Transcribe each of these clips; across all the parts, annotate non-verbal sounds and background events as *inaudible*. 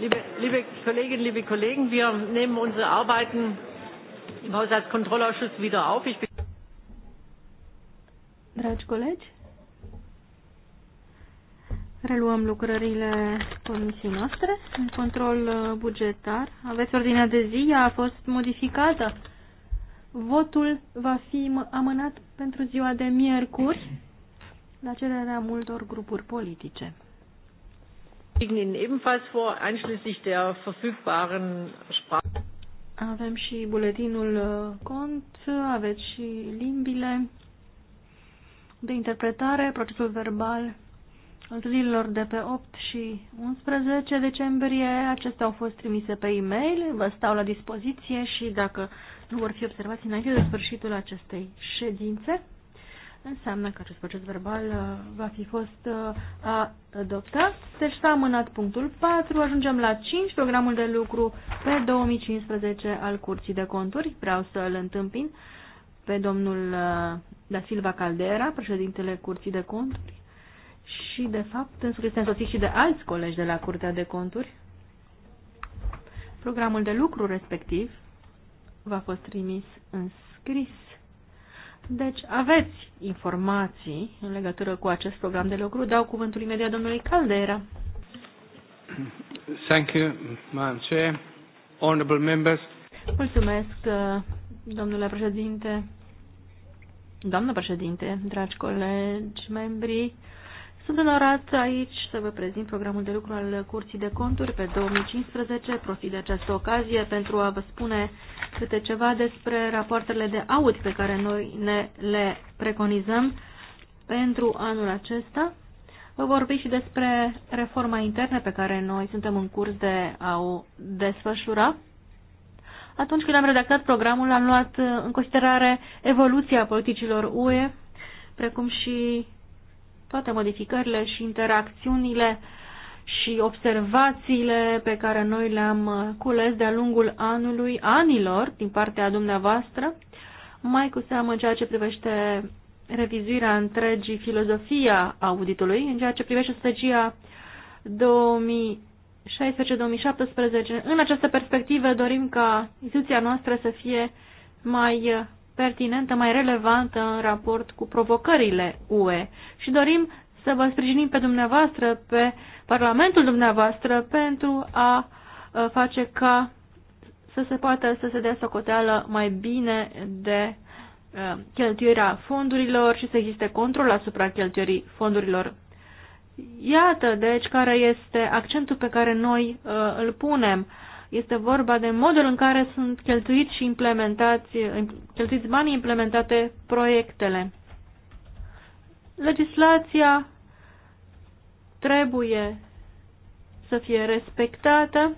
Liebe, liebe Kolleginnen, liebe Kollegen, wir nehmen unsere Arbeiten im Haushaltskontrollausschuss wieder auf. Ich Dragi colegi, reluăm lucrările comisiei noastre în control uh, bugetar. Aveți ordinea de zi, ea a fost modificată. Votul va fi amânat pentru ziua de miercuri la cererea multor grupuri politice. Avem și buletinul uh, cont, aveți și limbile de interpretare, procesul verbal al zilelor de pe 8 și 11 decembrie. Acestea au fost trimise pe e-mail, vă stau la dispoziție și dacă nu vor fi observați înainte de sfârșitul acestei ședințe, Înseamnă că acest proces verbal uh, va fi fost uh, adoptat. Deci s-a amânat punctul 4, ajungem la 5, programul de lucru pe 2015 al Curții de Conturi. Vreau să îl întâmpin pe domnul uh, Da Silva Caldera, președintele Curții de Conturi. Și, de fapt, însuși este însoțit și de alți colegi de la Curtea de Conturi. Programul de lucru respectiv va fost trimis în scris deci aveți informații în legătură cu acest program de lucru. Dau cuvântul imediat domnului Caldera. Thank you, Madam Chair. Honorable members. Mulțumesc, uh, domnule președinte, doamnă președinte, dragi colegi, membri. Sunt orat aici să vă prezint programul de lucru al Curții de Conturi pe 2015. Profit de această ocazie pentru a vă spune câte ceva despre rapoartele de aud pe care noi ne le preconizăm pentru anul acesta. Vă vorbi și despre reforma internă pe care noi suntem în curs de a o desfășura. Atunci când am redactat programul, am luat în considerare evoluția politicilor UE, precum și toate modificările și interacțiunile și observațiile pe care noi le-am cules de-a lungul anului, anilor, din partea dumneavoastră, mai cu seamă în ceea ce privește revizuirea întregii filozofia auditului, în ceea ce privește strategia 2016-2017. În această perspectivă dorim ca instituția noastră să fie mai pertinentă, mai relevantă în raport cu provocările UE și dorim să vă sprijinim pe dumneavoastră, pe Parlamentul dumneavoastră, pentru a face ca să se poată să se dea socoteală mai bine de cheltuirea fondurilor și să existe control asupra cheltuirii fondurilor. Iată, deci, care este accentul pe care noi îl punem este vorba de modul în care sunt cheltuiți și implementați, cheltuiți banii implementate proiectele. Legislația trebuie să fie respectată.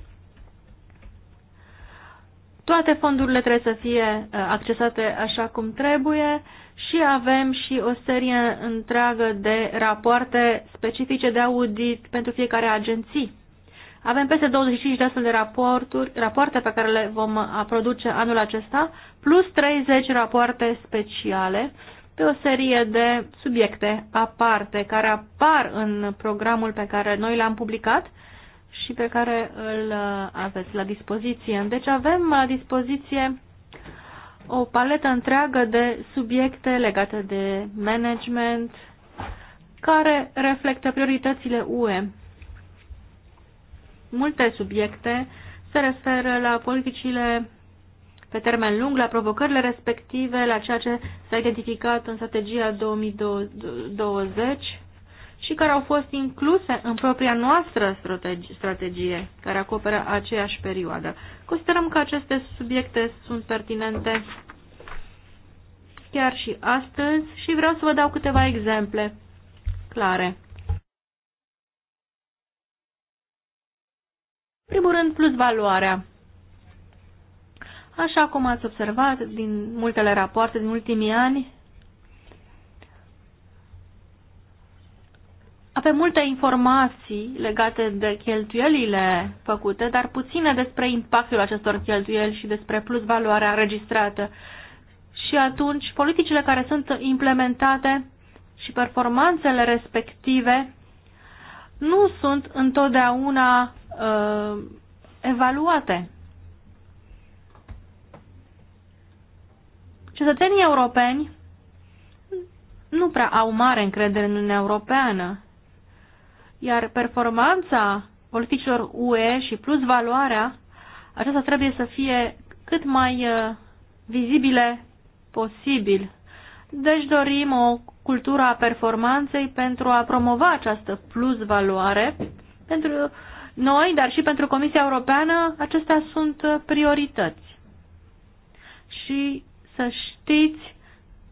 Toate fondurile trebuie să fie uh, accesate așa cum trebuie și avem și o serie întreagă de rapoarte specifice de audit pentru fiecare agenție avem peste 25 de astfel de raporturi, rapoarte pe care le vom uh, produce anul acesta, plus 30 rapoarte speciale pe o serie de subiecte aparte care apar în programul pe care noi l-am publicat și pe care îl uh, aveți la dispoziție. Deci avem la dispoziție o paletă întreagă de subiecte legate de management care reflectă prioritățile UE multe subiecte se referă la politicile pe termen lung, la provocările respective, la ceea ce s-a identificat în strategia 2020 și care au fost incluse în propria noastră strategie, care acoperă aceeași perioadă. Considerăm că aceste subiecte sunt pertinente chiar și astăzi și vreau să vă dau câteva exemple clare. primul rând, plus valoarea. Așa cum ați observat din multele rapoarte din ultimii ani, avem multe informații legate de cheltuielile făcute, dar puține despre impactul acestor cheltuieli și despre plus valoarea registrată. Și atunci, politicile care sunt implementate și performanțele respective nu sunt întotdeauna uh, evaluate. Cetățenii europeni nu prea au mare încredere în Uniunea Europeană, iar performanța politicilor UE și plus valoarea, aceasta trebuie să fie cât mai uh, vizibile posibil. Deci dorim o cultură a performanței pentru a promova această plus valoare, pentru noi, dar și pentru Comisia Europeană, acestea sunt uh, priorități. Și să știți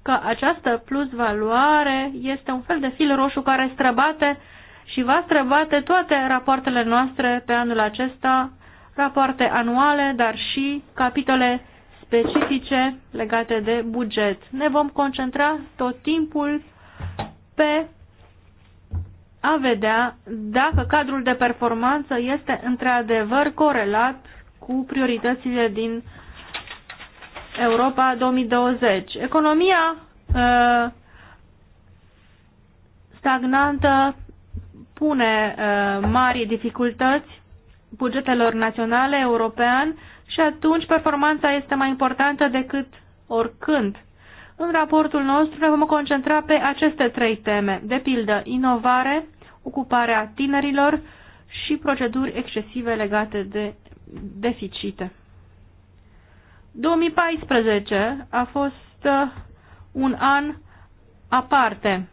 că această plus valoare este un fel de fil roșu care străbate și va străbate toate rapoartele noastre pe anul acesta, rapoarte anuale, dar și capitole specifice legate de buget. Ne vom concentra tot timpul pe a vedea dacă cadrul de performanță este într-adevăr corelat cu prioritățile din Europa 2020. Economia uh, stagnantă pune uh, mari dificultăți bugetelor naționale, european și atunci performanța este mai importantă decât oricând. În raportul nostru ne vom concentra pe aceste trei teme, de pildă inovare, ocuparea tinerilor și proceduri excesive legate de deficite. 2014 a fost uh, un an aparte.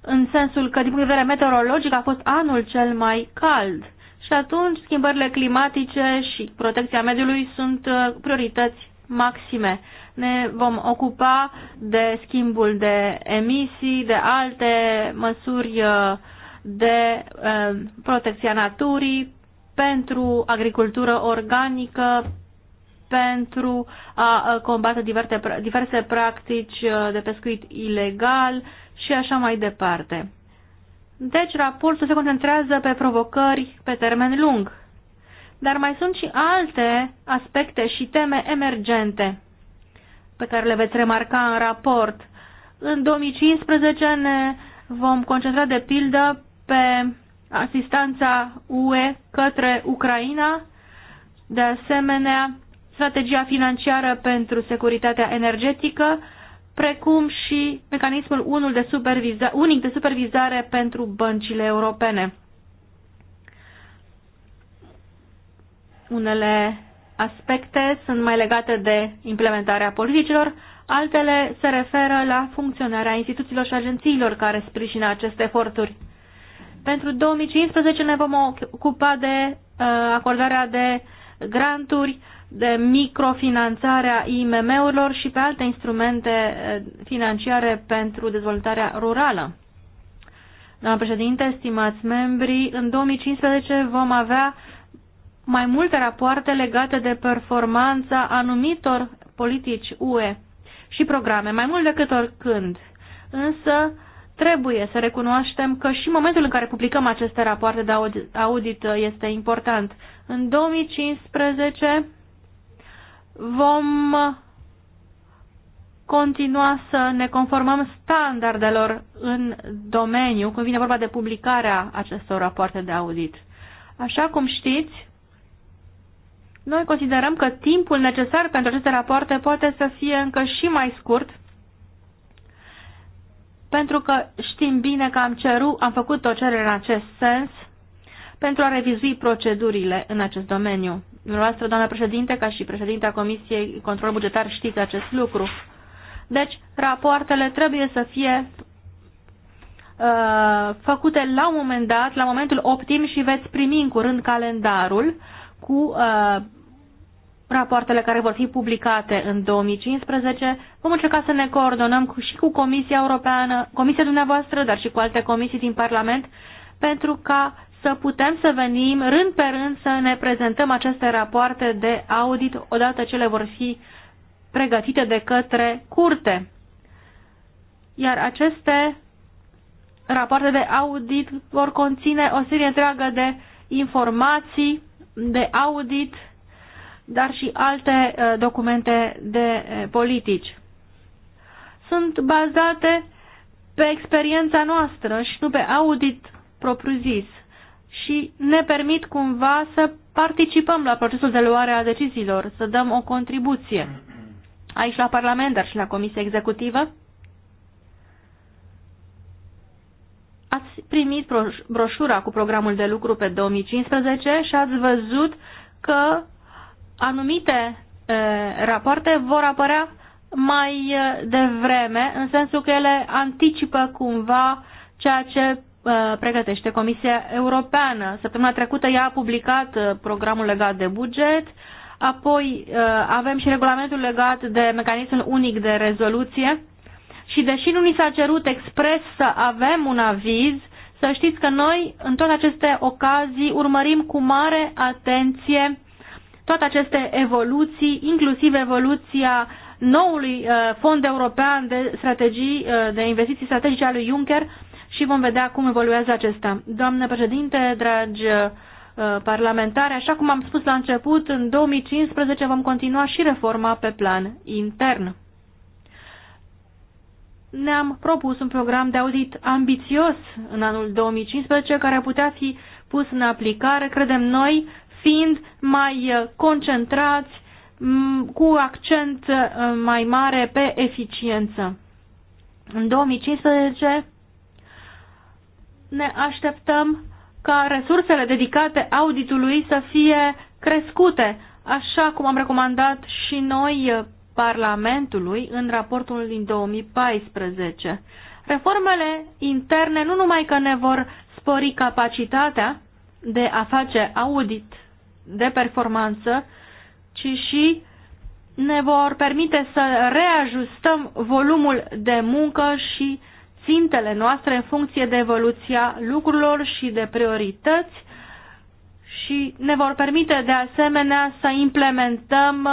În sensul că, din punct de vedere meteorologic, a fost anul cel mai cald. Și atunci, schimbările climatice și protecția mediului sunt uh, priorități maxime. Ne vom ocupa de schimbul de emisii, de alte măsuri uh, de uh, protecția naturii, pentru agricultură organică, pentru a uh, combate diverse, diverse practici de pescuit ilegal și așa mai departe. Deci, raportul se concentrează pe provocări pe termen lung dar mai sunt și alte aspecte și teme emergente pe care le veți remarca în raport. În 2015 ne vom concentra de pildă pe asistanța UE către Ucraina, de asemenea strategia financiară pentru securitatea energetică, precum și mecanismul unul de unic de supervizare pentru băncile europene. Unele aspecte sunt mai legate de implementarea politicilor, altele se referă la funcționarea instituțiilor și agențiilor care sprijină aceste eforturi. Pentru 2015 ne vom ocupa de uh, acordarea de granturi, de microfinanțarea IMM-urilor și pe alte instrumente uh, financiare pentru dezvoltarea rurală. Doamna președinte, stimați membri, în 2015 vom avea mai multe rapoarte legate de performanța anumitor politici UE și programe, mai mult decât oricând. Însă, trebuie să recunoaștem că și momentul în care publicăm aceste rapoarte de audit uh, este important. În 2015 vom uh, continua să ne conformăm standardelor în domeniu când vine vorba de publicarea acestor rapoarte de audit. Așa cum știți, noi considerăm că timpul necesar pentru aceste rapoarte poate să fie încă și mai scurt, pentru că știm bine că am cerut, am făcut o cerere în acest sens pentru a revizui procedurile în acest domeniu. Dumneavoastră, doamnă președinte, ca și președinta Comisiei Control Bugetar, știți acest lucru. Deci, rapoartele trebuie să fie uh, făcute la un moment dat, la momentul optim și veți primi în curând calendarul cu uh, rapoartele care vor fi publicate în 2015. Vom încerca să ne coordonăm cu, și cu Comisia Europeană, Comisia dumneavoastră, dar și cu alte comisii din Parlament, pentru ca să putem să venim rând pe rând să ne prezentăm aceste rapoarte de audit odată ce le vor fi pregătite de către curte. Iar aceste rapoarte de audit vor conține o serie întreagă de informații de audit dar și alte documente de politici. Sunt bazate pe experiența noastră și nu pe audit propriu-zis și ne permit cumva să participăm la procesul de luare a deciziilor, să dăm o contribuție aici la Parlament, dar și la Comisia Executivă. Ați primit broșura cu programul de lucru pe 2015 și ați văzut că anumite rapoarte vor apărea mai devreme, în sensul că ele anticipă cumva ceea ce pregătește Comisia Europeană. Săptămâna trecută ea a publicat programul legat de buget, apoi avem și regulamentul legat de mecanismul unic de rezoluție și deși nu ni s-a cerut expres să avem un aviz, să știți că noi în toate aceste ocazii urmărim cu mare atenție toate aceste evoluții, inclusiv evoluția noului uh, fond european de strategii, uh, de investiții strategice al lui Juncker și vom vedea cum evoluează acesta. Doamnă președinte, dragi uh, parlamentare, așa cum am spus la început, în 2015 vom continua și reforma pe plan intern. Ne-am propus un program de audit ambițios în anul 2015 care putea fi pus în aplicare, credem noi, fiind mai uh, concentrați cu accent uh, mai mare pe eficiență. În 2015 ne așteptăm ca resursele dedicate auditului să fie crescute, așa cum am recomandat și noi uh, Parlamentului în raportul din 2014. Reformele interne nu numai că ne vor spori capacitatea de a face audit de performanță, ci și ne vor permite să reajustăm volumul de muncă și țintele noastre în funcție de evoluția lucrurilor și de priorități și ne vor permite de asemenea să implementăm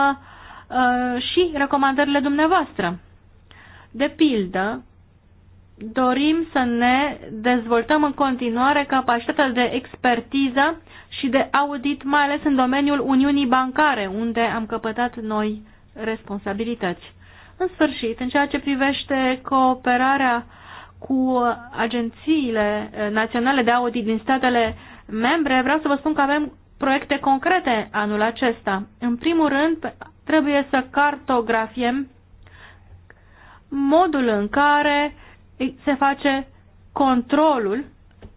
uh, și recomandările dumneavoastră. De pildă, dorim să ne dezvoltăm în continuare capacitatea de expertiză și de audit, mai ales în domeniul Uniunii Bancare, unde am căpătat noi responsabilități. În sfârșit, în ceea ce privește cooperarea cu agențiile naționale de audit din statele membre, vreau să vă spun că avem proiecte concrete anul acesta. În primul rând, trebuie să cartografiem modul în care se face controlul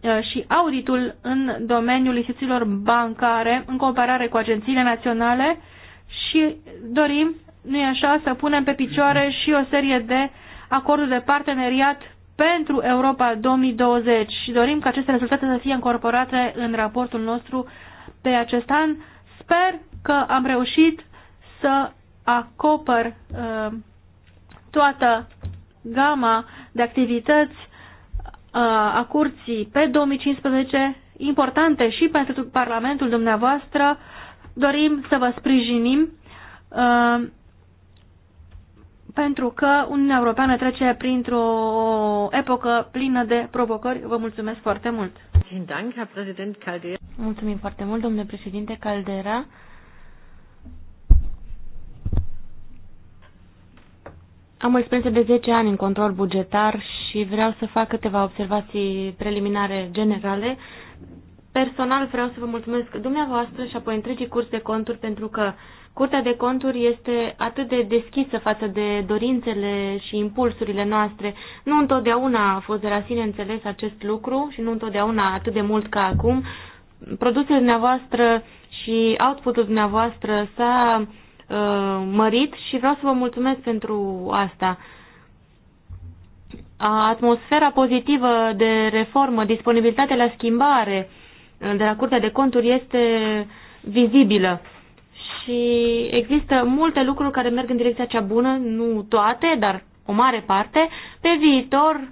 Uh, și auditul în domeniul instituțiilor bancare în comparare cu agențiile naționale și dorim, nu-i așa, să punem pe picioare și o serie de acorduri de parteneriat pentru Europa 2020 și dorim ca aceste rezultate să fie incorporate în raportul nostru pe acest an. Sper că am reușit să acopăr uh, toată gama de activități a curții pe 2015, importante și pentru Parlamentul dumneavoastră. Dorim să vă sprijinim pentru că Uniunea Europeană trece printr-o epocă plină de provocări. Vă mulțumesc foarte mult! Mulțumim foarte mult, domnule președinte Caldera. Am o experiență de 10 ani în control bugetar și vreau să fac câteva observații preliminare generale. Personal vreau să vă mulțumesc dumneavoastră și apoi întregii curs de conturi pentru că Curtea de conturi este atât de deschisă față de dorințele și impulsurile noastre. Nu întotdeauna a fost de la sine înțeles acest lucru și nu întotdeauna atât de mult ca acum. Produsele dumneavoastră și output-ul dumneavoastră s-a uh, mărit și vreau să vă mulțumesc pentru asta atmosfera pozitivă de reformă, disponibilitatea la schimbare uh, de la Curtea de Conturi este vizibilă și există multe lucruri care merg în direcția cea bună, nu toate, dar o mare parte. Pe viitor,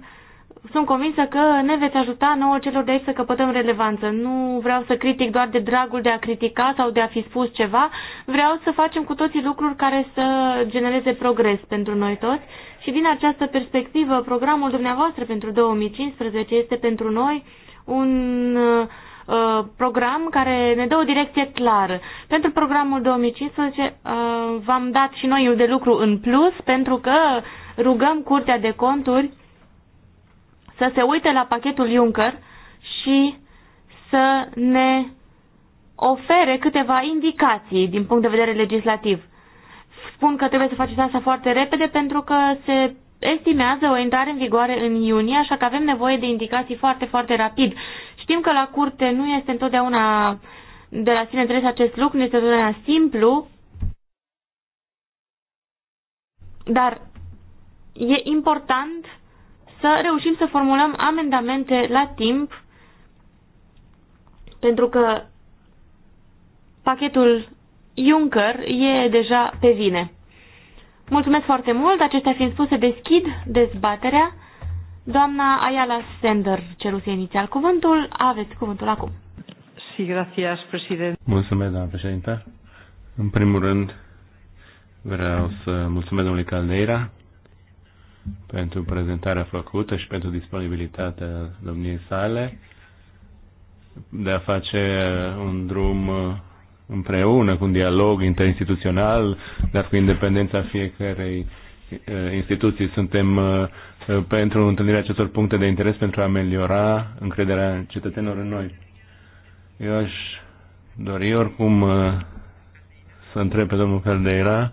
sunt convinsă că ne veți ajuta nouă celor de aici să căpătăm relevanță. Nu vreau să critic doar de dragul de a critica sau de a fi spus ceva. Vreau să facem cu toții lucruri care să genereze progres pentru noi toți și din această perspectivă, programul dumneavoastră pentru 2015 este pentru noi un uh, program care ne dă o direcție clară. Pentru programul 2015 uh, v-am dat și noi de lucru în plus pentru că rugăm Curtea de Conturi să se uite la pachetul Juncker și să ne ofere câteva indicații din punct de vedere legislativ spun că trebuie să faceți asta foarte repede pentru că se estimează o intrare în vigoare în iunie, așa că avem nevoie de indicații foarte, foarte rapid. Știm că la curte nu este întotdeauna de la sine înțeles acest lucru, nu este întotdeauna simplu, dar e important să reușim să formulăm amendamente la timp, pentru că pachetul Juncker e deja pe vine. Mulțumesc foarte mult. Acestea fiind spuse, deschid dezbaterea. Doamna Ayala Sender ceruse inițial cuvântul. Aveți cuvântul acum. Si, gracias, președinte. Mulțumesc, doamna președinte. În primul rând, vreau să mulțumesc domnului Caldeira pentru prezentarea făcută și pentru disponibilitatea domniei sale de a face un drum împreună, cu un dialog interinstituțional, dar cu independența fiecarei eh, instituții. Suntem eh, pentru întâlnirea acestor puncte de interes pentru a ameliora încrederea cetățenilor în noi. Eu aș dori oricum eh, să întreb pe domnul Caldeira,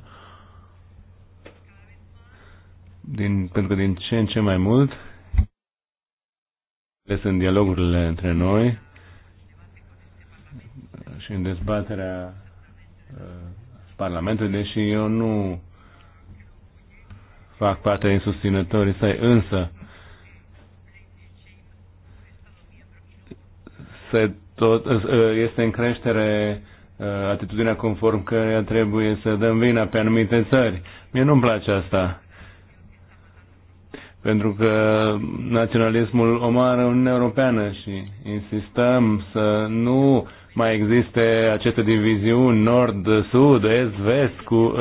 din, pentru că din ce în ce mai mult, sunt dialogurile între noi, și în dezbaterea uh, Parlamentului, deși eu nu fac parte din susținătorii săi, însă se tot, uh, este în creștere uh, atitudinea conform că trebuie să dăm vina pe anumite țări. Mie nu-mi place asta. Pentru că naționalismul omoară Uniunea Europeană și insistăm să nu mai existe aceste diviziuni nord-sud, est-vest, cu uh,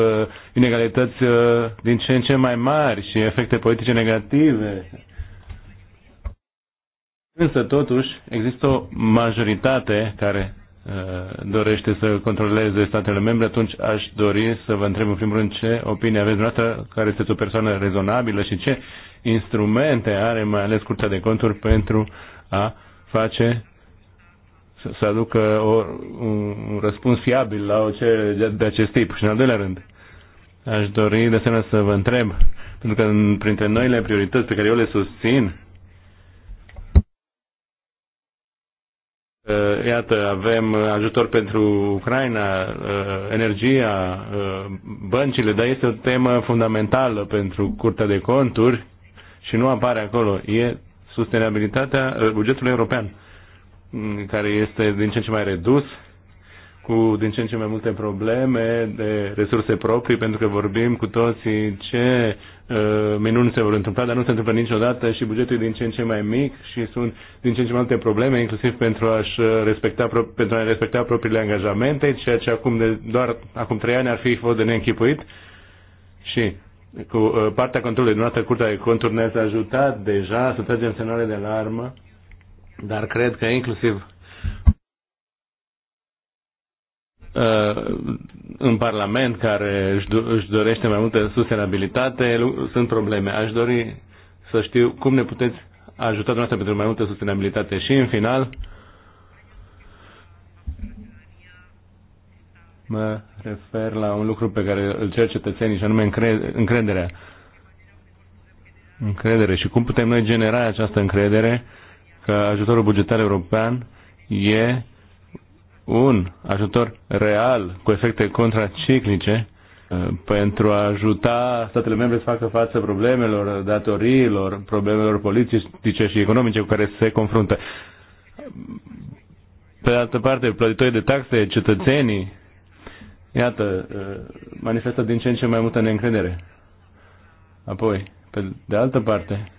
inegalități uh, din ce în ce mai mari și efecte politice negative. Însă, totuși, există o majoritate care uh, dorește să controleze statele membre, atunci aș dori să vă întreb în primul rând ce opinie aveți dumneavoastră, care este o persoană rezonabilă și ce instrumente are mai ales Curtea de Conturi pentru a face să aducă o, un răspuns fiabil la o cerere de acest tip. Și în al doilea rând, aș dori de asemenea să vă întreb, pentru că printre noile priorități pe care eu le susțin, uh, Iată, avem ajutor pentru Ucraina, uh, energia, uh, băncile, dar este o temă fundamentală pentru Curtea de Conturi și nu apare acolo. E sustenabilitatea bugetului european care este din ce în ce mai redus, cu din ce în ce mai multe probleme de resurse proprii, pentru că vorbim cu toții ce uh, minuni se vor întâmpla, dar nu se întâmplă niciodată și bugetul e din ce în ce mai mic și sunt din ce în ce mai multe probleme, inclusiv pentru, a-și respecta, pentru a respecta propriile angajamente, ceea ce acum de, doar acum trei ani ar fi fost de neînchipuit. Și cu uh, partea controlului noastră, Curtea de Conturi ne-ați ajutat deja să tragem semnale de alarmă dar cred că inclusiv uh, în Parlament care își dorește mai multă sustenabilitate, sunt probleme. Aș dori să știu cum ne puteți ajuta dumneavoastră pentru mai multă sustenabilitate. Și în final, mă refer la un lucru pe care îl cer cetățenii și anume încrederea. Încredere și cum putem noi genera această încredere că ajutorul bugetar european e un ajutor real cu efecte contraciclice uh, pentru a ajuta statele membre să facă față problemelor, datoriilor, problemelor politice și economice cu care se confruntă. Pe de altă parte, plătitorii de taxe, cetățenii, iată, uh, manifestă din ce în ce mai multă neîncredere. Apoi, pe de altă parte,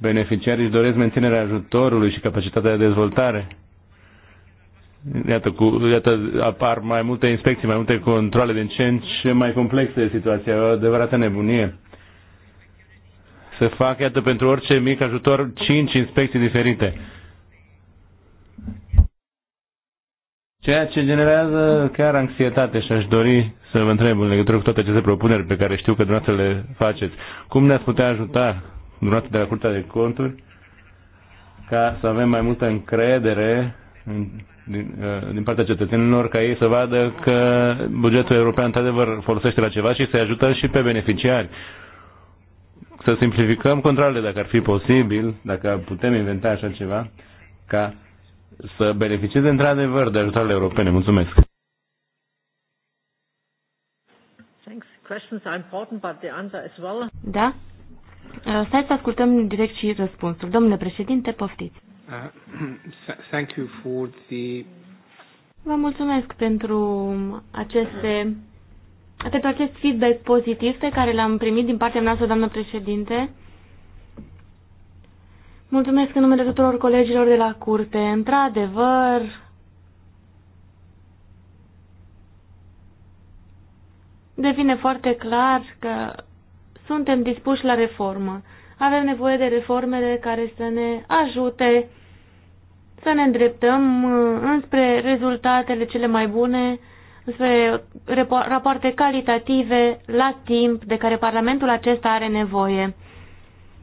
beneficiarii își doresc menținerea ajutorului și capacitatea de dezvoltare. Iată, cu, iată, apar mai multe inspecții, mai multe controle, din ce în ce mai complexe situația, o adevărată nebunie. Se fac, iată, pentru orice mic ajutor, cinci inspecții diferite. Ceea ce generează chiar anxietate și aș dori să vă întreb în legătură cu toate aceste propuneri pe care știu că dumneavoastră le faceți. Cum ne-ați putea ajuta durată de la Curtea de Conturi ca să avem mai multă încredere în, din, uh, din partea cetățenilor ca ei să vadă că bugetul european într-adevăr folosește la ceva și să-i ajută și pe beneficiari. Să simplificăm controlele dacă ar fi posibil, dacă putem inventa așa ceva, ca să beneficieze într-adevăr de ajutoarele europene. Mulțumesc! Da, Uh, stai să ascultăm direct și răspunsul. Domnule președinte, poftiți. Uh, *clears throat* thank you for the... Vă mulțumesc pentru aceste pentru acest feedback pozitiv pe care l-am primit din partea noastră, doamnă președinte. Mulțumesc în numele tuturor colegilor de la curte. Într-adevăr, devine foarte clar că suntem dispuși la reformă. Avem nevoie de reformele care să ne ajute să ne îndreptăm uh, înspre rezultatele cele mai bune, înspre rapoarte calitative la timp de care Parlamentul acesta are nevoie.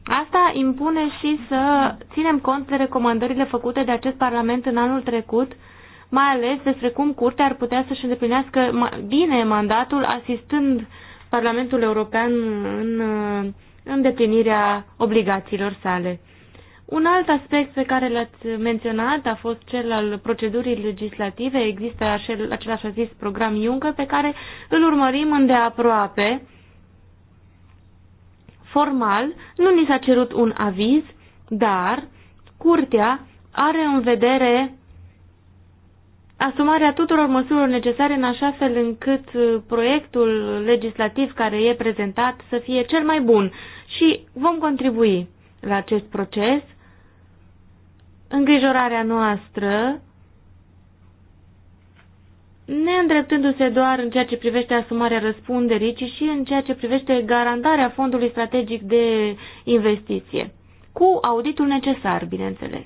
Asta impune și să ținem cont de recomandările făcute de acest Parlament în anul trecut, mai ales despre cum Curtea ar putea să-și îndeplinească bine mandatul asistând Parlamentul European în uh, îndeplinirea obligațiilor sale. Un alt aspect pe care l-ați menționat a fost cel al procedurii legislative. Există acel, același a zis program Juncker pe care îl urmărim îndeaproape. Formal, nu ni s-a cerut un aviz, dar curtea are în vedere asumarea tuturor măsurilor necesare în așa fel încât uh, proiectul legislativ care e prezentat să fie cel mai bun și vom contribui la acest proces. Îngrijorarea noastră, ne îndreptându se doar în ceea ce privește asumarea răspunderii, ci și în ceea ce privește garantarea fondului strategic de investiție, cu auditul necesar, bineînțeles.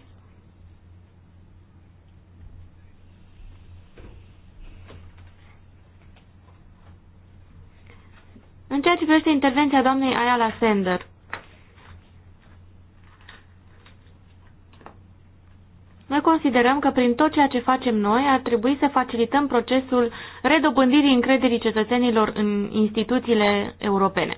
În ceea ce privește intervenția doamnei Ayala Sender, Noi considerăm că prin tot ceea ce facem noi ar trebui să facilităm procesul redobândirii încrederii cetățenilor în instituțiile europene.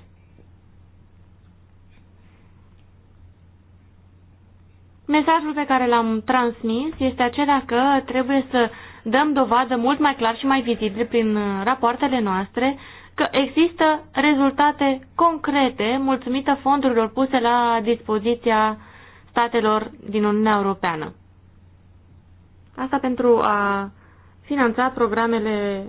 Mesajul pe care l-am transmis este acela că trebuie să dăm dovadă mult mai clar și mai vizibil prin rapoartele noastre că există rezultate concrete mulțumită fondurilor puse la dispoziția statelor din Uniunea Europeană. Asta pentru a finanța programele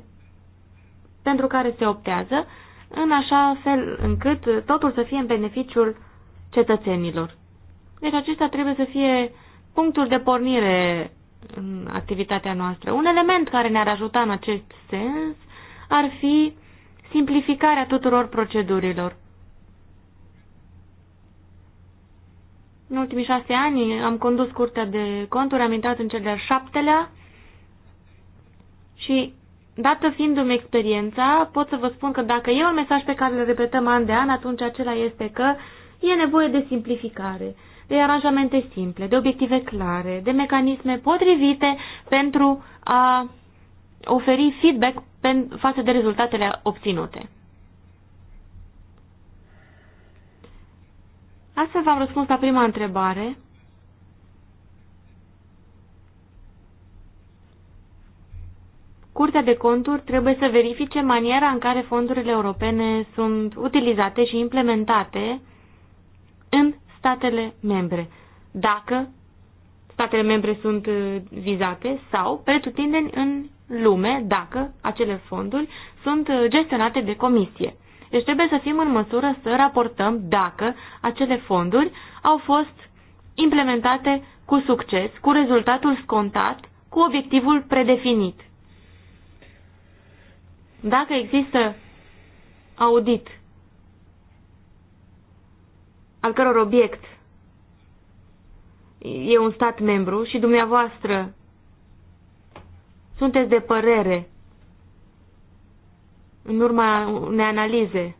pentru care se optează, în așa fel încât totul să fie în beneficiul cetățenilor. Deci acesta trebuie să fie punctul de pornire în activitatea noastră. Un element care ne-ar ajuta în acest sens ar fi simplificarea tuturor procedurilor. În ultimii șase ani am condus curtea de conturi, am intrat în cel de-al șaptelea și, dată fiindu-mi experiența, pot să vă spun că dacă e un mesaj pe care îl repetăm an de an, atunci acela este că e nevoie de simplificare, de aranjamente simple, de obiective clare, de mecanisme potrivite pentru a oferi feedback față de rezultatele obținute. Astfel v-am răspuns la prima întrebare. Curtea de conturi trebuie să verifice maniera în care fondurile europene sunt utilizate și implementate în statele membre, dacă statele membre sunt uh, vizate sau pretutindeni în lume dacă acele fonduri sunt uh, gestionate de comisie. Deci trebuie să fim în măsură să raportăm dacă acele fonduri au fost implementate cu succes, cu rezultatul scontat, cu obiectivul predefinit. Dacă există audit al căror obiect e un stat membru și dumneavoastră sunteți de părere în urma unei analize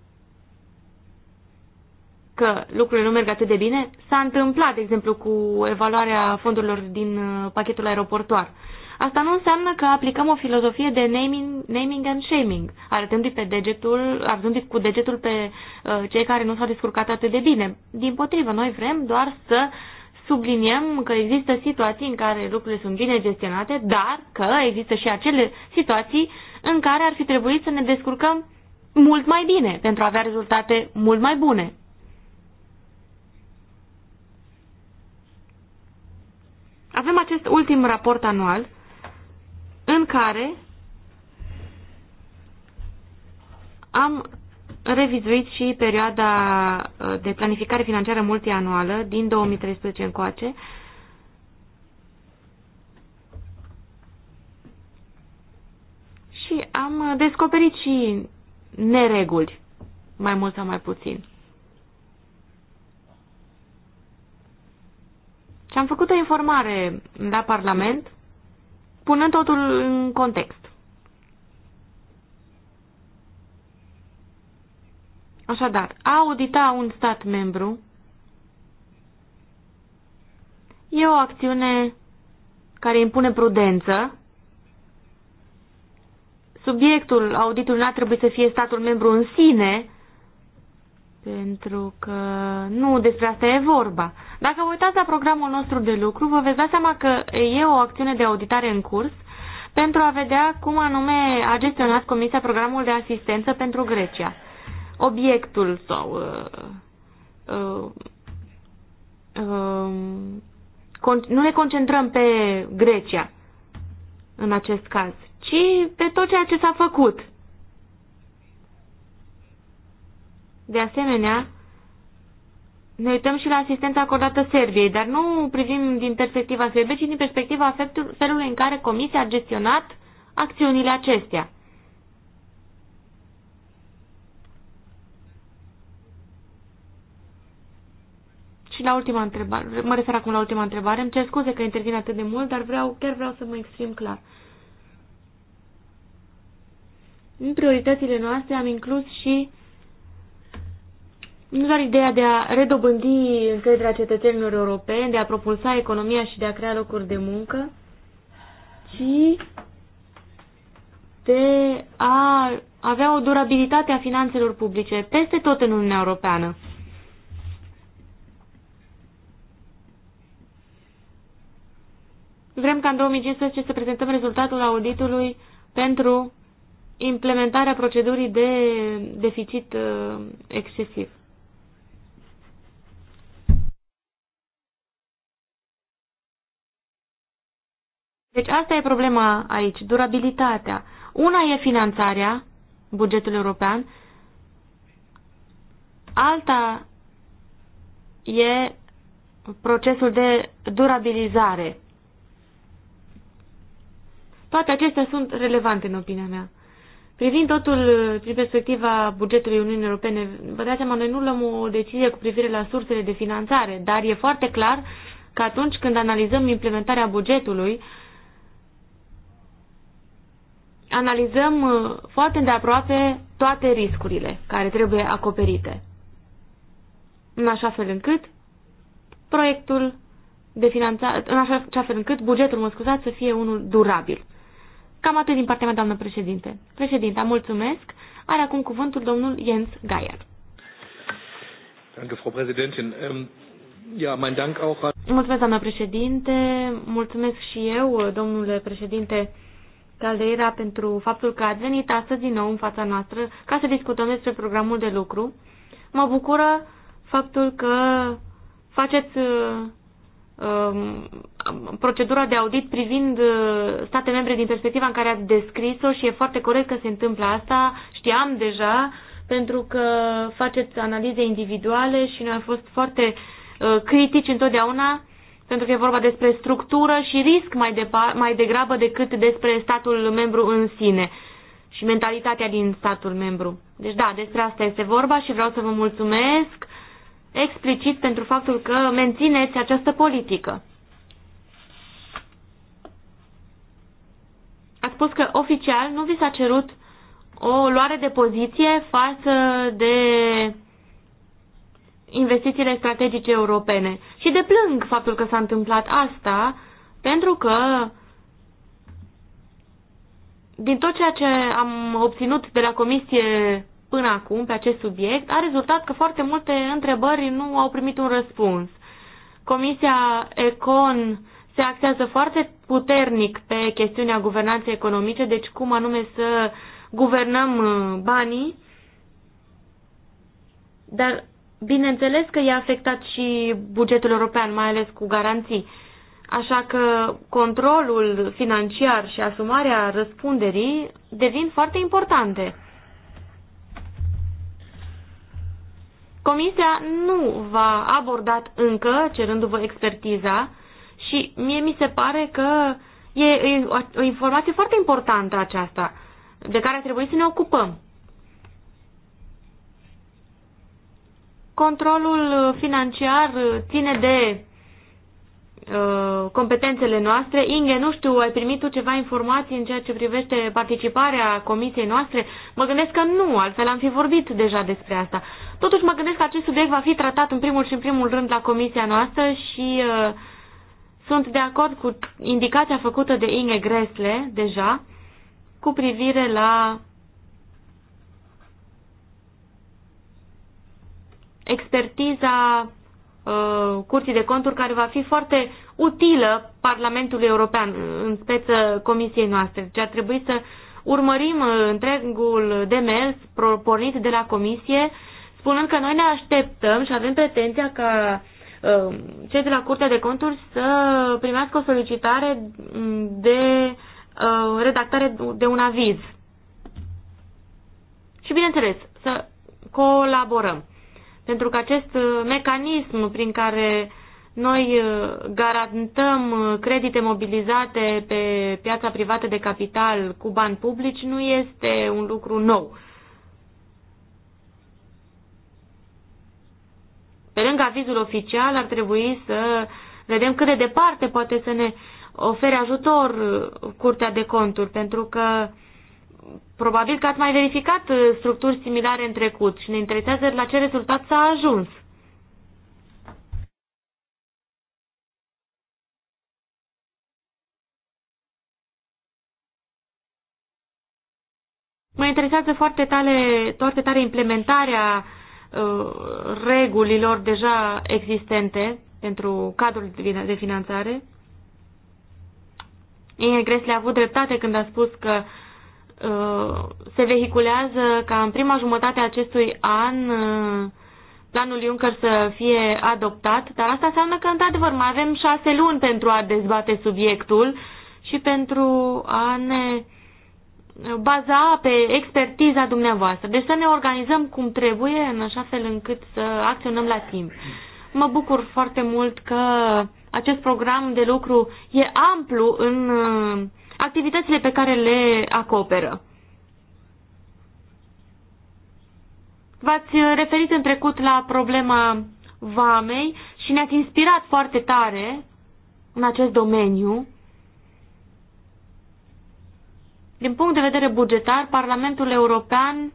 că lucrurile nu merg atât de bine, s-a întâmplat, de exemplu, cu evaluarea fondurilor din uh, pachetul aeroportuar. Asta nu înseamnă că aplicăm o filozofie de naming, naming and shaming, arătându-i pe degetul, arătându-i cu degetul pe uh, cei care nu s-au descurcat atât de bine. Din potrivă, noi vrem doar să subliniem că există situații în care lucrurile sunt bine gestionate, dar că există și acele situații în care ar fi trebuit să ne descurcăm mult mai bine pentru a avea rezultate mult mai bune. Avem acest ultim raport anual în care am revizuit și perioada uh, de planificare financiară multianuală din 2013 încoace. Și am uh, descoperit și nereguli, mai mult sau mai puțin. Și am făcut o informare la Parlament, punând totul în context. Așadar, a audita un stat membru e o acțiune care impune prudență. Subiectul auditului nu ar trebui să fie statul membru în sine, pentru că nu despre asta e vorba. Dacă vă uitați la programul nostru de lucru, vă veți da seama că e o acțiune de auditare în curs pentru a vedea cum anume a gestionat Comisia programul de asistență pentru Grecia obiectul sau uh, uh um, nu ne concentrăm pe Grecia în acest caz, ci pe tot ceea ce s-a făcut. De asemenea, ne uităm și la asistența acordată Serbiei, dar nu privim din perspectiva Serbiei, ci din perspectiva felului în care Comisia a gestionat acțiunile acestea. Și la ultima întrebare, mă refer acum la ultima întrebare, îmi cer scuze că intervin atât de mult, dar vreau, chiar vreau să mă exprim clar. În prioritățile noastre am inclus și nu doar ideea de a redobândi încrederea cetățenilor europeni, de a propulsa economia și de a crea locuri de muncă, ci de a avea o durabilitate a finanțelor publice peste tot în Uniunea Europeană. Vrem ca în 2015 să prezentăm rezultatul auditului pentru implementarea procedurii de deficit uh, excesiv. Deci asta e problema aici, durabilitatea. Una e finanțarea, bugetul european, alta e procesul de durabilizare. Toate acestea sunt relevante, în opinia mea. Privind totul prin perspectiva bugetului Uniunii Europene, vă dați seama, noi nu luăm o decizie cu privire la sursele de finanțare, dar e foarte clar că atunci când analizăm implementarea bugetului, analizăm uh, foarte de aproape toate riscurile care trebuie acoperite. În așa fel încât proiectul de finanțare, în așa fel încât bugetul, mă scuzați, să fie unul durabil. Cam atât din partea mea, doamnă președinte. Președinta, mulțumesc. Are acum cuvântul domnul Jens Geier. Danke, Frau Präsidentin. Ähm, ja, mein Dank auch Mulțumesc, doamnă președinte. Mulțumesc și eu, domnule președinte Caldeira, pentru faptul că ați venit astăzi din nou în fața noastră ca să discutăm despre programul de lucru. Mă bucură faptul că faceți Um, procedura de audit privind uh, state membre din perspectiva în care ați descris-o și e foarte corect că se întâmplă asta, știam deja, pentru că faceți analize individuale și noi am fost foarte uh, critici întotdeauna, pentru că e vorba despre structură și risc mai, de mai degrabă decât despre statul membru în sine și mentalitatea din statul membru. Deci da, despre asta este vorba și vreau să vă mulțumesc explicit pentru faptul că mențineți această politică. A spus că oficial nu vi s-a cerut o luare de poziție față de investițiile strategice europene. Și deplâng faptul că s-a întâmplat asta, pentru că din tot ceea ce am obținut de la Comisie până acum pe acest subiect a rezultat că foarte multe întrebări nu au primit un răspuns. Comisia Econ se axează foarte puternic pe chestiunea guvernanței economice, deci cum anume să guvernăm uh, banii, dar bineînțeles că i-a afectat și bugetul european, mai ales cu garanții. Așa că controlul financiar și asumarea răspunderii devin foarte importante. Comisia nu v-a abordat încă, cerându-vă expertiza, și mie mi se pare că e, e o informație foarte importantă aceasta, de care trebuie să ne ocupăm. Controlul financiar ține de Uh, competențele noastre. Inge, nu știu, ai primit tu ceva informații în ceea ce privește participarea comisiei noastre? Mă gândesc că nu, altfel am fi vorbit deja despre asta. Totuși mă gândesc că acest subiect va fi tratat în primul și în primul rând la comisia noastră și uh, sunt de acord cu indicația făcută de Inge Gresle deja cu privire la expertiza Uh, curții de Conturi, care va fi foarte utilă Parlamentului European, în speță Comisiei noastre. Deci ar trebui să urmărim uh, întregul demers pornit de la Comisie, spunând că noi ne așteptăm și avem pretenția ca uh, cei de la Curtea de Conturi să primească o solicitare de redactare de un aviz. Și bineînțeles, să colaborăm pentru că acest uh, mecanism prin care noi uh, garantăm uh, credite mobilizate pe piața privată de capital cu bani publici nu este un lucru nou. Pe lângă avizul oficial ar trebui să vedem cât de departe poate să ne ofere ajutor Curtea de Conturi, pentru că Probabil că ați mai verificat uh, structuri similare în trecut și ne interesează la ce rezultat s-a ajuns. Mă interesează foarte tare, foarte tare implementarea uh, regulilor deja existente pentru cadrul de finanțare. Ingrid Gresle a avut dreptate când a spus că uh, Uh, se vehiculează ca în prima jumătate a acestui an uh, planul Juncker să fie adoptat, dar asta înseamnă că, într-adevăr, mai avem șase luni pentru a dezbate subiectul și pentru a ne baza pe expertiza dumneavoastră. Deci să ne organizăm cum trebuie, în așa fel încât să acționăm la timp. Mă bucur foarte mult că acest program de lucru e amplu în uh, activitățile pe care le acoperă. V-ați referit în trecut la problema vamei și ne-ați inspirat foarte tare în acest domeniu. Din punct de vedere bugetar, Parlamentul European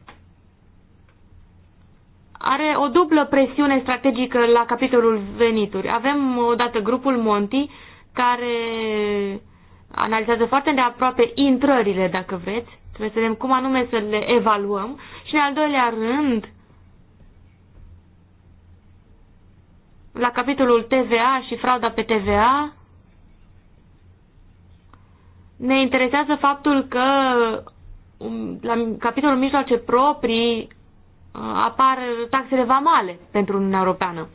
are o dublă presiune strategică la capitolul venituri. Avem odată grupul Monti, care analizează foarte de aproape intrările, dacă vreți. Trebuie să vedem cum anume să le evaluăm. Și în al doilea rând, la capitolul TVA și frauda pe TVA, ne interesează faptul că um, la capitolul mijloace proprii uh, apar taxele vamale pentru Uniunea Europeană.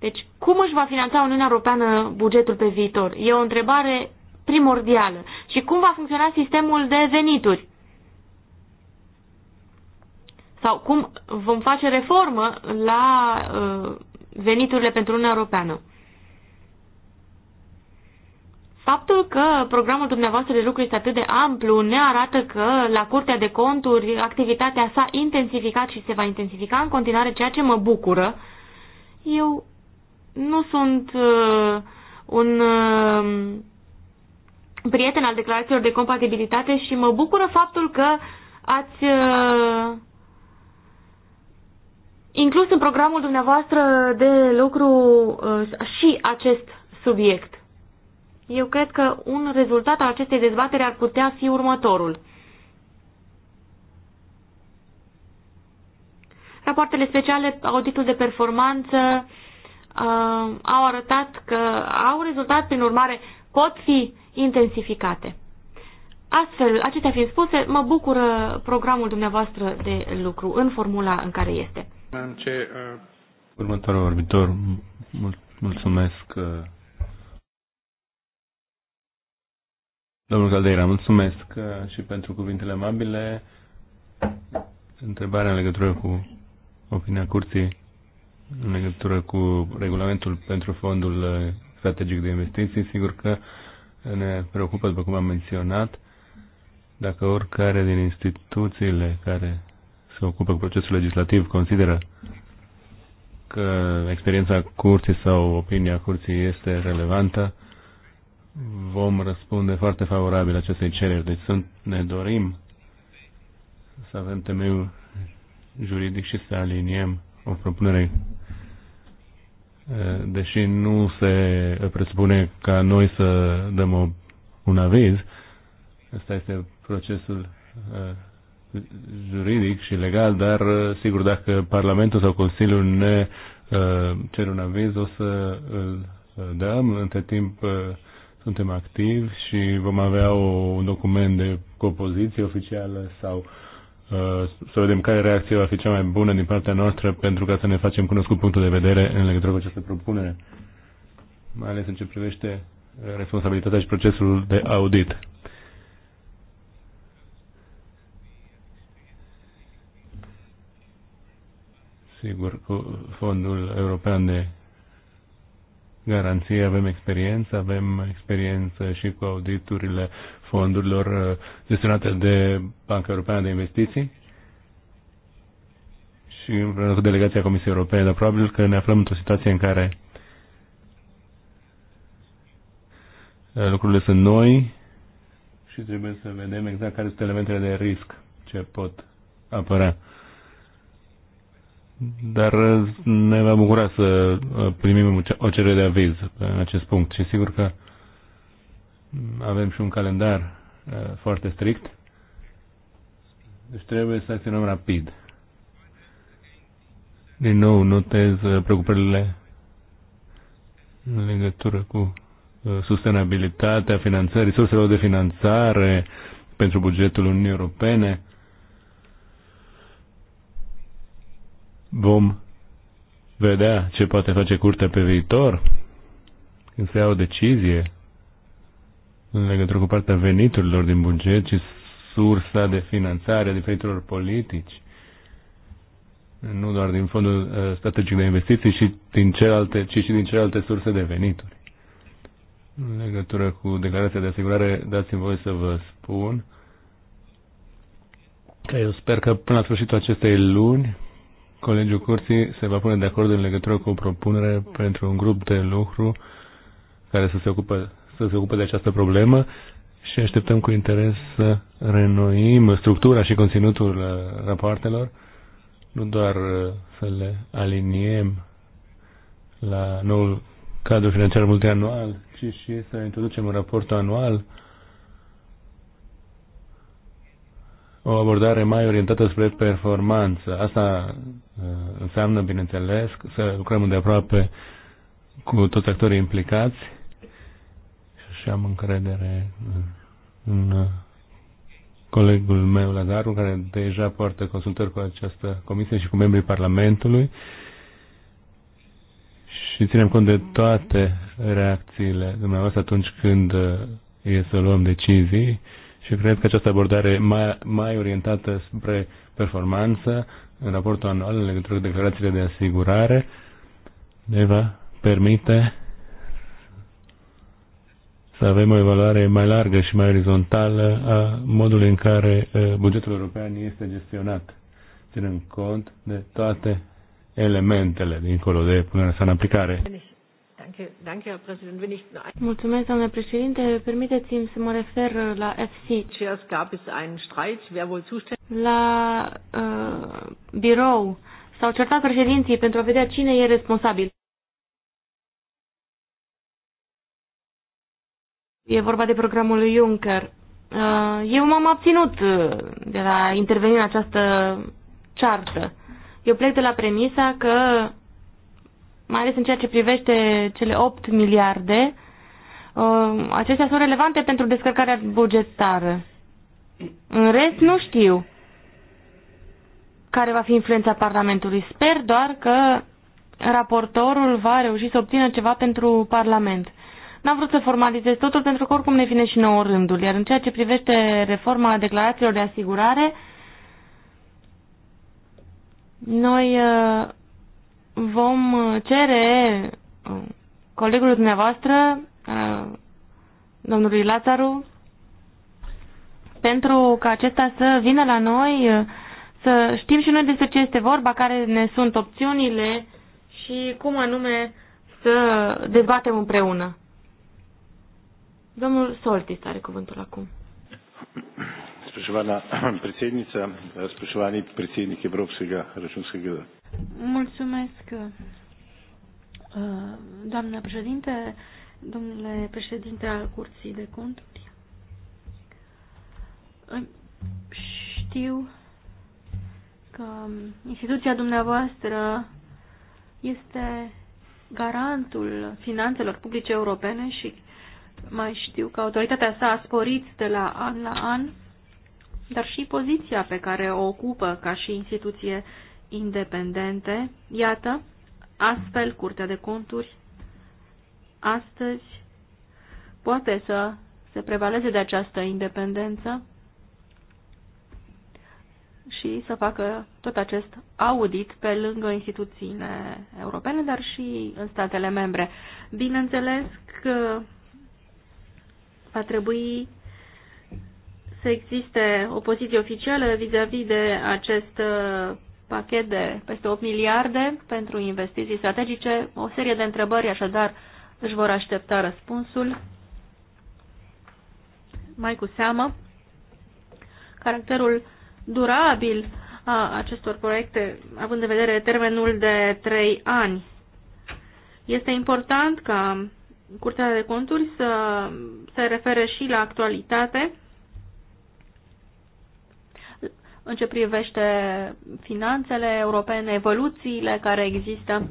Deci, cum își va finanța Uniunea Europeană bugetul pe viitor? E o întrebare primordială. Și cum va funcționa sistemul de venituri? Sau cum vom face reformă la uh, veniturile pentru Uniunea Europeană? Faptul că programul dumneavoastră de lucru este atât de amplu ne arată că la Curtea de Conturi activitatea s-a intensificat și se va intensifica în continuare, ceea ce mă bucură. Eu nu sunt uh, un uh, prieten al declarațiilor de compatibilitate și mă bucură faptul că ați uh, inclus în programul dumneavoastră de lucru uh, și acest subiect. Eu cred că un rezultat al acestei dezbatere ar putea fi următorul. Rapoartele speciale, auditul de performanță, uh, au arătat că au rezultat, prin urmare, pot fi intensificate. Astfel, acestea fiind spuse, mă bucură programul dumneavoastră de lucru în formula în care este. În ce, uh... Următorul vorbitor, mul- mulțumesc. Uh... Domnul Caldeira, mulțumesc uh, și pentru cuvintele amabile. Întrebarea în legătură cu opinia curții în legătură cu regulamentul pentru fondul uh, strategic de investiții, sigur că ne preocupă, după cum am menționat, dacă oricare din instituțiile care se ocupă cu procesul legislativ consideră că experiența curții sau opinia curții este relevantă, vom răspunde foarte favorabil acestei cereri. Deci sunt, ne dorim să avem temeiul juridic și să aliniem o propunere deși nu se presupune ca noi să dăm o, un aviz, ăsta este procesul uh, juridic și legal, dar uh, sigur dacă Parlamentul sau Consiliul ne uh, cer un aviz, o să îl dăm. Între timp suntem activi și vom avea o, un document de compoziție oficială sau uh, Uh, să vedem care reacție va fi cea mai bună din partea noastră pentru ca să ne facem cunoscut punctul de vedere în legătură cu această propunere, mai ales în ce privește uh, responsabilitatea și procesul de audit. Sigur, cu Fondul European de garanție, avem experiență, avem experiență și cu auditurile fondurilor uh, gestionate de Banca Europeană de Investiții și împreună cu delegația Comisiei Europene, dar probabil că ne aflăm într-o situație în care uh, lucrurile sunt noi și trebuie să vedem exact care sunt elementele de risc ce pot apărea dar uh, ne va bucura să uh, primim o cerere de aviz în acest punct și sigur că avem și un calendar uh, foarte strict, deci trebuie să acționăm rapid. Din nou, notez preocupările în legătură cu sustenabilitatea finanțării, surselor de finanțare pentru bugetul Uniunii Europene Vom vedea ce poate face curtea pe viitor când se ia o decizie în legătură cu partea veniturilor din buget și sursa de finanțare a diferitelor politici, nu doar din fondul uh, strategic de investiții, ci, din celelalte, ci și din celelalte surse de venituri. În legătură cu declarația de asigurare, dați-mi voi să vă spun că eu sper că până la sfârșitul acestei luni Colegiul Curții se va pune de acord în legătură cu o propunere pentru un grup de lucru care să se ocupe, să se ocupe de această problemă și așteptăm cu interes să renoim structura și conținutul uh, rapoartelor, nu doar uh, să le aliniem la noul cadru financiar multianual, ci și să introducem un raport anual o abordare mai orientată spre performanță. Asta uh, înseamnă, bineînțeles, să lucrăm îndeaproape cu toți actorii implicați și am încredere în colegul meu, Lazaru, care deja poartă consultări cu această comisie și cu membrii Parlamentului și ținem cont de toate reacțiile dumneavoastră atunci când uh, e să luăm decizii și cred că această abordare mai, mai orientată spre performanță în raportul anual în legătură cu declarațiile de asigurare ne va permite să avem o evaluare mai largă și mai orizontală a modului în care uh, bugetul european este gestionat, ținând cont de toate elementele dincolo de punerea sa în aplicare. Mulțumesc, domnule președinte. Permiteți-mi să mă refer uh, la FC. La uh, birou s-au certat președinții pentru a vedea cine e responsabil. E vorba de programul lui Juncker. Uh, eu m-am abținut uh, de la interveni în această ceartă. Eu plec de la premisa că mai ales în ceea ce privește cele 8 miliarde, uh, acestea sunt relevante pentru descărcarea bugetară. În rest, nu știu care va fi influența Parlamentului. Sper doar că raportorul va reuși să obțină ceva pentru Parlament. N-am vrut să formalizez totul pentru că oricum ne vine și nouă rândul. Iar în ceea ce privește reforma declarațiilor de asigurare, noi uh, vom cere uh, colegului dumneavoastră, uh, domnului Lazaru, pentru ca acesta să vină la noi, uh, să știm și noi despre ce este vorba, care ne sunt opțiunile și cum anume să dezbatem împreună. Domnul Soltis are cuvântul acum. Spoštovana *clears throat* predsednica, spoštovani predsednik Evropskega računskega. Mulțumesc, uh, doamna președinte, domnule președinte al Curții de Conturi. Știu că instituția dumneavoastră este garantul finanțelor publice europene și mai știu că autoritatea sa a sporit de la an la an dar și poziția pe care o ocupă ca și instituție independente. Iată, astfel Curtea de Conturi astăzi poate să se prevaleze de această independență și să facă tot acest audit pe lângă instituțiile europene, dar și în statele membre. Bineînțeles că va trebui să existe o poziție oficială vis-a-vis -vis de acest uh, pachet de peste 8 miliarde pentru investiții strategice. O serie de întrebări așadar își vor aștepta răspunsul. Mai cu seamă, caracterul durabil a acestor proiecte, având în vedere termenul de 3 ani. Este important ca Curtea de Conturi să se refere și la actualitate în ce privește finanțele europene, evoluțiile care există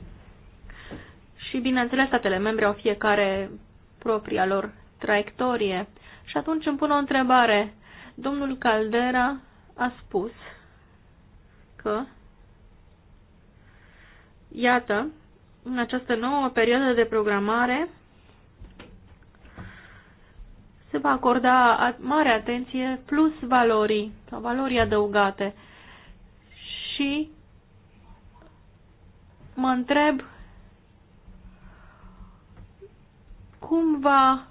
și, bineînțeles, statele membre au fiecare propria lor traiectorie. Și atunci îmi pun o întrebare. Domnul Caldera a spus că, iată, în această nouă perioadă de programare, se va acorda mare atenție plus valorii sau valorii adăugate. Și mă întreb cum va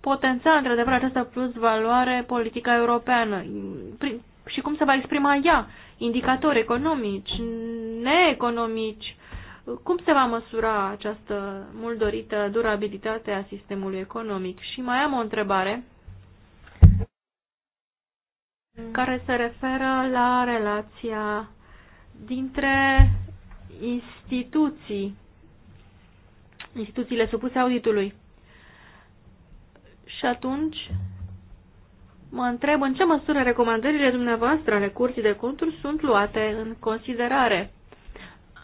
potența într-adevăr această plus valoare politica europeană și cum se va exprima ea, indicatori economici, neeconomici, cum se va măsura această mult dorită durabilitate a sistemului economic? Și mai am o întrebare care se referă la relația dintre instituții, instituțiile supuse auditului. Și atunci mă întreb în ce măsură recomandările dumneavoastră ale Curții de Conturi sunt luate în considerare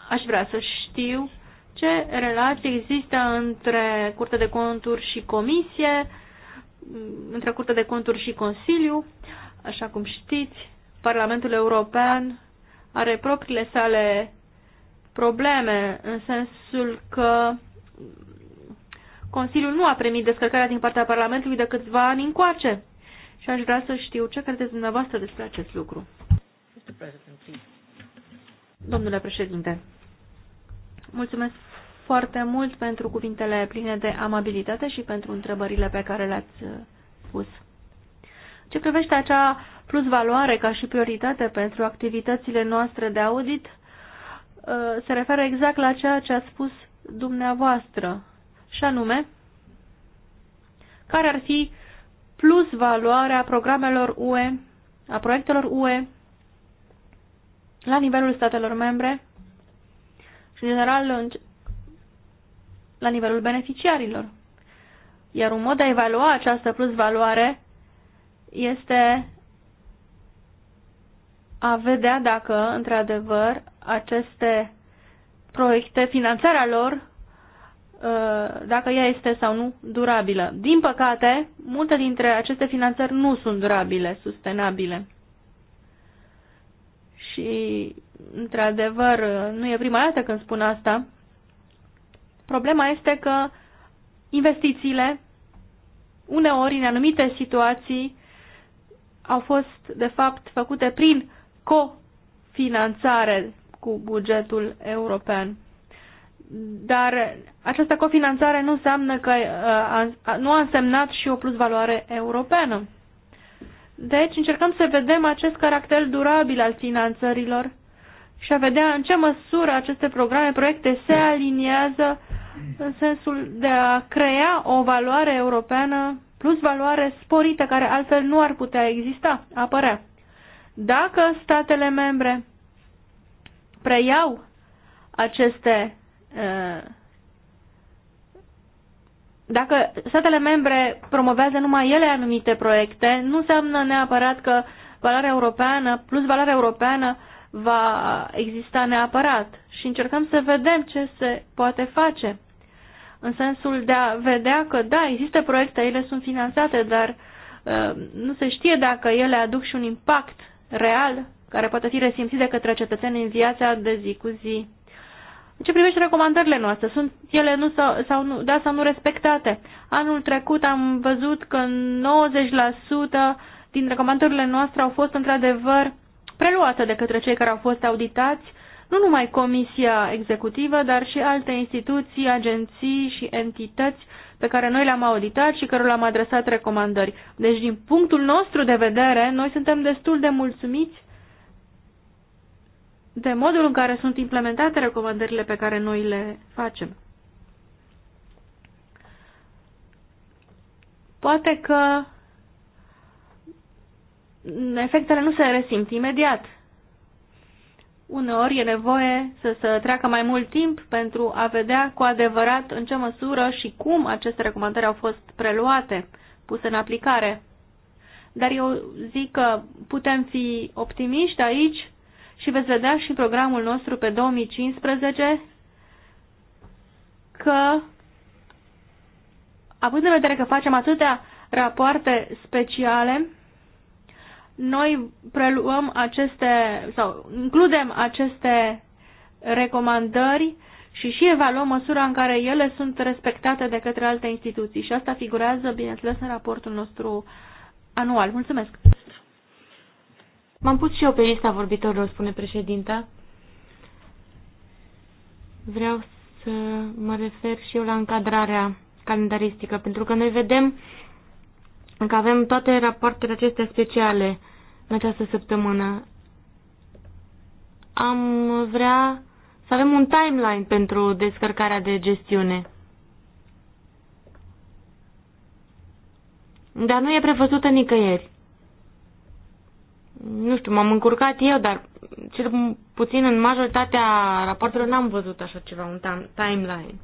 Aș vrea să știu ce relație există între Curtea de Conturi și Comisie, între Curtea de Conturi și Consiliu. Așa cum știți, Parlamentul European are propriile sale probleme, în sensul că Consiliul nu a primit descărcarea din partea Parlamentului de câțiva ani încoace. Și aș vrea să știu ce credeți dumneavoastră despre acest lucru. Domnule președinte, Mulțumesc foarte mult pentru cuvintele pline de amabilitate și pentru întrebările pe care le-ați uh, pus. Ce privește acea plus valoare ca și prioritate pentru activitățile noastre de audit, uh, se referă exact la ceea ce a spus dumneavoastră, și anume, care ar fi plus valoarea programelor UE, a proiectelor UE, la nivelul statelor membre, și, general, la nivelul beneficiarilor. Iar un mod de a evalua această plus valoare este a vedea dacă, într-adevăr, aceste proiecte, finanțarea lor, ă, dacă ea este sau nu durabilă. Din păcate, multe dintre aceste finanțări nu sunt durabile, sustenabile. Și într-adevăr, nu e prima dată când spun asta. Problema este că investițiile, uneori, în anumite situații, au fost, de fapt, făcute prin cofinanțare cu bugetul european. Dar această cofinanțare nu înseamnă că uh, nu a însemnat și o plusvaloare europeană. Deci încercăm să vedem acest caracter durabil al finanțărilor și a vedea în ce măsură aceste programe, proiecte se aliniază în sensul de a crea o valoare europeană plus valoare sporită, care altfel nu ar putea exista, apărea. Dacă statele membre preiau aceste dacă statele membre promovează numai ele anumite proiecte, nu înseamnă neapărat că valoarea europeană plus valoarea europeană uh, va exista neapărat și încercăm să vedem ce se poate face. În sensul de a vedea că, da, există proiecte, ele sunt finanțate, dar uh, nu se știe dacă ele aduc și un impact real care poate fi resimțit de către cetățeni în viața de zi cu zi. În ce privește recomandările noastre, sunt ele nu sau, sau nu, da sau nu respectate. Anul trecut am văzut că 90% din recomandările noastre au fost într-adevăr uh, preluată de către cei care au fost auditați, nu numai Comisia Executivă, dar și alte instituții, agenții și entități pe care noi le-am auditat și cărora le-am adresat recomandări. Deci, din punctul nostru de vedere, noi suntem destul de mulțumiți de modul în care sunt implementate recomandările pe care noi le facem. Poate că efectele nu se resimt imediat. Uneori e nevoie să, să treacă mai mult timp pentru a vedea cu adevărat în ce măsură și cum aceste recomandări au fost preluate, puse în aplicare. Dar eu zic că putem fi optimiști aici și veți vedea și programul nostru pe 2015 că, având în vedere că facem atâtea rapoarte speciale, noi preluăm aceste sau includem aceste recomandări și și evaluăm măsura în care ele sunt respectate de către alte instituții și asta figurează, bineînțeles, în raportul nostru anual. Mulțumesc! M-am pus și eu pe lista vorbitorilor, spune președinta. Vreau să mă refer și eu la încadrarea calendaristică, pentru că noi vedem că avem toate rapoartele acestea speciale în această săptămână. Am vrea să avem un timeline pentru descărcarea de gestiune. Dar nu e prevăzută nicăieri. Nu știu, m-am încurcat eu, dar cel puțin în majoritatea raportelor n-am văzut așa ceva, un timeline.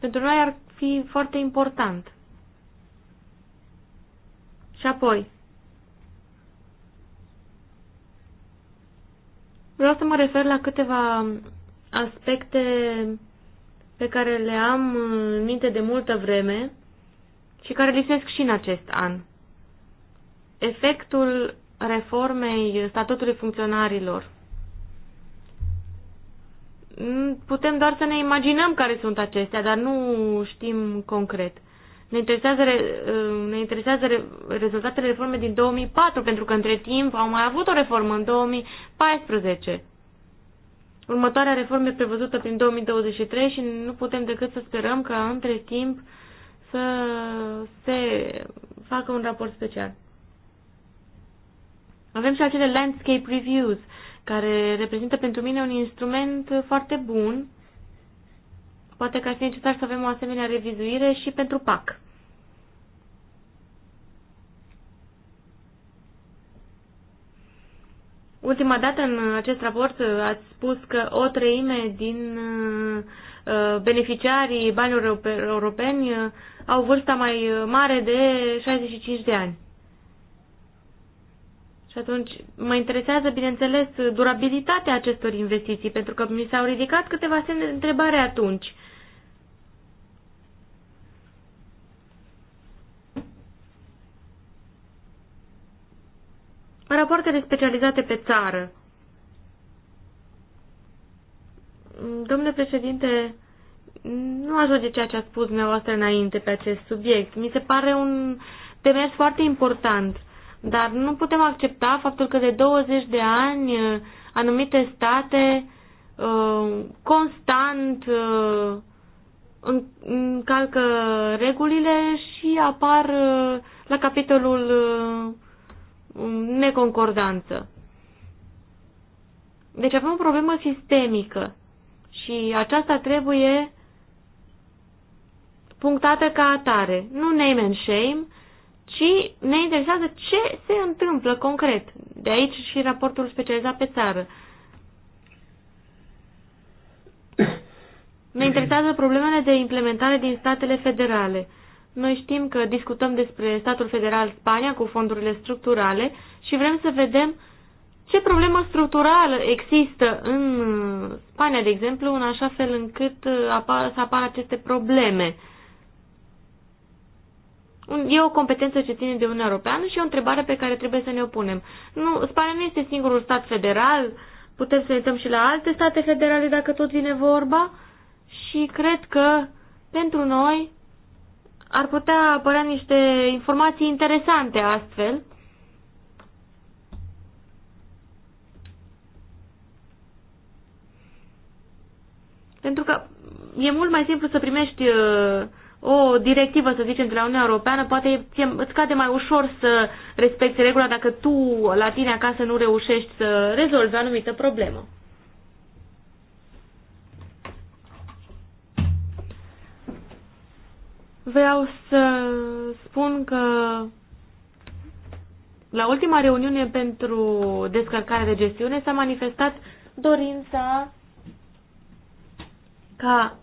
Pentru noi ar fi foarte important. Și apoi, Vreau să mă refer la câteva aspecte pe care le am în minte de multă vreme și care lipsesc și în acest an. Efectul reformei statutului funcționarilor. Putem doar să ne imaginăm care sunt acestea, dar nu știm concret. Ne interesează, uh, ne interesează rezultatele reformei din 2004, pentru că între timp au mai avut o reformă în 2014. Următoarea reformă e prevăzută prin 2023 și nu putem decât să sperăm că între timp să se facă un raport special. Avem și acele landscape reviews, care reprezintă pentru mine un instrument foarte bun Poate că ar fi necesar să avem o asemenea revizuire și pentru PAC. Ultima dată în acest raport ați spus că o treime din uh, uh, beneficiarii banilor europeni uh, au vârsta mai mare de 65 de ani. Și atunci mă interesează, bineînțeles, durabilitatea acestor investiții, pentru că mi s-au ridicat câteva semne de întrebare atunci. Rapoartele specializate pe țară. Domnule președinte, nu aș de ceea ce a spus dumneavoastră înainte pe acest subiect. Mi se pare un temers foarte important, dar nu putem accepta faptul că de 20 de ani uh, anumite state uh, constant uh, încalcă regulile și apar la capitolul neconcordanță. Deci avem o problemă sistemică și aceasta trebuie punctată ca atare. Nu name and shame, ci ne interesează ce se întâmplă concret. De aici și raportul specializat pe țară. Ne interesează problemele de implementare din statele federale. Noi știm că discutăm despre statul federal Spania cu fondurile structurale și vrem să vedem ce problemă structurală există în Spania, de exemplu, în așa fel încât apar, să apară aceste probleme. E o competență ce ține de Uniunea Europeană și o întrebare pe care trebuie să ne o punem. Nu, Spania nu este singurul stat federal, putem să ne uităm și la alte state federale dacă tot vine vorba și cred că pentru noi ar putea apărea niște informații interesante astfel. Pentru că e mult mai simplu să primești uh, o directivă, să zicem, de la Uniunea Europeană, poate îți cade mai ușor să respecti regula dacă tu la tine acasă nu reușești să rezolvi o anumită problemă. Vreau să spun că la ultima reuniune pentru descărcare de gestiune s-a manifestat dorința ca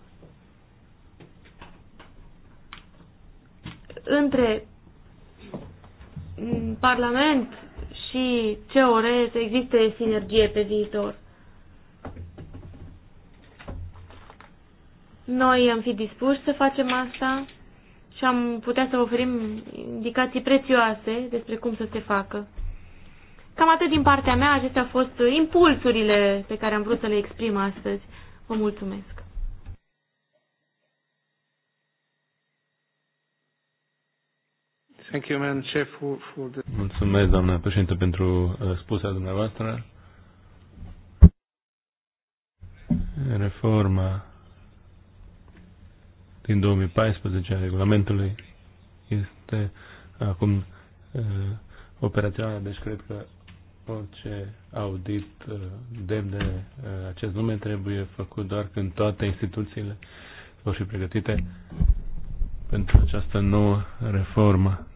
între Parlament și COR să existe sinergie pe viitor. Noi am fi dispuși să facem asta și am putea să oferim indicații prețioase despre cum să se facă. Cam atât din partea mea, acestea au fost impulsurile pe care am vrut să le exprim astăzi. Vă mulțumesc! Thank you, Madam Chair, for, for the... Mulțumesc, doamna președinte, pentru uh, dumneavoastră. Reforma din 2014 a regulamentului este acum uh, operațională, deci cred că orice audit uh, demn de uh, acest nume trebuie făcut doar când toate instituțiile vor fi pregătite pentru această nouă reformă,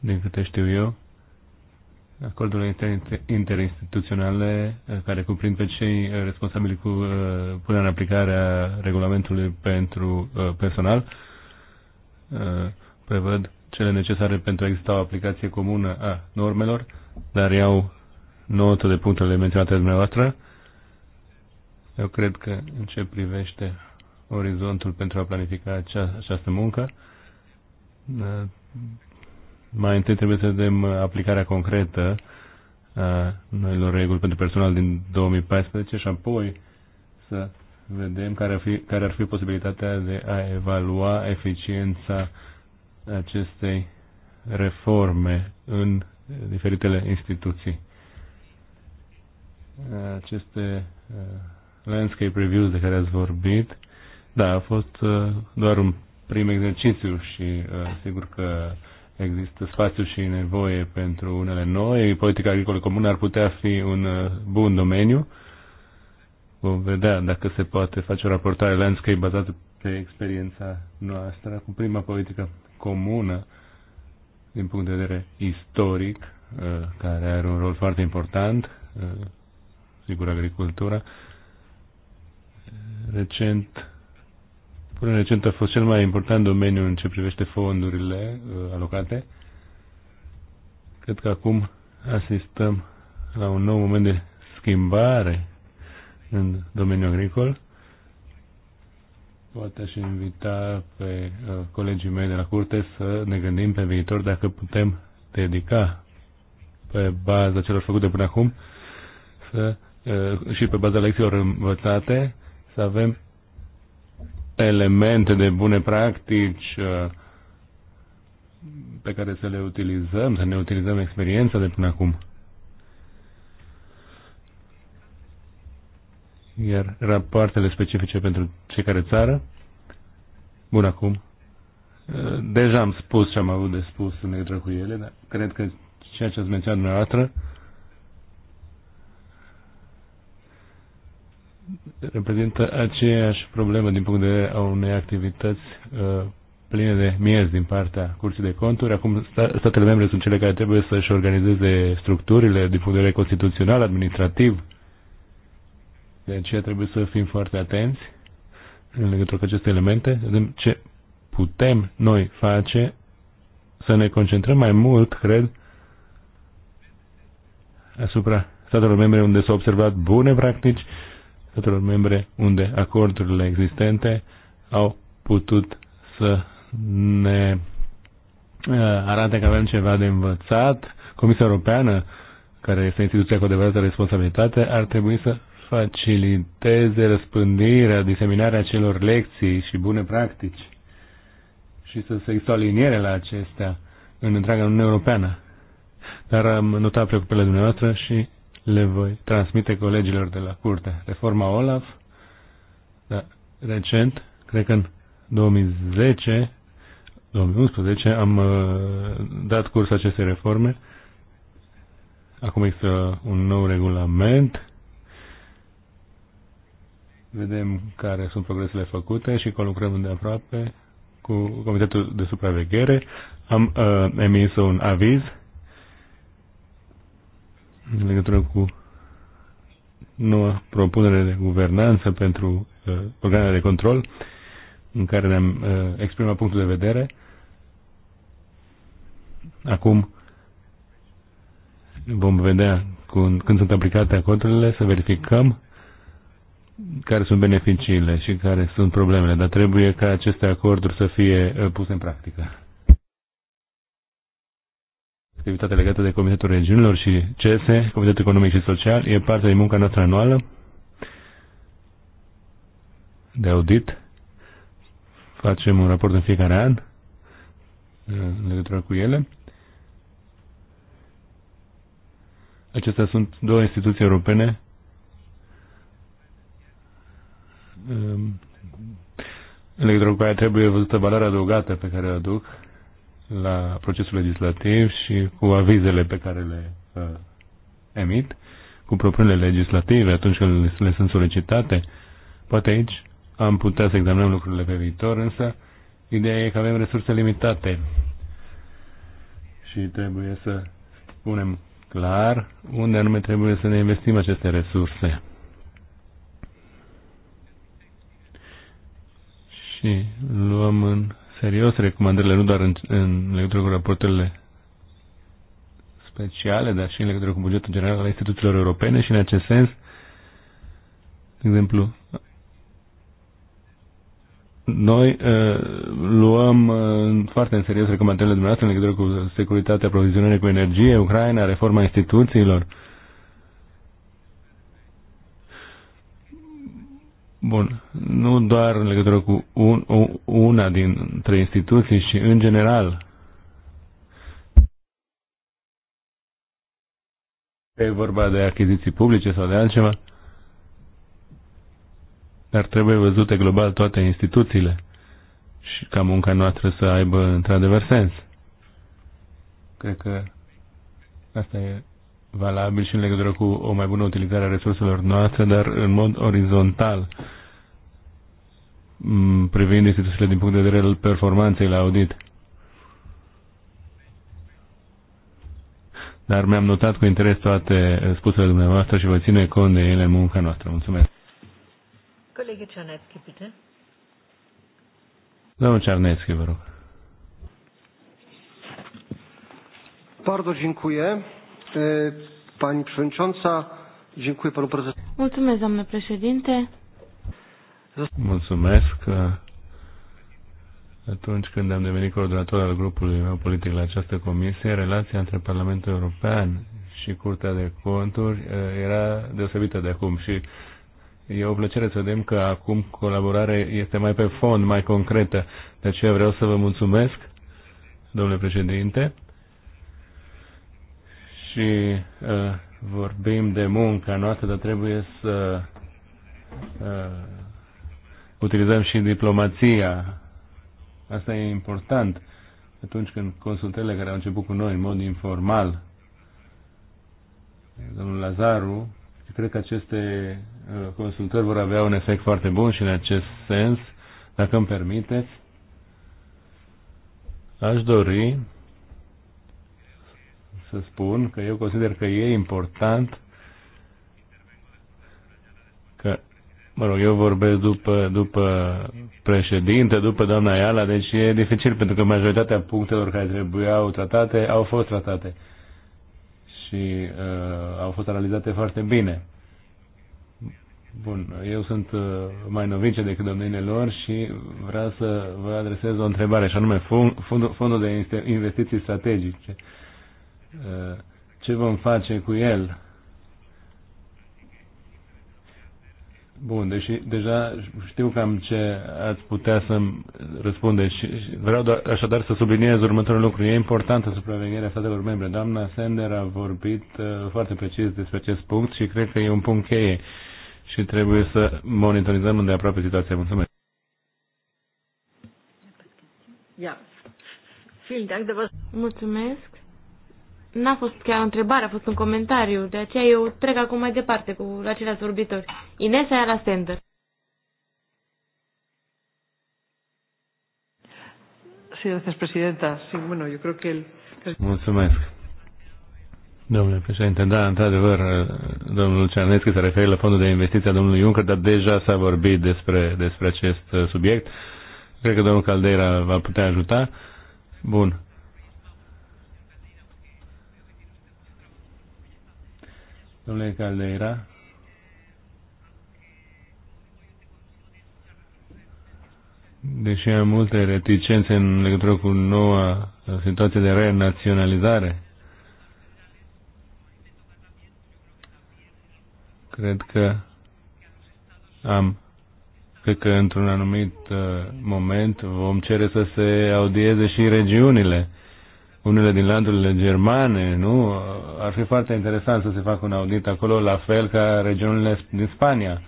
din câte știu eu acordurile inter interinstituționale eh, care cuprind pe cei eh, responsabili cu eh, punerea în aplicare a regulamentului pentru personal prevăd cele necesare pentru a exista o aplicație comună a normelor, dar iau notă de punctele menționate de dumneavoastră. Eu cred că în ce privește orizontul pentru a planifica acea, această muncă, mai întâi trebuie să vedem uh, aplicarea concretă a uh, noilor reguli pentru personal din 2014 și apoi să vedem care ar fi, care ar fi posibilitatea de a evalua eficiența acestei reforme în diferitele instituții. Aceste uh, landscape reviews de care ați vorbit, da, a fost doar un prim exercițiu și sigur că există spațiu și nevoie pentru unele noi. Politica agricolă comună ar putea fi un uh, bun domeniu. Vom vedea dacă se poate face o raportare landscape bazată pe experiența noastră cu prima politică comună din punct de vedere istoric, uh, care are un rol foarte important, uh, sigur agricultura. Recent Până recent a fost cel mai important domeniu în ce privește fondurile uh, alocate. Cred că acum asistăm la un nou moment de schimbare în domeniul agricol. Poate aș invita pe uh, colegii mei de la curte să ne gândim pe viitor dacă putem dedica pe baza celor făcute până acum să, uh, și pe baza lecțiilor învățate să avem elemente de bune practici uh, pe care să le utilizăm, să ne utilizăm experiența de până acum. Iar rapoartele specifice pentru fiecare țară, bun acum, uh, deja am spus ce am avut de spus în legătură cu ele, dar cred că ceea ce ați menționat dumneavoastră, reprezintă aceeași problemă din punct de vedere a unei activități uh, pline de miez din partea Curții de Conturi. Acum statele membre sunt cele care trebuie să-și organizeze structurile din punct de vedere constituțional, administrativ. De aceea trebuie să fim foarte atenți în legătură cu aceste elemente, vedem ce putem noi face, să ne concentrăm mai mult, cred, asupra statelor membre unde s-au observat bune practici statelor membre unde acordurile existente au putut să ne uh, arate că avem ceva de învățat. Comisia Europeană, care este instituția cu adevărată responsabilitate, ar trebui să faciliteze răspândirea, diseminarea celor lecții și bune practici și să se există aliniere la acestea în întreaga Uniune Europeană. Dar am notat preocupările dumneavoastră și le voi transmite colegilor de la curte. Reforma OLAF, da, recent, cred că în 2010, 2011 am uh, dat curs acestei reforme. Acum există un nou regulament. Vedem care sunt progresele făcute și lucrăm de aproape cu Comitetul de Supraveghere. Am uh, emis un aviz în legătură cu noua propunere de guvernanță pentru uh, organele de control, în care ne-am uh, exprimat punctul de vedere. Acum vom vedea când, când sunt aplicate acordurile, să verificăm care sunt beneficiile și care sunt problemele, dar trebuie ca aceste acorduri să fie uh, puse în practică activitatea legată de Comitetul Regiunilor și CESE, Comitetul Economic și Social, e parte din munca noastră anuală de audit. Facem un raport în fiecare an în legătură cu ele. Acestea sunt două instituții europene în legătură cu care trebuie văzută valoarea adăugată pe care o aduc la procesul legislativ și cu avizele pe care le uh, emit, cu propunerile legislative atunci când le sunt solicitate. Poate aici am putea să examinăm lucrurile pe viitor, însă ideea e că avem resurse limitate și trebuie să spunem clar unde anume trebuie să ne investim aceste resurse. Și luăm în serios recomandările, nu doar în, în legătură cu raportele speciale, dar și în legătură cu bugetul general al instituțiilor europene și în acest sens, de exemplu, noi uh, luăm uh, foarte în serios recomandările dumneavoastră în legătură cu securitatea aprovizionării cu energie, Ucraina, reforma instituțiilor, uh, Bun, nu doar în legătură cu un, o, una dintre instituții, ci în general. E vorba de achiziții publice sau de altceva, dar trebuie văzute global toate instituțiile și ca munca noastră să aibă într-adevăr sens. Cred că asta e valabil și în legătură cu o mai bună utilizare a resurselor noastre, dar în mod orizontal Mm, privind instituțiile din punct de vedere al performanței la audit. Dar mi-am notat cu interes toate spusele dumneavoastră și vă ține cont de ele în munca noastră. Mulțumesc. Colegi Cernetski, pute. Domnul Cernetski, vă rog. Bardzo dziękuję. Pani Przewodnicząca, dziękuję Panu Prezydentowi. Mulțumesc, doamnă președinte. Mulțumesc. Atunci când am devenit coordonator al grupului meu politic la această comisie, relația între Parlamentul European și Curtea de Conturi eh, era deosebită de acum și e o plăcere să vedem că acum colaborarea este mai pe fond, mai concretă. De aceea vreau să vă mulțumesc, domnule președinte, și uh, vorbim de munca noastră, dar trebuie să uh, utilizăm și diplomația. Asta e important. Atunci când consultările care au început cu noi în mod informal, domnul Lazaru, cred că aceste uh, consultări vor avea un efect foarte bun și în acest sens, dacă îmi permiteți, aș dori să spun că eu consider că e important mă rog, eu vorbesc după, după președinte, după doamna Iala, deci e dificil pentru că majoritatea punctelor care trebuiau tratate au fost tratate și uh, au fost analizate foarte bine. Bun, eu sunt uh, mai novice decât domnilor și vreau să vă adresez o întrebare, și anume fondul, de investiții strategice. Uh, ce vom face cu el? Bun, deși deja știu cam ce ați putea să răspundeți. Vreau doar, așadar să subliniez următorul lucru. E importantă supravegherea statelor membre. Doamna Sender a vorbit uh, foarte precis despre acest punct și cred că e un punct cheie și trebuie să monitorizăm îndeaproape situația. Mulțumesc. Da Mulțumesc. N-a fost chiar o întrebare, a fost un comentariu, de aceea eu trec acum mai departe cu același vorbitor. Inesa e la sender. Sí, gracias, presidenta. Sí, bueno, yo creo que el... Mulțumesc. Domnule președinte, da, într-adevăr, domnul Cernescu se referă la fondul de investiție a domnului Juncker, dar deja s-a vorbit despre, despre acest uh, subiect. Cred că domnul Caldeira va putea ajuta. Bun. Domnule Caldeira. Deși am multe reticențe în legătură cu noua situație de renaționalizare, cred că am cred că într-un anumit uh, moment vom cere să se audieze și regiunile unele din landurile germane, nu? Ar fi foarte interesant să se facă un audit acolo, la fel ca regiunile din Spania.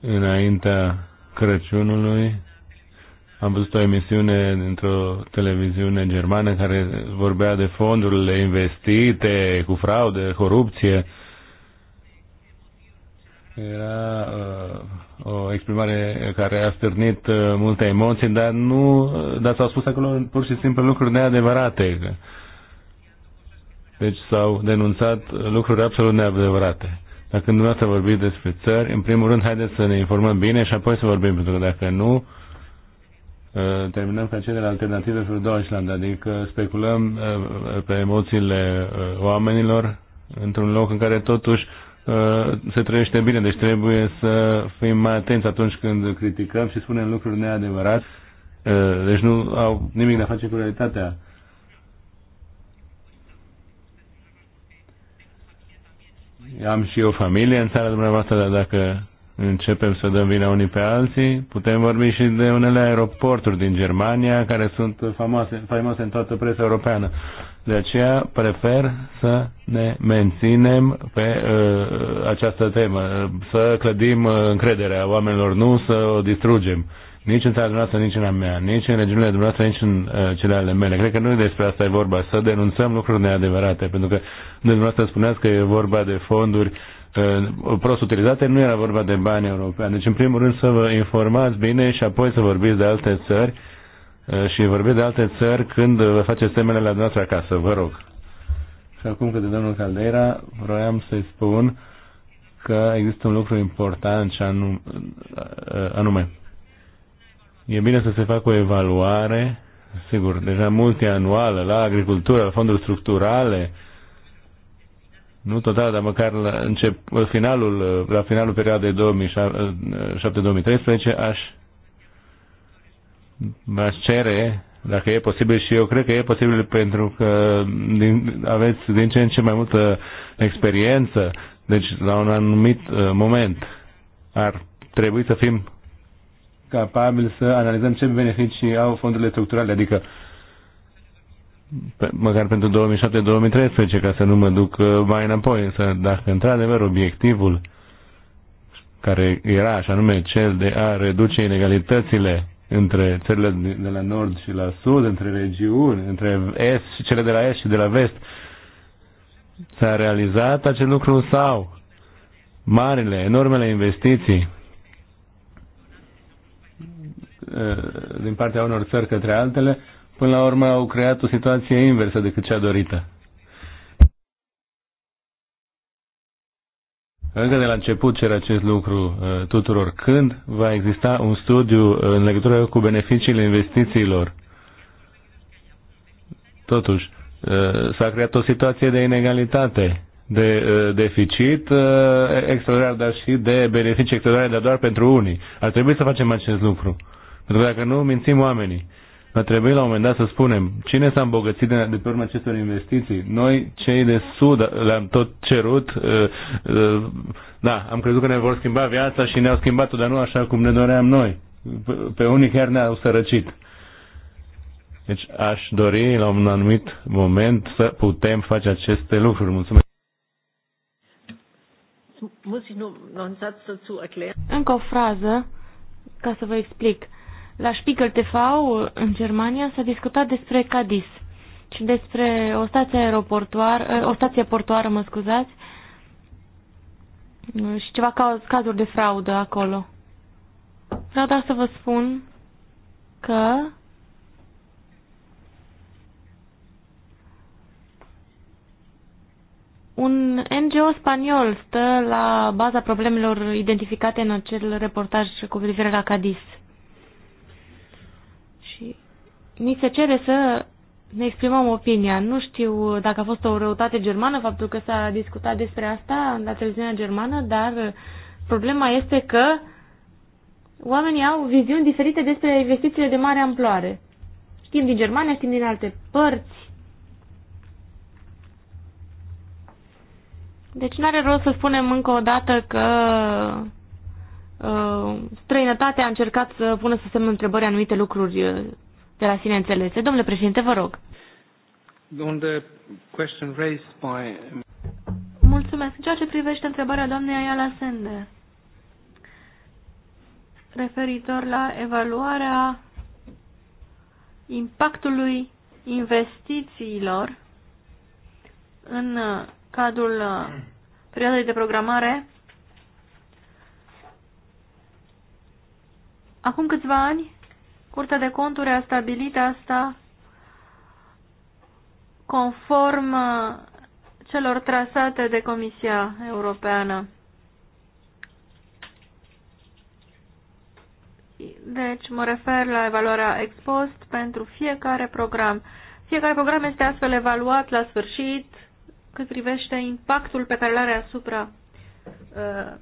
Înaintea Crăciunului am văzut o emisiune dintr-o televiziune germană care vorbea de fondurile investite cu fraude, corupție. Era uh, o exprimare care a stârnit uh, multe emoții, dar nu, uh, dar s-au spus acolo pur și simplu lucruri neadevărate. Deci s-au denunțat lucruri absolut neadevărate. Dacă dumneavoastră vorbim despre țări, în primul rând haideți să ne informăm bine și apoi să vorbim, pentru că dacă nu, uh, terminăm ca cele alternative pentru Deutschland, adică speculăm uh, pe emoțiile oamenilor într-un loc în care totuși Uh, se trăiește bine, deci trebuie să fim mai atenți atunci când criticăm și spunem lucruri neadevărate. Uh, deci nu au nimic de a face cu realitatea. Am și o familie în țara dumneavoastră, dar dacă începem să dăm vina unii pe alții, putem vorbi și de unele aeroporturi din Germania care sunt famoase, faimoase în toată presa europeană. De aceea prefer să ne menținem pe uh, această temă, să clădim uh, încrederea oamenilor, nu să o distrugem. Nici în țara dumneavoastră, nici în a mea, nici în regiunile dumneavoastră, nici în uh, cele ale mele. Cred că nu despre asta e vorba, să denunțăm lucruri neadevărate, pentru că dumneavoastră spuneați că e vorba de fonduri uh, prost utilizate, nu era vorba de bani europeni. Deci, în primul rând, să vă informați bine și apoi să vorbiți de alte țări uh, și vorbesc de alte țări când vă faceți temele la dumneavoastră acasă, vă rog. Și acum că de domnul Caldera vroiam să-i spun că există un lucru important și anum, anume e bine să se facă o evaluare sigur, deja multianuală la agricultură, la fonduri structurale nu total, dar măcar la, încep, finalul, la finalul perioadei 2007-2013 aș v-aș cere, dacă e posibil și eu cred că e posibil pentru că din, aveți din ce în ce mai multă experiență, deci la un anumit uh, moment ar trebui să fim capabili să analizăm ce beneficii au fondurile structurale, adică pe, măcar pentru 2007-2013, ca să nu mă duc uh, mai înapoi, însă dacă într-adevăr obiectivul care era, așa anume cel de a reduce inegalitățile între țările de la nord și la sud, între regiuni, între est și cele de la est și de la vest. S-a realizat acest lucru sau marile, enormele investiții din partea unor țări către altele, până la urmă au creat o situație inversă decât cea dorită. Încă de la început cer acest lucru uh, tuturor. Când va exista un studiu uh, în legătură cu beneficiile investițiilor? Totuși, uh, s-a creat o situație de inegalitate, de deficit extraordinar, dar și de beneficii extraordinare, dar doar pentru unii. Ar trebui să facem acest lucru. Pentru că dacă nu, mințim oamenii va trebui la un moment dat să spunem cine s-a îmbogățit de, de pe urma acestor investiții. Noi, cei de sud, le-am tot cerut. Uh, uh, da, am crezut că ne vor schimba viața și ne-au schimbat-o, dar nu așa cum ne doream noi. Pe unii chiar ne-au sărăcit. Deci aș dori la un anumit moment să putem face aceste lucruri. Mulțumesc. Încă o frază ca să vă explic. La Spiegel TV, în Germania, s-a discutat despre Cadiz și despre o stație aeroportoară, eh, o stație portoară, mă scuzați, și ceva caz, cazuri de fraudă acolo. Vreau doar să vă spun că un NGO spaniol stă la baza problemelor identificate în acel reportaj cu privire la Cadiz mi se cere să ne exprimăm opinia. Nu știu dacă a fost o răutate germană faptul că s-a discutat despre asta la televiziunea germană, dar problema este că oamenii au viziuni diferite despre investițiile de mare amploare. Știm din Germania, știm din alte părți. Deci nu are rost să spunem încă o dată că uh, străinătatea a încercat să pună să semnă întrebări anumite lucruri uh, de la sine înțelese. Domnule președinte, vă rog. Mulțumesc. În ceea ce privește întrebarea doamnei Ayala Sende, referitor la evaluarea impactului investițiilor în uh, cadrul uh, perioadei de programare. Acum câțiva ani Curtea de conturi a stabilit asta conform uh, celor trasate de Comisia Europeană. Deci mă refer la evaluarea ex post pentru fiecare program. Fiecare program este astfel evaluat la sfârșit cât privește impactul pe care îl are asupra, uh, uh,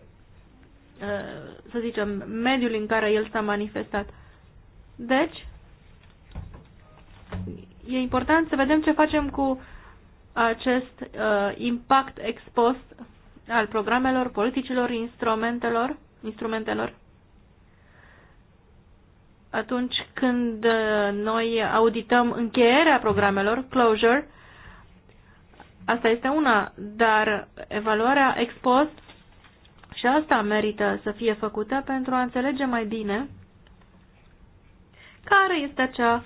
să zicem, mediului în care el s-a manifestat. Deci, e important să vedem ce facem cu acest uh, impact expost al programelor, politicilor, instrumentelor, instrumentelor atunci când uh, noi audităm încheierea programelor, closure, asta este una, dar evaluarea ex post și asta merită să fie făcută pentru a înțelege mai bine care este acea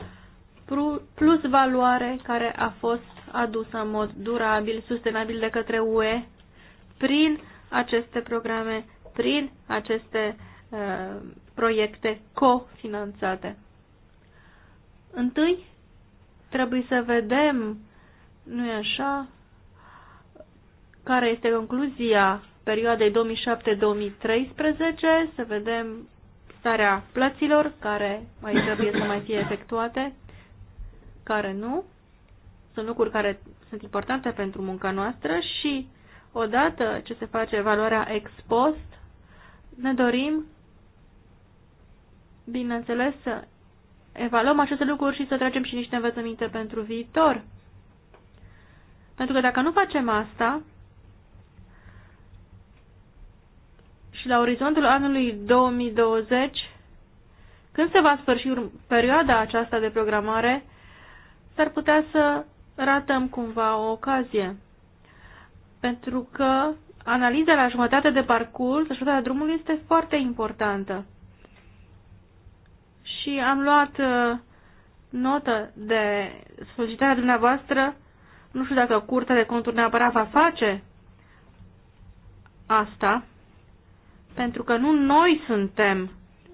plus valoare care a fost adusă în mod durabil, sustenabil de către UE prin aceste programe, prin aceste uh, proiecte cofinanțate. Întâi, trebuie să vedem, nu e așa, care este concluzia perioadei 2007-2013, să vedem starea plăților care mai trebuie să mai fie efectuate, care nu. Sunt lucruri care sunt importante pentru munca noastră și odată ce se face valoarea ex post, ne dorim, bineînțeles, să evaluăm aceste lucruri și să tragem și niște învățăminte pentru viitor. Pentru că dacă nu facem asta, și la orizontul anului 2020, când se va sfârși perioada aceasta de programare, s-ar putea să ratăm cumva o ocazie. Pentru că analiza la jumătate de parcurs, la jumătatea drumului, este foarte importantă. Și am luat uh, notă de solicitarea dumneavoastră. Nu știu dacă Curtea de Conturi neapărat va face asta, pentru că nu noi suntem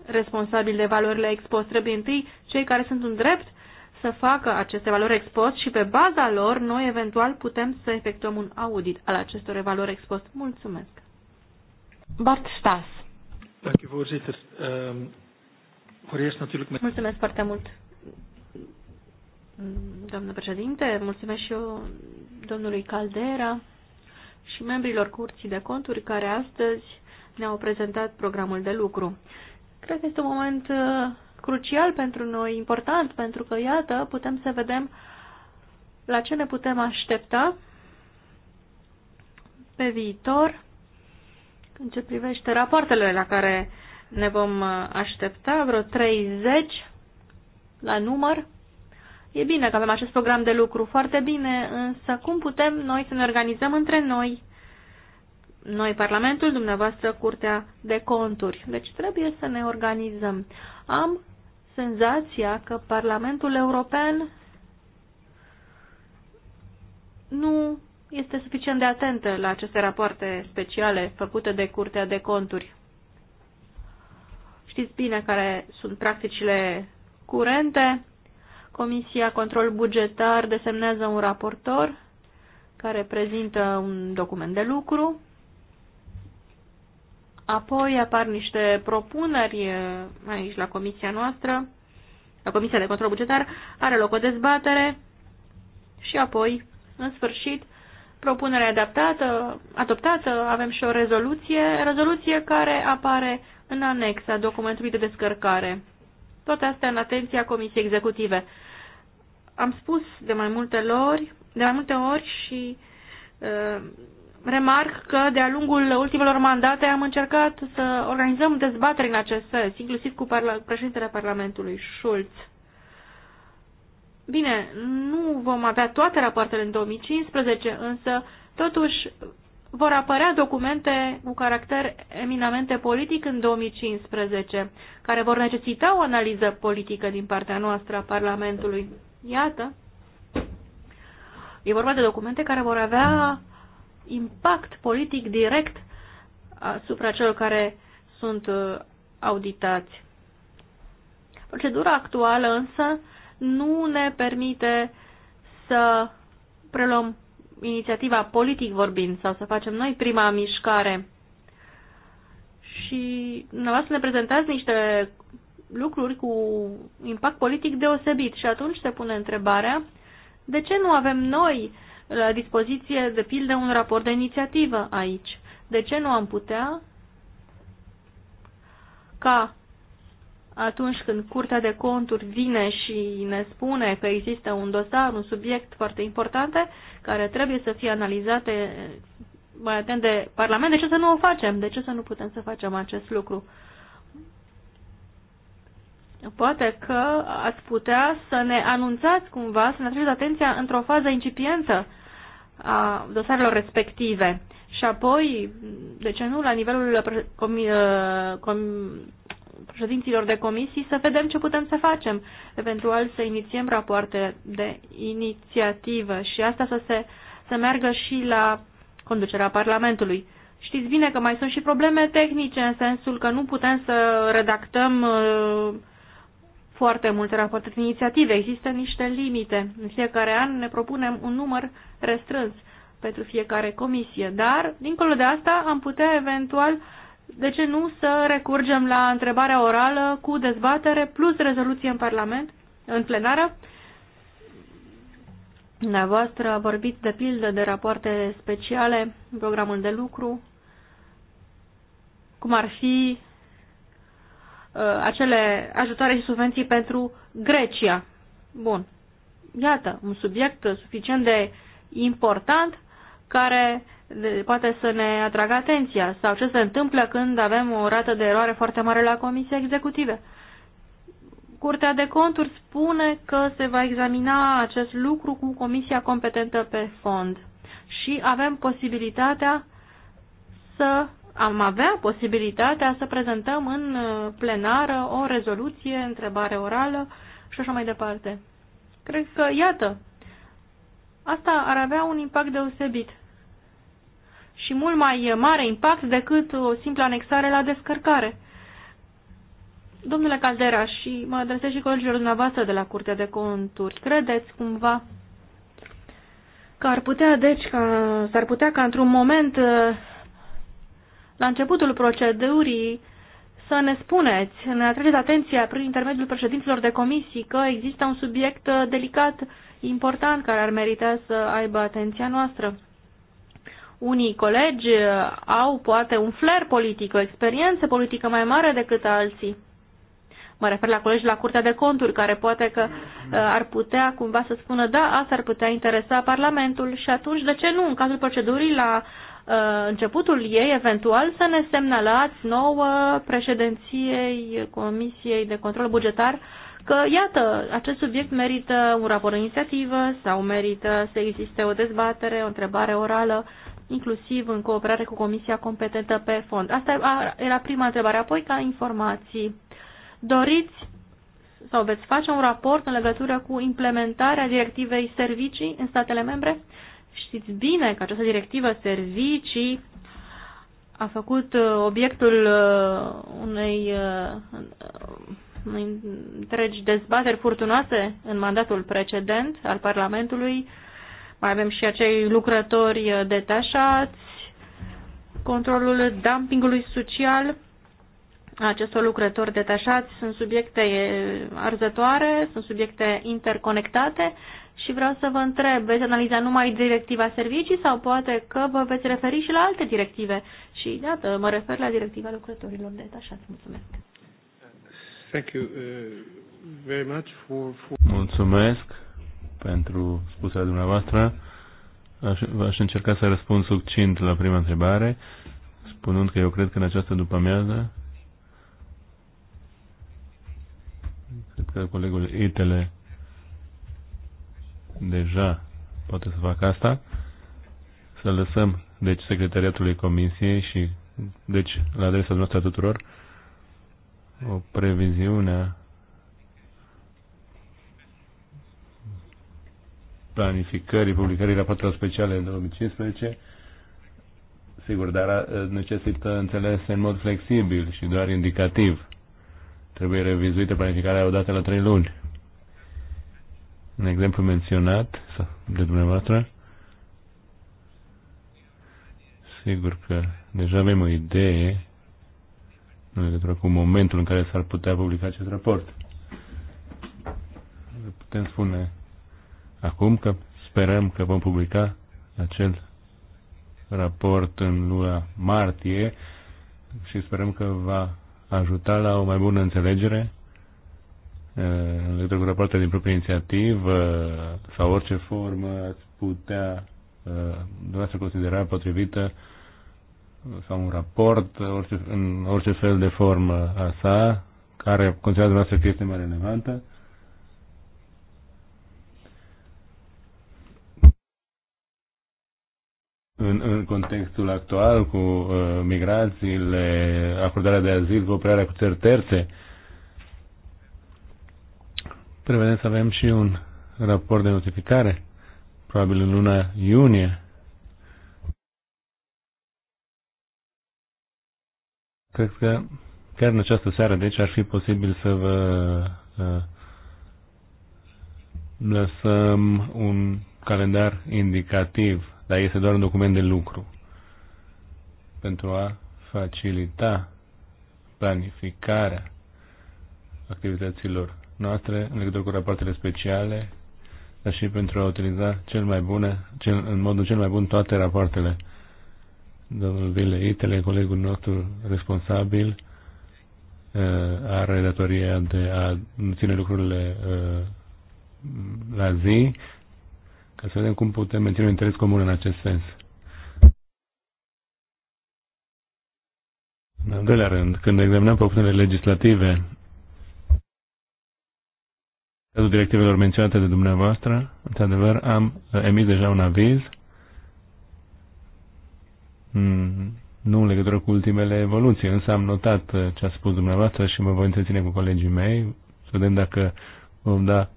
responsabili de valorile expost, trebuie întâi cei care sunt în drept să facă aceste valori expost și pe baza lor noi eventual putem să efectuăm un audit al acestor valori expost. Mulțumesc. Bart Stas. Ehm, Mulțumesc foarte mult, doamnă președinte. Mulțumesc și eu domnului Caldera și membrilor Curții de Conturi care astăzi ne-au prezentat programul de lucru. Cred că este un moment uh, crucial pentru noi, important, pentru că, iată, putem să vedem la ce ne putem aștepta pe viitor în ce privește rapoartele la care ne vom uh, aștepta, vreo 30 la număr. E bine că avem acest program de lucru, foarte bine, însă cum putem noi să ne organizăm între noi noi Parlamentul, dumneavoastră Curtea de Conturi. Deci trebuie să ne organizăm. Am senzația că Parlamentul European nu este suficient de atentă la aceste rapoarte speciale făcute de Curtea de Conturi. Știți bine care sunt practicile curente. Comisia Control Bugetar desemnează un raportor care prezintă un document de lucru Apoi apar niște propuneri eh, aici la comisia noastră, la Comisia de Control Bugetar, are loc o dezbatere și apoi, în sfârșit, propunerea adaptată, adoptată, avem și o rezoluție, rezoluție care apare în anexa documentului de descărcare. Toate astea în atenția Comisiei Executive. Am spus de mai multe ori, de mai multe ori și uh, remarc că de-a lungul ultimelor mandate am încercat să organizăm dezbateri în acest sens, inclusiv cu parla președintele Parlamentului, Schulz. Bine, nu vom avea toate rapoartele în 2015, însă totuși vor apărea documente cu caracter eminamente politic în 2015, care vor necesita o analiză politică din partea noastră a Parlamentului. Iată, e vorba de documente care vor avea uh, impact politic direct asupra celor care sunt uh, auditați. Procedura actuală însă nu ne permite să preluăm inițiativa politic vorbind sau să facem noi prima mișcare. Și dumneavoastră ne prezentați niște lucruri cu impact politic deosebit și atunci se pune întrebarea de ce nu avem noi la dispoziție, de pildă, un raport de inițiativă aici. De ce nu am putea ca atunci când Curtea de Conturi vine și ne spune că există un dosar, un subiect foarte important care trebuie să fie analizate mai atent de Parlament, de ce să nu o facem? De ce să nu putem să facem acest lucru? Poate că ați putea să ne anunțați cumva, să ne atrageți atenția într-o fază incipientă a dosarelor respective și apoi, de ce nu, la nivelul uh, președinților de comisii să vedem ce putem să facem, eventual să inițiem rapoarte de inițiativă și asta să se să meargă și la conducerea Parlamentului. Știți bine că mai sunt și probleme tehnice, în sensul că nu putem să redactăm uh, foarte multe rapoarte de inițiative, există niște limite. În fiecare an ne propunem un număr restrâns pentru fiecare comisie, dar, dincolo de asta, am putea eventual, de ce nu, să recurgem la întrebarea orală cu dezbatere plus rezoluție în Parlament, în plenară. Dumneavoastră a vorbit de pildă de rapoarte speciale, programul de lucru, cum ar fi Uh, acele ajutoare și subvenții pentru Grecia. Bun. Iată, un subiect suficient de important care poate să ne atragă atenția sau ce se întâmplă când avem o rată de eroare foarte mare la comisia executive. Curtea de conturi spune că se va examina acest lucru cu comisia competentă pe fond și avem posibilitatea să am avea posibilitatea să prezentăm în uh, plenară o rezoluție, întrebare orală și așa mai departe. Cred că, iată, asta ar avea un impact deosebit și mult mai mare impact decât o simplă anexare la descărcare. Domnule Caldera, și mă adresez și colegilor dumneavoastră de la Curtea de Conturi, credeți cumva că ar putea, deci, că s-ar putea ca într-un moment uh, la începutul procedurii să ne spuneți, ne atrageți atenția prin intermediul președinților de comisii că există un subiect uh, delicat, important, care ar merita să aibă atenția noastră. Unii colegi uh, au poate un flair politic, o experiență politică mai mare decât alții. Mă refer la colegi la Curtea de Conturi, care poate că uh, ar putea cumva să spună, da, asta ar putea interesa Parlamentul și atunci de ce nu, în cazul procedurii la Uh, începutul ei, eventual, să ne semnalați nouă președinției Comisiei de Control Bugetar că, iată, acest subiect merită un raport inițiativă sau merită să existe o dezbatere, o întrebare orală, inclusiv în cooperare cu Comisia competentă pe fond. Asta era prima întrebare. Apoi, ca informații, doriți sau veți face un raport în legătură cu implementarea directivei servicii în statele membre? Știți bine că această directivă servicii a făcut uh, obiectul uh, unei, uh, unei întregi dezbateri furtunoase în mandatul precedent al Parlamentului. Mai avem și acei lucrători detașați, controlul dumpingului social acestor lucrători detașați sunt subiecte arzătoare, sunt subiecte interconectate și vreau să vă întreb, veți analiza numai directiva servicii sau poate că vă veți referi și la alte directive? Și iată, mă refer la directiva lucrătorilor detașați. Mulțumesc. Thank you uh, very much for, for... Mulțumesc pentru spusele dumneavoastră. Aș, aș încerca să răspund succint la prima întrebare, spunând că eu cred că în această după-amiază, cred că colegul Itele deja poate să facă asta, să lăsăm deci secretariatului comisiei și deci la adresa noastră tuturor o previziune planificării, publicării raportelor speciale în 2015 sigur, dar uh, necesită înțeles în mod flexibil și doar indicativ. Trebuie revizuită planificarea odată la trei luni un exemplu menționat de dumneavoastră, sigur că deja avem o idee în legătură cu momentul în care s-ar putea publica acest raport. Putem spune acum că sperăm că vom publica acel raport în luna martie și sperăm că va ajuta la o mai bună înțelegere în legătură cu din proprie inițiativă sau orice formă ați putea uh, dumneavoastră considera potrivită uh, sau un raport orice, în orice fel de formă a sa care considerați dumneavoastră că este mai relevantă în, în contextul actual cu uh, migrațiile, acordarea de azil, cooperarea cu țări terțe uh, Prevedem să avem și un raport de notificare, probabil în luna iunie. Cred că chiar în această seară, deci, ar fi posibil să vă uh, lăsăm un calendar indicativ, dar este doar un document de lucru pentru a facilita planificarea activităților noastre în legătură cu rapoartele speciale, dar și pentru a utiliza cel mai bune, cel, în modul cel mai bun toate rapoartele. Domnul Vile Itele, colegul nostru responsabil, uh, are datoria de a ține lucrurile uh, la zi, ca să vedem cum putem menține un interes comun în acest sens. În al doilea rând, când examinăm propunerile legislative cazul directivelor menționate de dumneavoastră, într-adevăr, am uh, emis deja un aviz, mm, nu în legătură cu ultimele evoluții, însă am notat uh, ce a spus dumneavoastră și mă voi întreține cu colegii mei, să vedem dacă vom da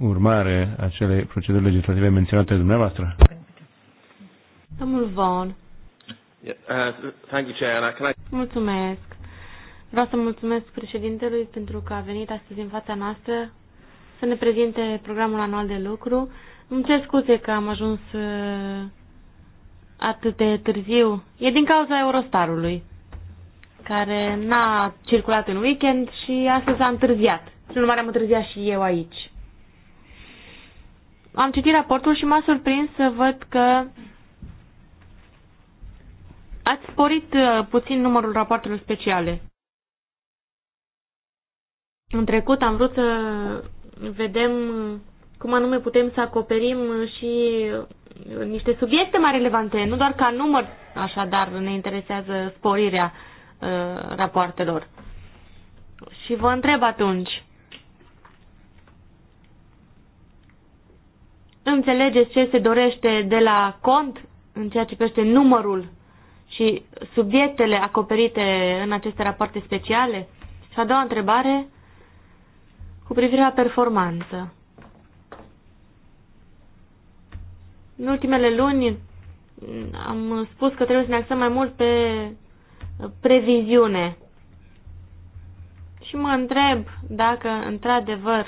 urmare acele proceduri legislative menționate de dumneavoastră. Domnul Von. Uh, Mulțumesc. Vreau să mulțumesc președintelui pentru că a venit astăzi în fața noastră să ne prezinte programul anual de lucru. Îmi cer scuze că am ajuns uh, atât de târziu. E din cauza Eurostarului, care n-a circulat în weekend și astăzi a întârziat. Prin urmare am întârziat și eu aici. Am citit raportul și m-a surprins să văd că ați sporit uh, puțin numărul rapoartelor speciale. În trecut am vrut să vedem cum anume putem să acoperim și niște subiecte mai relevante, nu doar ca număr, așadar ne interesează sporirea uh, rapoartelor. Și vă întreb atunci, înțelegeți ce se dorește de la cont în ceea ce privește numărul și subiectele acoperite în aceste rapoarte speciale? Și a doua întrebare, cu privire la performanță. În ultimele luni am spus că trebuie să ne axăm mai mult pe previziune. Și mă întreb dacă, într-adevăr,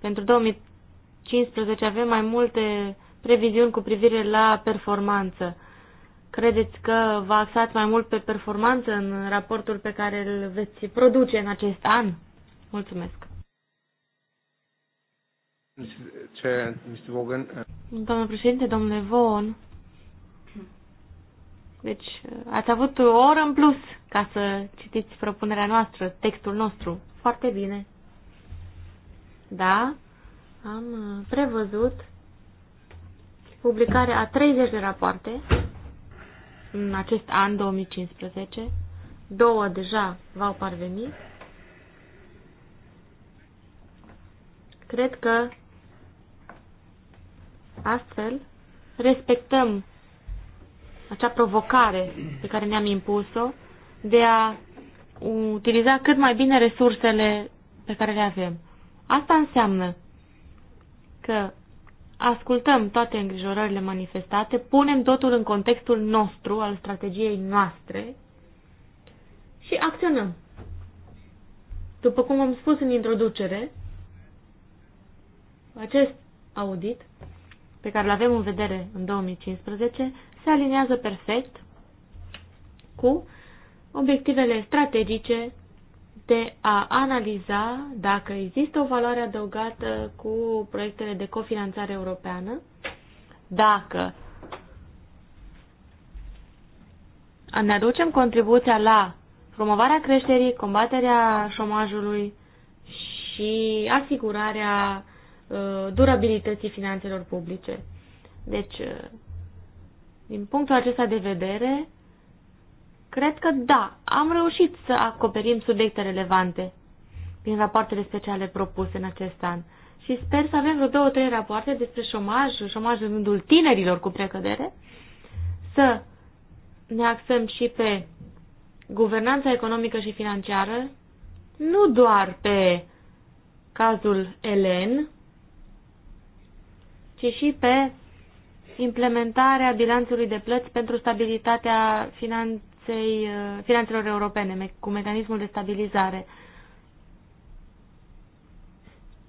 pentru 2015 avem mai multe previziuni cu privire la performanță. Credeți că vă axați mai mult pe performanță în raportul pe care îl veți produce în acest an? Mulțumesc! Uh, Domnul președinte, domnule Vaughan, deci uh, ați avut o oră în plus ca să citiți propunerea noastră, textul nostru. Foarte bine. Da, am uh, prevăzut publicarea a 30 de rapoarte în acest an 2015. Două deja v-au parvenit. Cred că Astfel, respectăm acea provocare pe care ne-am impus-o de a utiliza cât mai bine resursele pe care le avem. Asta înseamnă că ascultăm toate îngrijorările manifestate, punem totul în contextul nostru, al strategiei noastre și acționăm. După cum am spus în introducere, acest audit pe care îl avem în vedere în 2015 se aliniază perfect cu obiectivele strategice de a analiza dacă există o valoare adăugată cu proiectele de cofinanțare europeană, dacă ne aducem contribuția la promovarea creșterii, combaterea șomajului și asigurarea Uh, durabilității finanțelor publice. Deci, uh, din punctul acesta de vedere, cred că da, am reușit să acoperim subiecte relevante din rapoartele speciale propuse în acest an. Și sper să avem vreo două, trei rapoarte despre șomaj, șomaj în rândul tinerilor cu precădere, să ne axăm și pe guvernanța economică și financiară, nu doar pe cazul Elen, ci și pe implementarea bilanțului de plăți pentru stabilitatea finanței, uh, finanțelor europene cu mecanismul de stabilizare.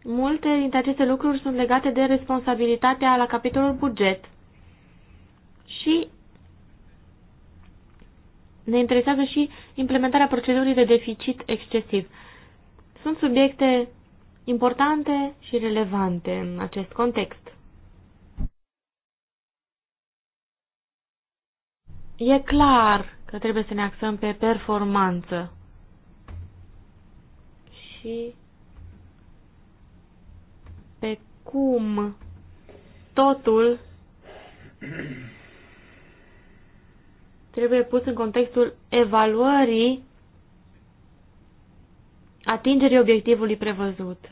Multe dintre aceste lucruri sunt legate de responsabilitatea la capitolul buget și ne interesează și implementarea procedurii de deficit excesiv. Sunt subiecte importante și relevante în acest context. E clar că trebuie să ne axăm pe performanță. Și pe cum totul trebuie pus în contextul evaluării atingerii obiectivului prevăzut.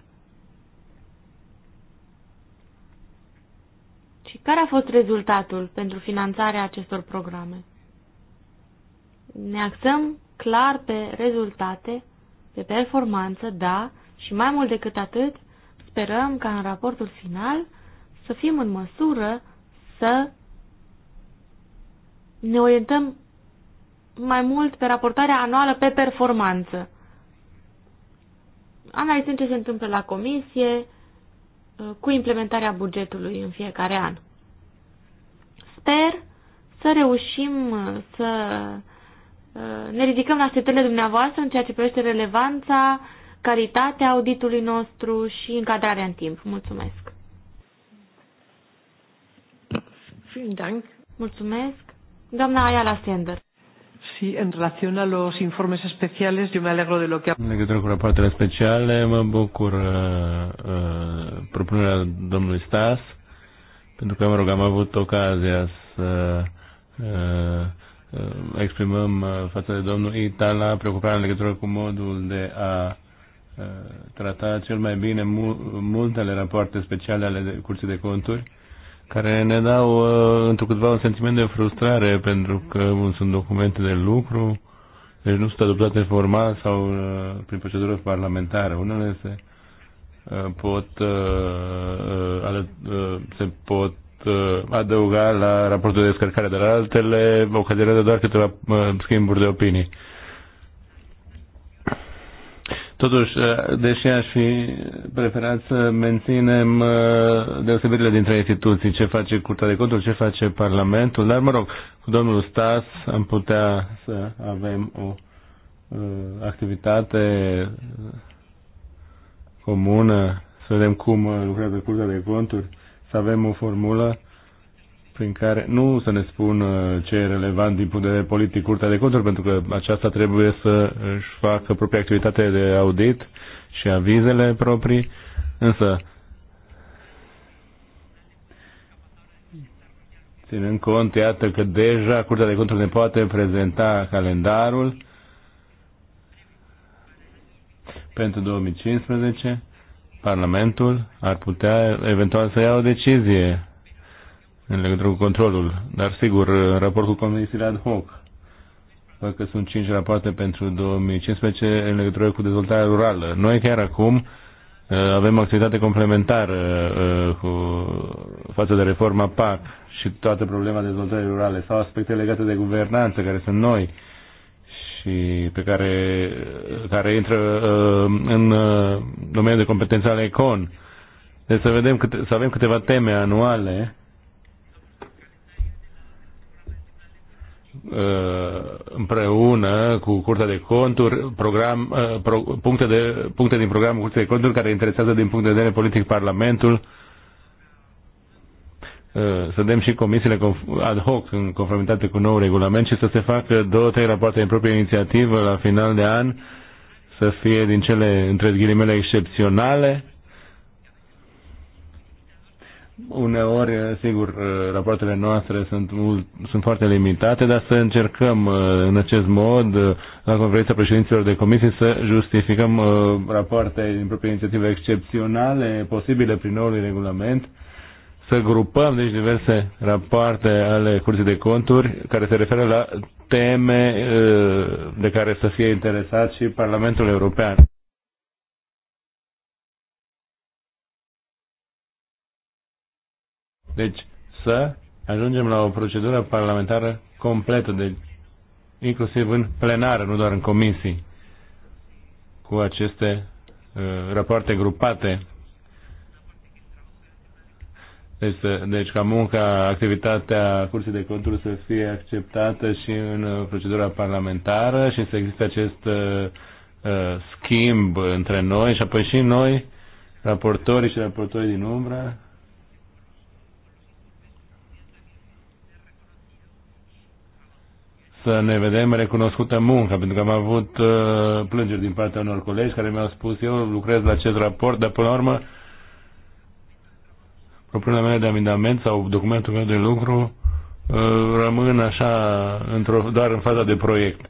care a fost rezultatul pentru finanțarea acestor programe? ne axăm clar pe rezultate, pe performanță, da, și mai mult decât atât, sperăm ca în raportul final să fim în măsură să ne orientăm mai mult pe raportarea anuală pe performanță. Analizăm ce se întâmplă la comisie uh, cu implementarea bugetului în fiecare an. Sper să reușim uh, să Uh, ne ridicăm la așteptările dumneavoastră în ceea ce privește relevanța, caritatea auditului nostru și încadrarea în timp. Mulțumesc! Mulțumesc! Doamna Ayala Sender. Sí, en relación a los informes especiales, yo me alegro de lo que... În legătură cu rapoartele speciale, mă bucur uh, uh, propunerea domnului Stas, pentru că, mă rog, am avut ocazia să uh, Uh, exprimăm uh, față de domnul Itala preocuparea în legătură cu modul de a uh, trata cel mai bine multele rapoarte speciale ale Curții de Conturi, care ne dau într-o câtva un sentiment de frustrare pentru că sunt documente de lucru, deci nu sunt adoptate formal sau prin procedură parlamentară. Unele se pot, se pot Uh, adăuga la raportul de descărcare, dar altele ocazionează doar câteva uh, schimburi de opinii. Totuși, uh, deși aș fi preferat să menținem deosebirile dintre instituții, ce face Curtea de Conturi, ce face Parlamentul, dar mă rog, cu domnul Stas am putea să avem o activitate comună, să vedem cum lucrează Curtea de Conturi să avem o formulă prin care nu să ne spun uh, ce e relevant din punct de vedere politic Curtea de Conturi, pentru că aceasta trebuie să își facă propria activitate de audit și avizele proprii, însă ținând cont, iată că deja Curtea de Conturi ne poate prezenta calendarul pentru 2015 Parlamentul ar putea eventual să ia o decizie în legătură cu controlul, dar sigur, în raport cu comisiile ad hoc, că sunt cinci rapoarte pentru 2015 în legătură cu dezvoltarea rurală. Noi chiar acum uh, avem activitate complementară uh, cu, față de reforma PAC și toată problema dezvoltării rurale sau aspecte legate de guvernanță care sunt noi și pe care, care intră uh, în uh, domeniul de competență ale ECON. Deci să, vedem câte, să avem câteva teme anuale uh, împreună cu Curtea de Conturi, program, pro, puncte, de, puncte din programul Curtea de Conturi care interesează din punct de vedere politic Parlamentul Uh, să dăm și comisiile ad hoc în conformitate cu nou regulament și să se facă două, trei rapoarte în proprie inițiativă la final de an, să fie din cele, între ghilimele, excepționale. Uneori, uh, sigur, uh, rapoartele noastre sunt, mult, sunt foarte limitate, dar să încercăm în acest mod, la conferința președinților de comisii, să justificăm rapoarte din proprie inițiativă excepționale, posibile prin noul regulament, să grupăm deci diverse rapoarte ale Curții de Conturi care se referă la teme uh, de care să fie interesat și Parlamentul European. Deci să ajungem la o procedură parlamentară completă, de, deci, inclusiv în plenară, nu doar în comisii, cu aceste uh, rapoarte grupate deci, deci ca munca, activitatea Curții de Conturi să fie acceptată și în uh, procedura parlamentară și să există acest uh, uh, schimb între noi și apoi și noi, raportorii și raportorii din umbră, să ne vedem recunoscută munca, pentru că am avut uh, plângeri din partea unor colegi care mi-au spus eu lucrez la acest raport, dar până la urmă uh, propunerea mea de amendament sau documentul meu de lucru uh, rămân așa într-o, doar în faza de proiect.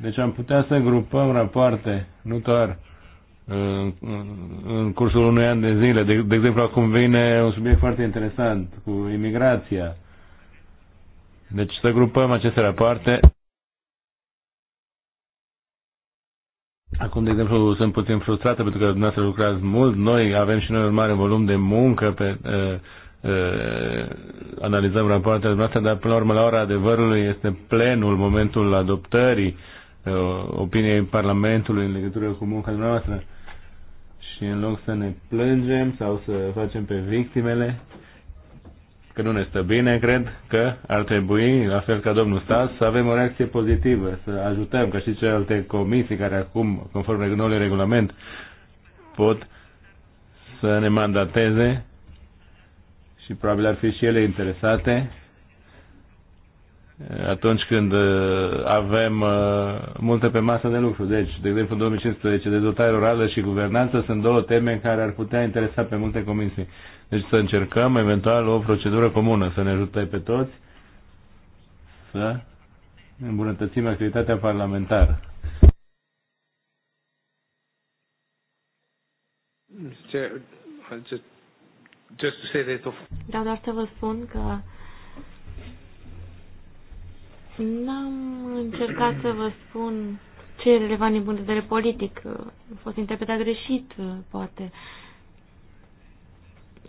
Deci am putea să grupăm rapoarte, nu doar uh, în cursul unui an de zile. De, de exemplu, acum vine un subiect foarte interesant cu imigrația. Deci să grupăm aceste rapoarte. Acum, de exemplu, sunt puțin frustrată pentru că dumneavoastră lucrați mult. Noi avem și noi un mare volum de muncă pe... Uh, analizăm rapoartele noastre, dar până la urmă, la ora adevărului, este plenul momentul adoptării opiniei Parlamentului în legătură cu munca noastră. Și în loc să ne plângem sau să facem pe victimele, că nu ne stă bine, cred că ar trebui, la fel ca domnul Stas, să avem o reacție pozitivă, să ajutăm, ca și celelalte comisii care acum, conform noului regulament, pot să ne mandateze și probabil ar fi și ele interesate atunci când uh, avem uh, multe pe masă de lucru. Deci, de exemplu, în 2015, dezvoltare rurală și guvernanță sunt două teme care ar putea interesa pe multe comisii. Deci să încercăm eventual o procedură comună, să ne ajutăm pe toți să îmbunătățim activitatea parlamentară. Da, doar să vă spun că n-am încercat să vă spun ce e relevant din punct de vedere politic. A fost interpretat greșit, poate. Uh,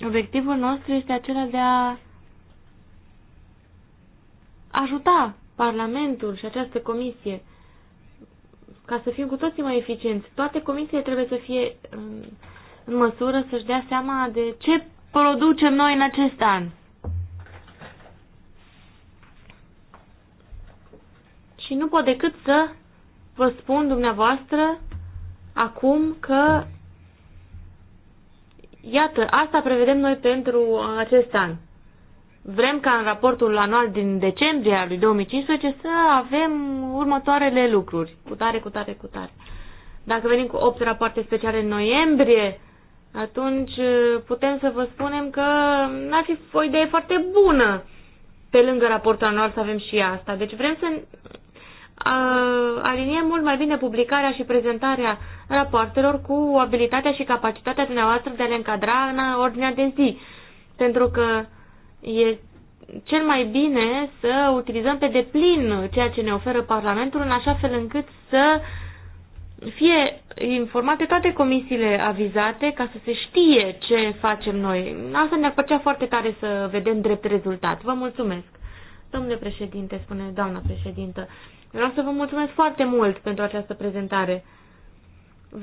Obiectivul nostru este acela de a ajuta Parlamentul și această comisie ca să fim cu toții mai eficienți. Toate comisiile trebuie să fie în măsură să-și dea seama de ce producem noi în acest an. Și nu pot decât să vă spun dumneavoastră acum că Iată, asta prevedem noi pentru uh, acest an. Vrem ca în raportul anual din decembrie al lui 2015 să avem următoarele lucruri. Cu tare, cu tare, cu tare. Dacă venim cu 8 rapoarte speciale în noiembrie, atunci uh, putem să vă spunem că n-ar fi o idee foarte bună pe lângă raportul anual să avem și asta. Deci vrem să aliniem mult mai bine publicarea și prezentarea rapoartelor cu abilitatea și capacitatea dumneavoastră de a le încadra în ordinea de zi. Pentru că e cel mai bine să utilizăm pe deplin ceea ce ne oferă Parlamentul în așa fel încât să fie informate toate comisiile avizate ca să se știe ce facem noi. Asta ne-ar plăcea foarte tare să vedem drept rezultat. Vă mulțumesc. Domnule președinte, spune doamna președintă, Vreau să vă mulțumesc foarte mult pentru această prezentare.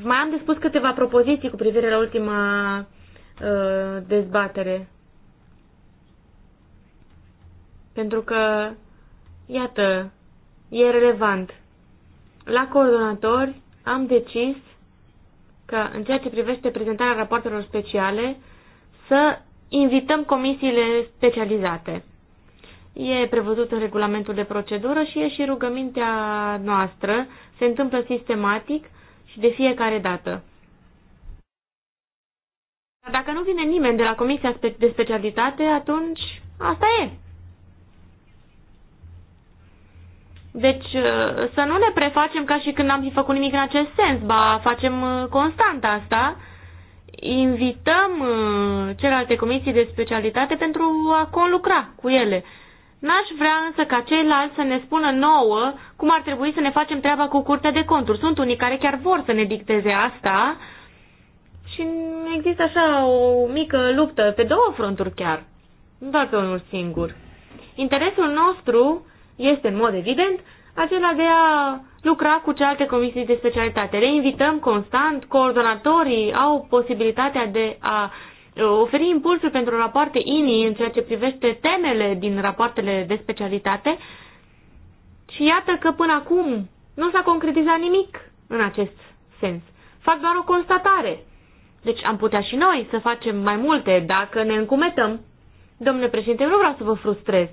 Mai am de spus câteva propoziții cu privire la ultima uh, dezbatere. Pentru că, iată, e relevant. La coordonatori am decis că, în ceea ce privește prezentarea rapoartelor speciale, să invităm comisiile specializate. E prevăzut în regulamentul de procedură și e și rugămintea noastră. Se întâmplă sistematic și de fiecare dată. Dacă nu vine nimeni de la Comisia de Specialitate, atunci asta e. Deci ă, să nu ne prefacem ca și când n-am fi făcut nimic în acest sens, ba facem ă, constant asta, invităm ă, celelalte comisii de specialitate pentru a conlucra cu ele. N-aș vrea însă ca ceilalți să ne spună nouă cum ar trebui să ne facem treaba cu curtea de conturi. Sunt unii care chiar vor să ne dicteze asta și există așa o mică luptă pe două fronturi chiar, nu doar pe unul singur. Interesul nostru este, în mod evident, acela de a lucra cu celelalte comisii de specialitate. Le invităm constant, coordonatorii au posibilitatea de a oferi impulsuri pentru rapoarte INI în ceea ce privește temele din rapoartele de specialitate și iată că până acum nu s-a concretizat nimic în acest sens. Fac doar o constatare. Deci am putea și noi să facem mai multe dacă ne încumetăm. Domnule președinte, nu vreau să vă frustrez,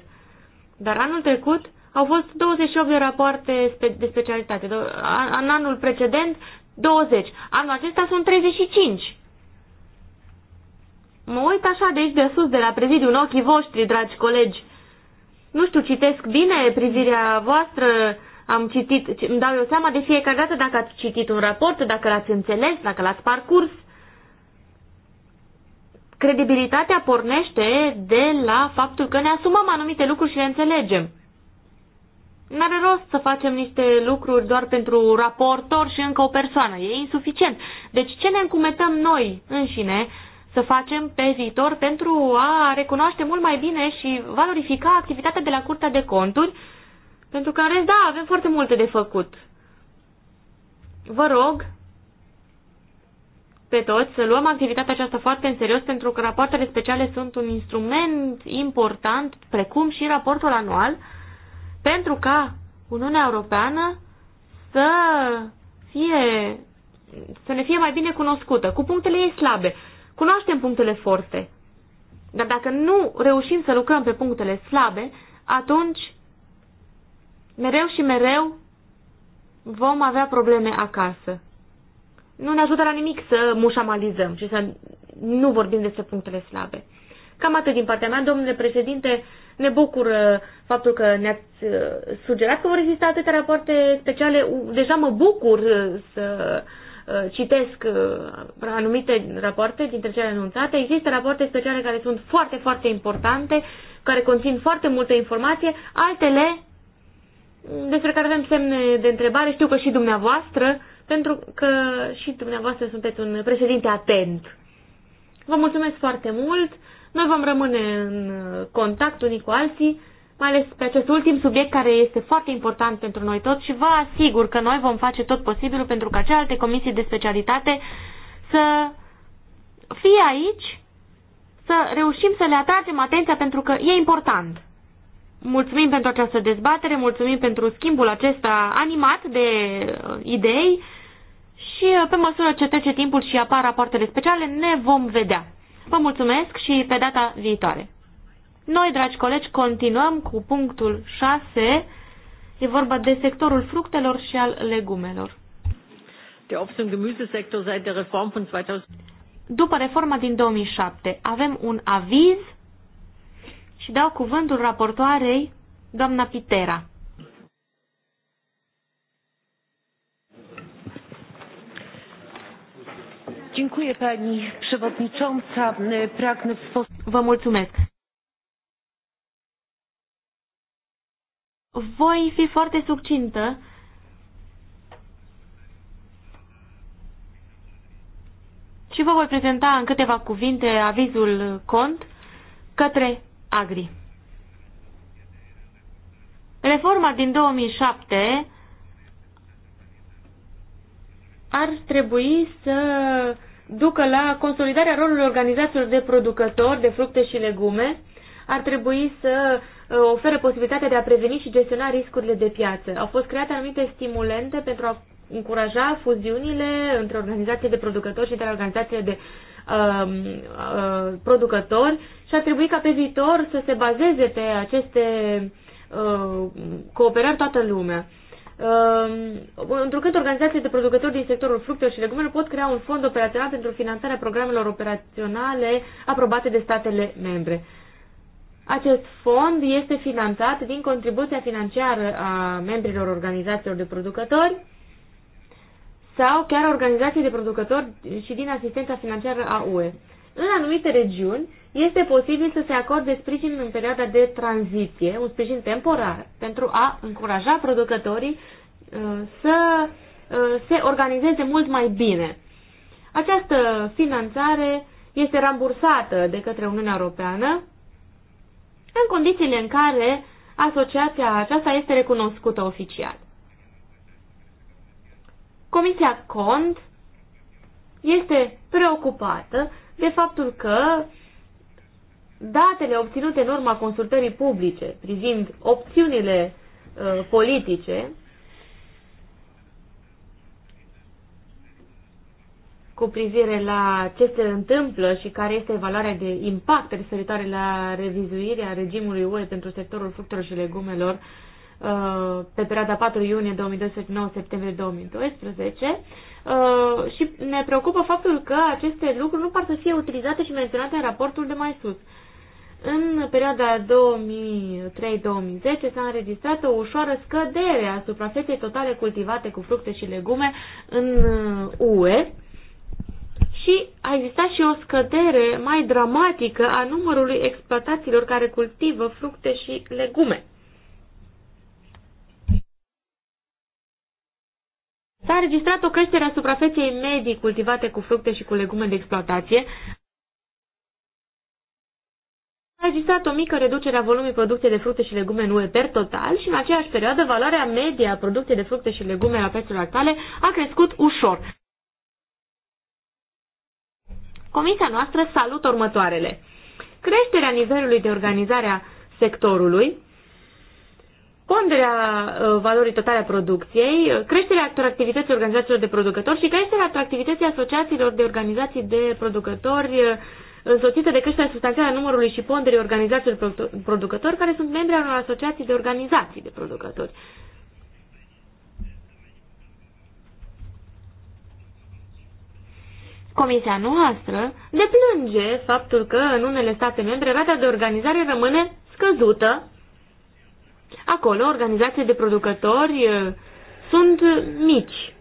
dar anul trecut au fost 28 de rapoarte de specialitate. În anul precedent, 20. Anul acesta sunt 35. Mă uit așa de aici de sus, de la prezidiu, în ochii voștri, dragi colegi. Nu știu, citesc bine privirea voastră, am citit, îmi dau eu seama de fiecare dată dacă ați citit un raport, dacă l-ați înțeles, dacă l-ați parcurs. Credibilitatea pornește de la faptul că ne asumăm anumite lucruri și le înțelegem. N-are rost să facem niște lucruri doar pentru raportor și încă o persoană. E insuficient. Deci ce ne încumetăm noi înșine să facem pe viitor pentru a recunoaște mult mai bine și valorifica activitatea de la Curtea de Conturi, pentru că, în rest, da, avem foarte multe de făcut. Vă rog pe toți să luăm activitatea aceasta foarte în serios, pentru că rapoartele speciale sunt un instrument important, precum și raportul anual, pentru ca Uniunea Europeană să fie să ne fie mai bine cunoscută, cu punctele ei slabe. Cunoaștem punctele forte, dar dacă nu reușim să lucrăm pe punctele slabe, atunci mereu și mereu vom avea probleme acasă. Nu ne ajută la nimic să mușamalizăm și să nu vorbim despre punctele slabe. Cam atât din partea mea, domnule președinte, ne bucur faptul că ne-ați uh, sugerat că vor exista atâtea rapoarte speciale. Deja mă bucur uh, să Uh, citesc uh, anumite rapoarte dintre cele anunțate. Există rapoarte speciale care sunt foarte, foarte importante, care conțin foarte multă informație, altele mm, despre care avem semne de întrebare. Știu că și dumneavoastră, pentru că și dumneavoastră sunteți un președinte atent. Vă mulțumesc foarte mult. Noi vom rămâne în contact unii cu alții mai ales pe acest ultim subiect care este foarte important pentru noi toți și vă asigur că noi vom face tot posibilul pentru ca celelalte comisii de specialitate să fie aici, să reușim să le atragem atenția pentru că e important. Mulțumim pentru această dezbatere, mulțumim pentru schimbul acesta animat de uh, idei și uh, pe măsură ce trece timpul și apar rapoartele speciale ne vom vedea. Vă mulțumesc și pe data viitoare! Noi, dragi colegi, continuăm cu punctul 6. E vorba de sectorul fructelor și al legumelor. Der Obst- und Gemüsesektor seit der Reform von 2000 după reforma din 2007. Avem un aviz și dau cuvântul raportoarei, doamna Pitera. Dziękuję Pani Przewodnicząca. Pragnę w sposób... Vă mulțumesc. Voi fi foarte succintă. Și vă voi prezenta în câteva cuvinte avizul cont către Agri. Reforma din 2007 ar trebui să ducă la consolidarea rolului organizațiilor de producători de fructe și legume ar trebui să uh, ofere posibilitatea de a preveni și gestiona riscurile de piață. Au fost create anumite stimulente pentru a încuraja fuziunile între organizații de producători și între organizațiile de uh, uh, producători și ar trebui ca pe viitor să se bazeze pe aceste uh, cooperări toată lumea. Uh, întrucât organizațiile de producători din sectorul fructelor și legumelor pot crea un fond operațional pentru finanțarea programelor operaționale aprobate de statele membre. Acest fond este finanțat din contribuția financiară a membrilor organizațiilor de producători sau chiar organizații de producători și din asistența financiară a UE. În anumite regiuni este posibil să se acorde sprijin în perioada de tranziție, un sprijin temporar, pentru a încuraja producătorii uh, să uh, se organizeze mult mai bine. Această finanțare este rambursată de către Uniunea Europeană în condițiile în care asociația aceasta este recunoscută oficial. Comisia Cont este preocupată de faptul că datele obținute în urma consultării publice privind opțiunile uh, politice cu privire la ce se întâmplă și care este valoarea de impact referitoare la revizuirea regimului UE pentru sectorul fructelor și legumelor uh, pe perioada 4 iunie 2012-9 septembrie 2012 uh, și ne preocupă faptul că aceste lucruri nu par să fie utilizate și menționate în raportul de mai sus. În perioada 2003-2010 s-a înregistrat o ușoară scădere a suprafeței totale cultivate cu fructe și legume în uh, UE și a existat și o scădere mai dramatică a numărului exploatațiilor care cultivă fructe și legume. S-a înregistrat o creștere a suprafeței medii cultivate cu fructe și cu legume de exploatație. S-a registrat o mică reducere a volumului producției de fructe și legume în UE per total și în aceeași perioadă valoarea medie a producției de fructe și legume la prețurile actuale a crescut ușor. Comisia noastră salută următoarele. Creșterea nivelului de organizare a sectorului, ponderea ă, valorii totale a producției, creșterea activității organizațiilor de producători și creșterea activității asociațiilor de organizații de producători ă, însoțită de creșterea substanțială a numărului și ponderii organizațiilor producători care sunt membri al unor asociații de organizații de producători. Comisia noastră deplânge faptul că în unele state membre rata de organizare rămâne scăzută. Acolo organizații de producători uh, sunt mici,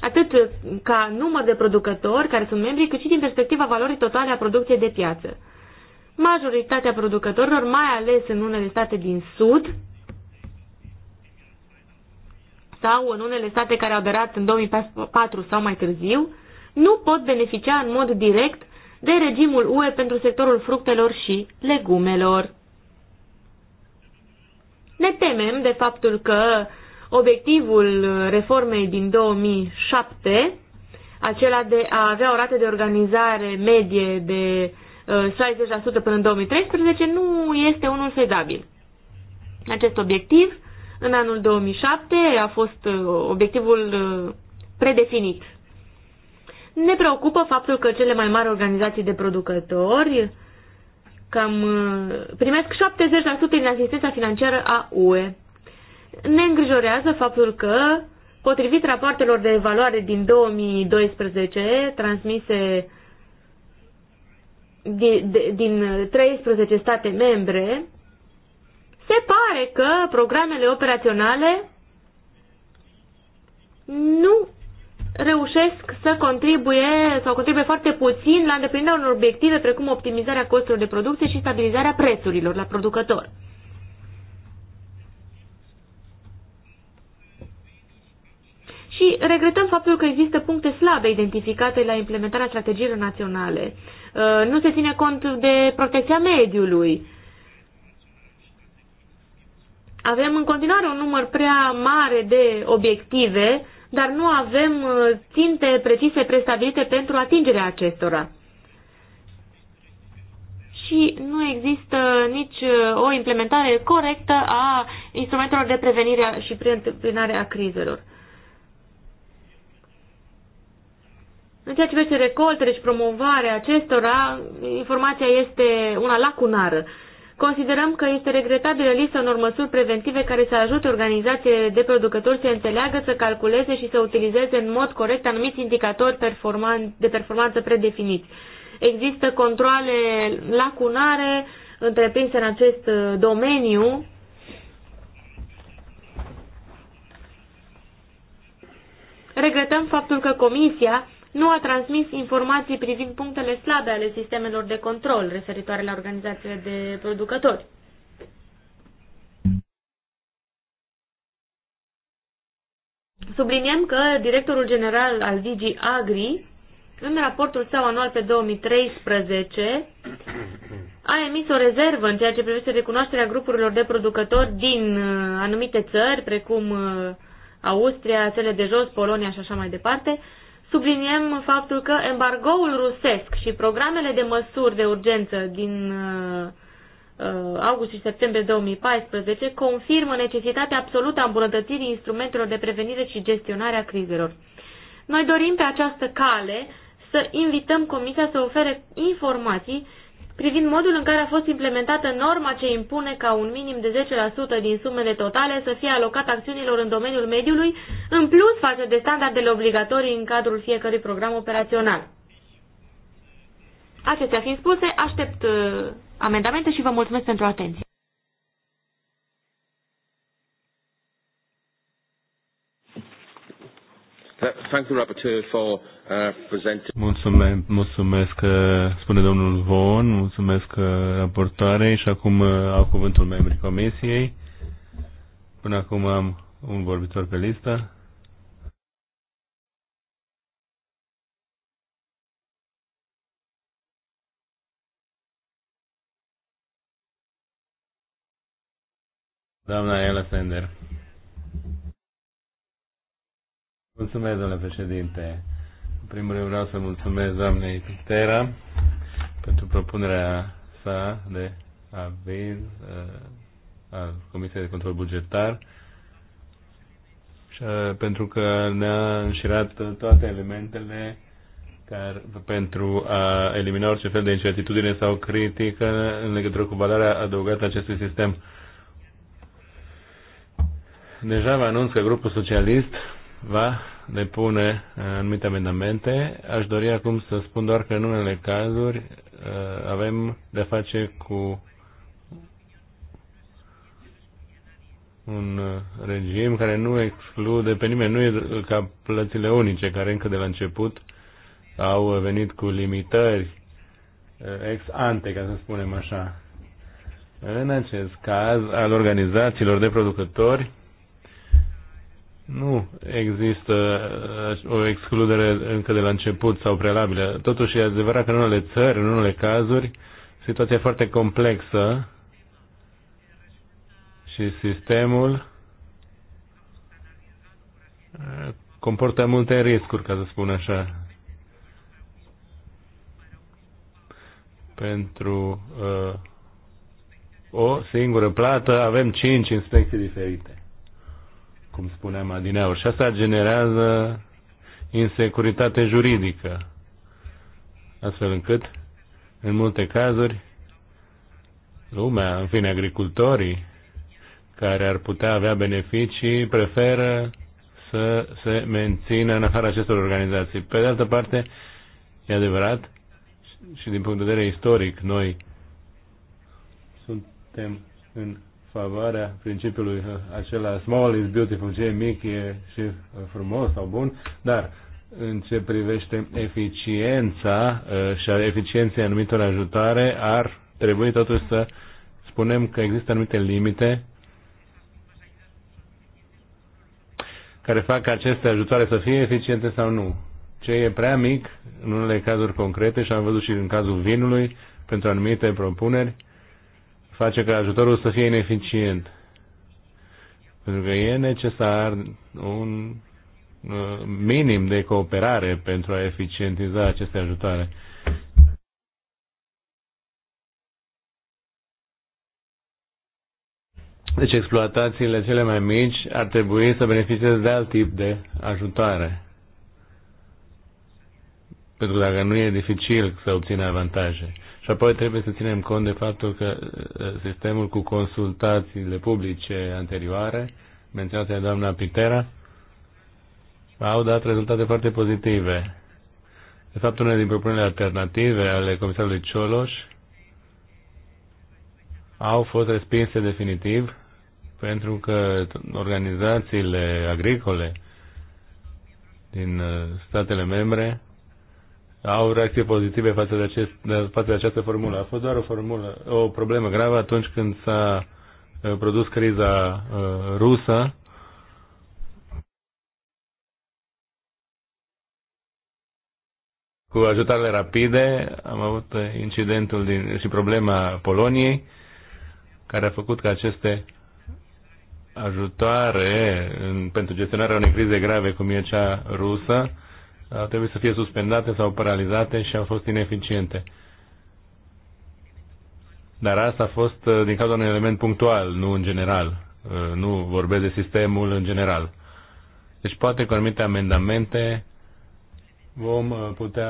atât ca număr de producători care sunt membri, cât și din perspectiva valorii totale a producției de piață. Majoritatea producătorilor, mai ales în unele state din Sud, sau în unele state care au aderat în 2004 sau mai târziu, nu pot beneficia în mod direct de regimul UE pentru sectorul fructelor și legumelor. Ne temem de faptul că obiectivul reformei din 2007, acela de a avea o rată de organizare medie de 60% uh, până în 2013, nu este unul fezabil. Acest obiectiv, în anul 2007, a fost uh, obiectivul uh, predefinit ne preocupă faptul că cele mai mari organizații de producători cam uh, primesc 70% din asistența financiară a UE. Ne îngrijorează faptul că, potrivit rapoartelor de evaluare din 2012, transmise din 13 state membre, se pare că programele operaționale nu reușesc să contribuie sau contribuie foarte puțin la îndeplinirea unor obiective precum optimizarea costurilor de producție și stabilizarea prețurilor la producător. Și regretăm faptul că există puncte slabe identificate la implementarea strategiilor naționale. Uh, nu se ține cont de protecția mediului. Avem în continuare un număr prea mare de obiective dar nu avem uh, ținte precise prestabilite pentru atingerea acestora. Și nu există nici uh, o implementare corectă a instrumentelor de prevenire și preîntâmpinare a crizelor. În ceea ce privește recoltele și promovarea acestora, informația este una lacunară Considerăm că este regretabilă lista unor măsuri preventive care să ajute organizațiile de producători să înțeleagă, să calculeze și să utilizeze în mod corect anumiți indicatori performan de performanță predefiniți. Există controle lacunare întreprinse în acest uh, domeniu. Regretăm faptul că Comisia nu a transmis informații privind punctele slabe ale sistemelor de control referitoare la organizațiile de producători. Subliniem că directorul general al DG Agri, în raportul său anual pe 2013, a emis o rezervă în ceea ce privește recunoașterea grupurilor de producători din uh, anumite țări, precum uh, Austria, cele de jos, Polonia și așa mai departe, subliniem faptul că embargoul rusesc și programele de măsuri de urgență din uh, uh, august și septembrie 2014 confirmă necesitatea absolută a îmbunătățirii instrumentelor de prevenire și gestionare a crizelor. Noi dorim pe această cale să invităm Comisia să ofere informații privind modul în care a fost implementată norma ce impune ca un minim de 10% din sumele totale să fie alocat acțiunilor în domeniul mediului, în plus față de standardele obligatorii în cadrul fiecărui program operațional. Acestea fiind spuse, aștept uh, amendamente și vă mulțumesc pentru atenție. Uh, thank the rapporteur for uh, presenting. Mulțumesc, mulțumesc, uh, spune domnul Von, mulțumesc raportare și acum au cuvântul membrii comisiei. Până acum am un vorbitor pe listă. Doamna Ela Sender. Mulțumesc, domnule președinte. În primul rând vreau să mulțumesc doamnei Pistera pentru propunerea sa de aviz uh, a Comisiei de Control Bugetar și, uh, pentru că ne-a înșirat toate elementele care, pentru a elimina orice fel de incertitudine sau critică în legătură cu valoarea adăugată acestui sistem. Deja vă anunț că grupul socialist va depune eh, anumite amendamente. Aș dori acum să spun doar că în unele cazuri eh, avem de face cu un eh, regim care nu exclude pe nimeni, nu e ca plățile unice care încă de la început au venit cu limitări ex ante, ca să spunem așa. În acest caz, al organizațiilor de producători, nu există uh, o excludere încă de la început sau prealabilă. Totuși e adevărat că în unele țări, în unele cazuri, situația e foarte complexă și sistemul uh, comportă multe riscuri, ca să spun așa. Pentru uh, o singură plată avem cinci inspecții diferite cum spuneam adineauri. Și asta generează insecuritate juridică, astfel încât, în multe cazuri, lumea, în fine, agricultorii care ar putea avea beneficii, preferă să se mențină în afara acestor organizații. Pe de altă parte, e adevărat, și din punct de vedere istoric, noi suntem în favoarea principiului uh, acela small is beautiful, ce e mic e și uh, frumos sau bun, dar în ce privește eficiența uh, și eficienței anumitor ajutoare, ar trebui totuși să spunem că există anumite limite care fac ca aceste ajutoare să fie eficiente sau nu. Ce e prea mic, în unele cazuri concrete, și am văzut și în cazul vinului, pentru anumite propuneri, face ca ajutorul să fie ineficient. Pentru că e necesar un uh, minim de cooperare pentru a eficientiza aceste ajutoare. Deci exploatațiile cele mai mici ar trebui să beneficieze de alt tip de ajutoare. Pentru că dacă nu e dificil să obțină avantaje. Și apoi trebuie să ținem cont de faptul că uh, sistemul cu consultațiile publice anterioare, menționate de doamna Pitera, au dat rezultate foarte pozitive. De fapt, unele din propunerile alternative ale comisarului Cioloș au fost respinse definitiv pentru că organizațiile agricole din uh, statele membre au reacții pozitive față de, acest, față de această formulă. A fost doar o, formulă, o problemă gravă atunci când s-a uh, produs criza uh, rusă. Cu ajutarele rapide am avut uh, incidentul din, și problema Poloniei, care a făcut ca aceste ajutoare în, pentru gestionarea unei crize grave cum e cea rusă au trebuit să fie suspendate sau paralizate și au fost ineficiente. Dar asta a fost uh, din cauza unui element punctual, nu în general. Uh, nu vorbesc de sistemul în general. Deci poate cu anumite amendamente vom uh, putea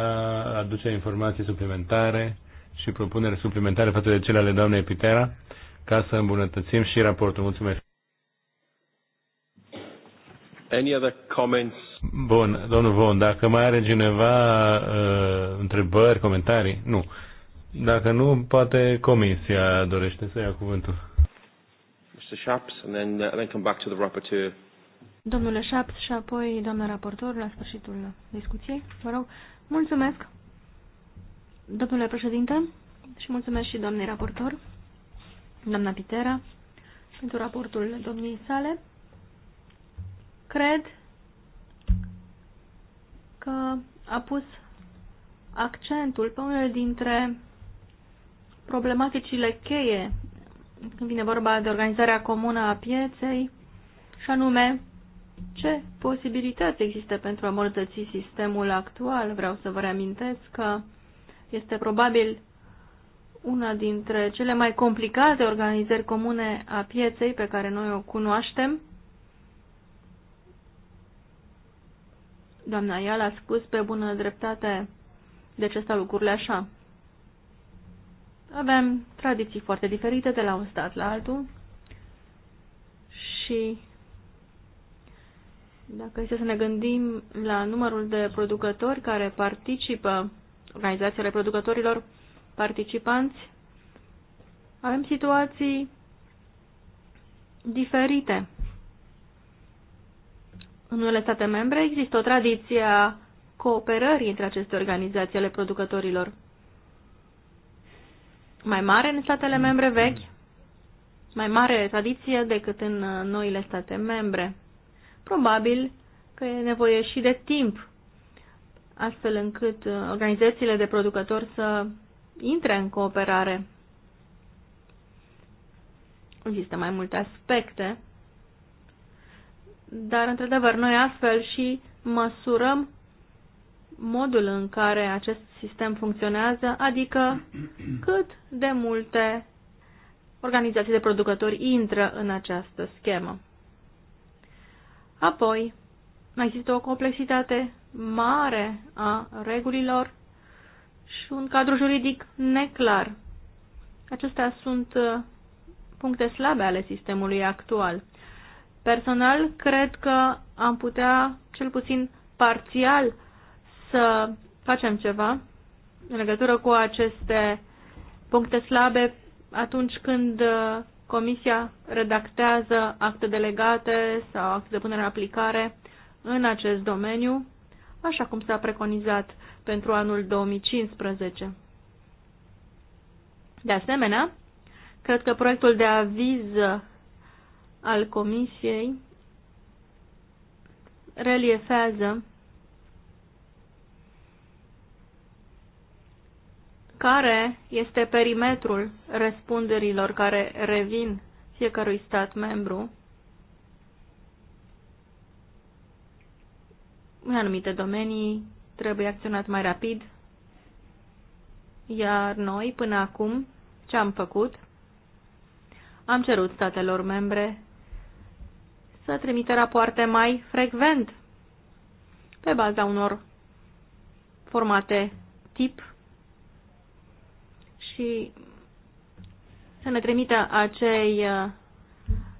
aduce informații suplimentare și propuneri suplimentare față de cele ale doamnei Pitera ca să îmbunătățim și raportul. Mulțumesc! Any other comments? Bun, domnul Von, dacă mai are cineva uh, întrebări, comentarii? Nu. Dacă nu, poate comisia dorește să ia cuvântul. Mr. Shaps, and then, uh, then come back to the rapporteur. Domnule Shaps și apoi doamna raportor la sfârșitul discuției. Vă rog, mulțumesc, domnule președinte, și mulțumesc și doamnei raportor, doamna Pitera, pentru raportul domniei sale. Cred că a pus accentul pe unele dintre problematicile cheie când vine vorba de organizarea comună a pieței, și anume ce posibilități există pentru a îmbunătăți sistemul actual. Vreau să vă reamintesc că este probabil una dintre cele mai complicate organizări comune a pieței pe care noi o cunoaștem Doamna Ial a spus pe bună dreptate de ce stau lucrurile așa. Avem tradiții foarte diferite de la un stat la altul și dacă este să ne gândim la numărul de producători care participă, organizațiile producătorilor participanți, avem situații diferite. În unele state membre există o tradiție a cooperării între aceste organizații ale producătorilor. Mai mare în statele membre vechi, mai mare tradiție decât în uh, noile state membre. Probabil că e nevoie și de timp, astfel încât uh, organizațiile de producători să intre în cooperare. Există mai multe aspecte dar, într-adevăr, noi astfel și măsurăm modul în care acest sistem funcționează, adică cât de multe organizații de producători intră în această schemă. Apoi, mai există o complexitate mare a regulilor și un cadru juridic neclar. Acestea sunt uh, puncte slabe ale sistemului actual. Personal, cred că am putea, cel puțin parțial, să facem ceva în legătură cu aceste puncte slabe atunci când uh, Comisia redactează acte delegate sau acte de punere în aplicare în acest domeniu, așa cum s-a preconizat pentru anul 2015. De asemenea, cred că proiectul de aviz al Comisiei reliefează care este perimetrul răspunderilor care revin fiecărui stat membru în anumite domenii trebuie acționat mai rapid, iar noi, până acum, ce am făcut? Am cerut statelor membre să trimite rapoarte mai frecvent pe baza unor formate tip și să ne trimită acei uh,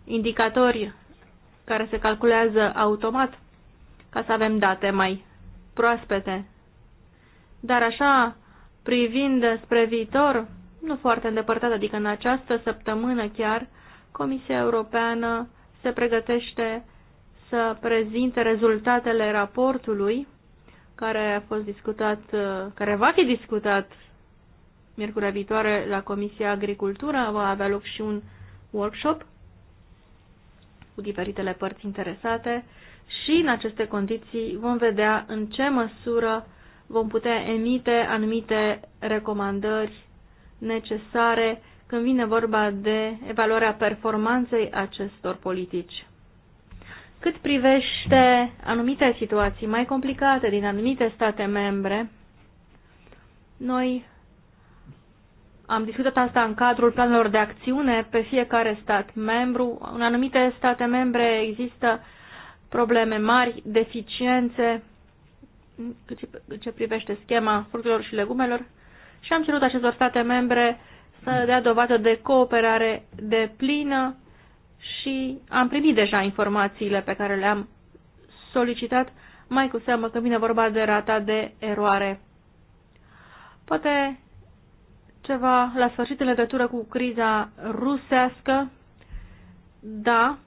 indicatori care se calculează automat ca să avem date mai proaspete. Dar așa, privind spre viitor, nu foarte îndepărtat, adică în această săptămână chiar, Comisia Europeană se pregătește să prezinte rezultatele raportului care a fost discutat, care va fi discutat miercurea viitoare la Comisia Agricultură. Va avea loc și un workshop cu diferitele părți interesate și în aceste condiții vom vedea în ce măsură vom putea emite anumite recomandări necesare când vine vorba de evaluarea performanței acestor politici. Cât privește anumite situații mai complicate din anumite state membre, noi am discutat asta în cadrul planurilor de acțiune pe fiecare stat membru. În anumite state membre există probleme mari, deficiențe, cât ce privește schema fructelor și legumelor și am cerut acestor state membre să dea dovadă de cooperare de plină și am primit deja informațiile pe care le-am solicitat, mai cu seamă când vine vorba de rata de eroare. Poate ceva la sfârșit în legătură cu criza rusească. Da,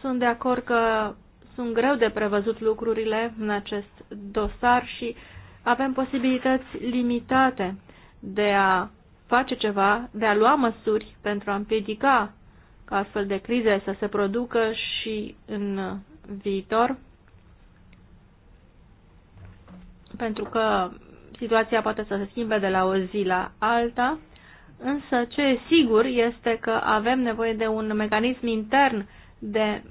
sunt de acord că sunt greu de prevăzut lucrurile în acest dosar și avem posibilități limitate de a face ceva, de a lua măsuri pentru a împiedica ca astfel de crize să se producă și în viitor, pentru că situația poate să se schimbe de la o zi la alta, însă ce e sigur este că avem nevoie de un mecanism intern de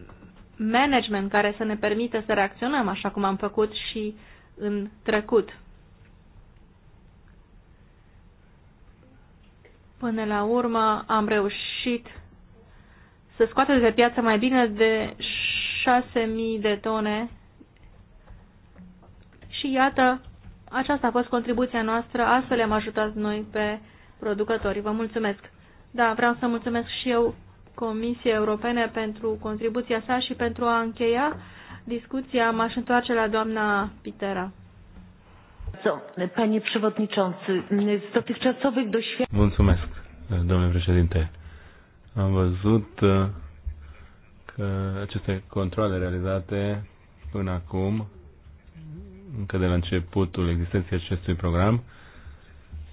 management care să ne permită să reacționăm așa cum am făcut și în trecut. Până la urmă am reușit să scoată de pe piață mai bine de 6.000 de tone și iată, aceasta a fost contribuția noastră, astfel am ajutat noi pe producători. Vă mulțumesc! Da, vreau să mulțumesc și eu Comisiei Europene pentru contribuția sa și pentru a încheia discuția, m-aș întoarce la doamna Pitera. So, panie przewodniczący, z dotychczasowych doświadczeń... Mulțumesc, domnule președinte. Am văzut uh, că aceste controle realizate până acum, încă de la începutul existenței acestui program,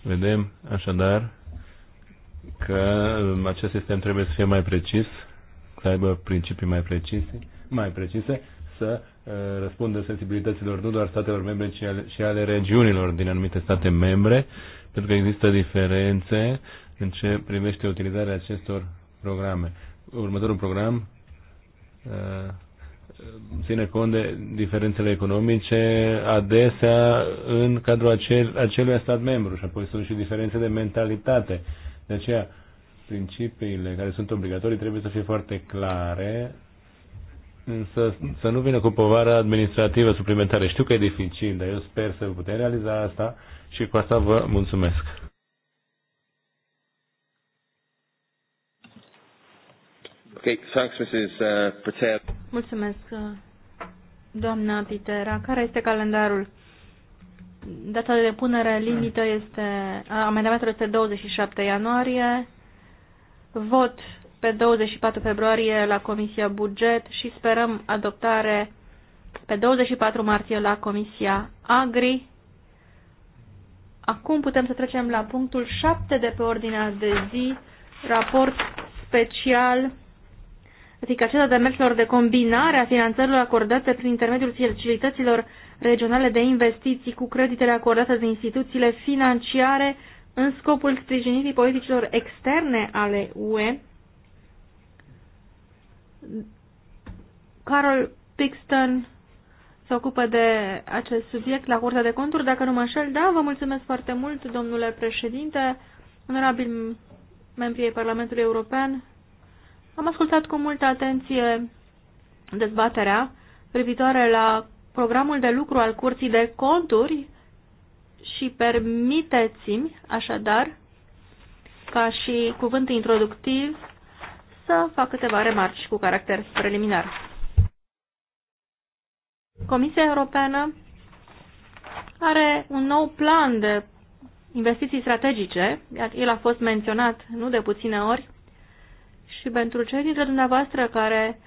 vedem așadar că um, acest sistem trebuie să fie mai precis, să aibă principii mai precise, mai precise să uh, răspundă sensibilităților nu doar statelor membre, ci ale, și ale regiunilor din anumite state membre, pentru că există diferențe în ce privește utilizarea acestor programe. Următorul program uh, ține cont de diferențele economice adesea în cadrul acel, acelui stat membru și apoi sunt și diferențe de mentalitate. De aceea, principiile care sunt obligatorii trebuie să fie foarte clare însă să nu vină cu povara administrativă suplimentară. Știu că e dificil, dar eu sper să putem realiza asta și cu asta vă mulțumesc. Okay, thanks, Mrs. Uh, Patel. Mulțumesc, uh, doamna Pitera. Care este calendarul? Data de depunere limită este, uh, amendamentul este 27 ianuarie, vot pe 24 februarie la Comisia Buget și sperăm adoptare pe 24 martie la Comisia Agri. Acum putem să trecem la punctul 7 de pe ordinea de zi, raport special de adică demersurilor de combinare a finanțărilor acordate prin intermediul facilităților regionale de investiții cu creditele acordate de instituțiile financiare în scopul sprijinirii politicilor externe ale UE Carol Pixton se ocupă de acest subiect la Curtea de Conturi, dacă nu mă înșel. Da, vă mulțumesc foarte mult, domnule președinte, onorabil membrii Parlamentului European. Am ascultat cu multă atenție dezbaterea privitoare la programul de lucru al Curții de Conturi și permiteți-mi, așadar, ca și cuvânt introductiv, să fac câteva remarci cu caracter preliminar. Comisia Europeană are un nou plan de investiții strategice, iar el a fost menționat nu de puține ori, și pentru cei dintre dumneavoastră care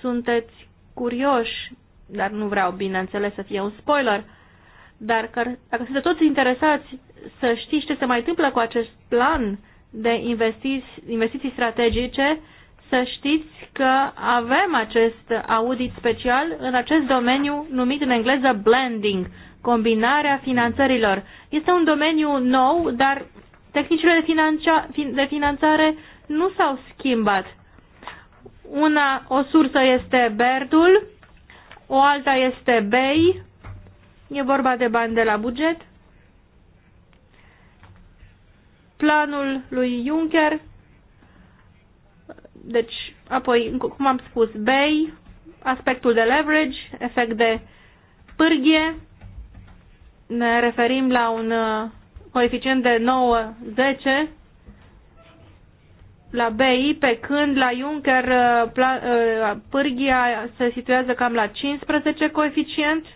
sunteți curioși, dar nu vreau, bineînțeles, să fie un spoiler, dar că, dacă sunteți toți interesați să știți ce se mai întâmplă cu acest plan de investiții, investiții strategice, să știți că avem acest audit special în acest domeniu numit în engleză blending, combinarea finanțărilor. Este un domeniu nou, dar tehnicile de, financia, de finanțare nu s-au schimbat. Una, o sursă este Berdul, o alta este Bay, e vorba de bani de la buget, planul lui Juncker, deci apoi, cum am spus, BEI, aspectul de leverage, efect de pârghie, ne referim la un uh, coeficient de 9-10 la BI, pe când la Juncker uh, uh, pârghia se situează cam la 15 coeficient.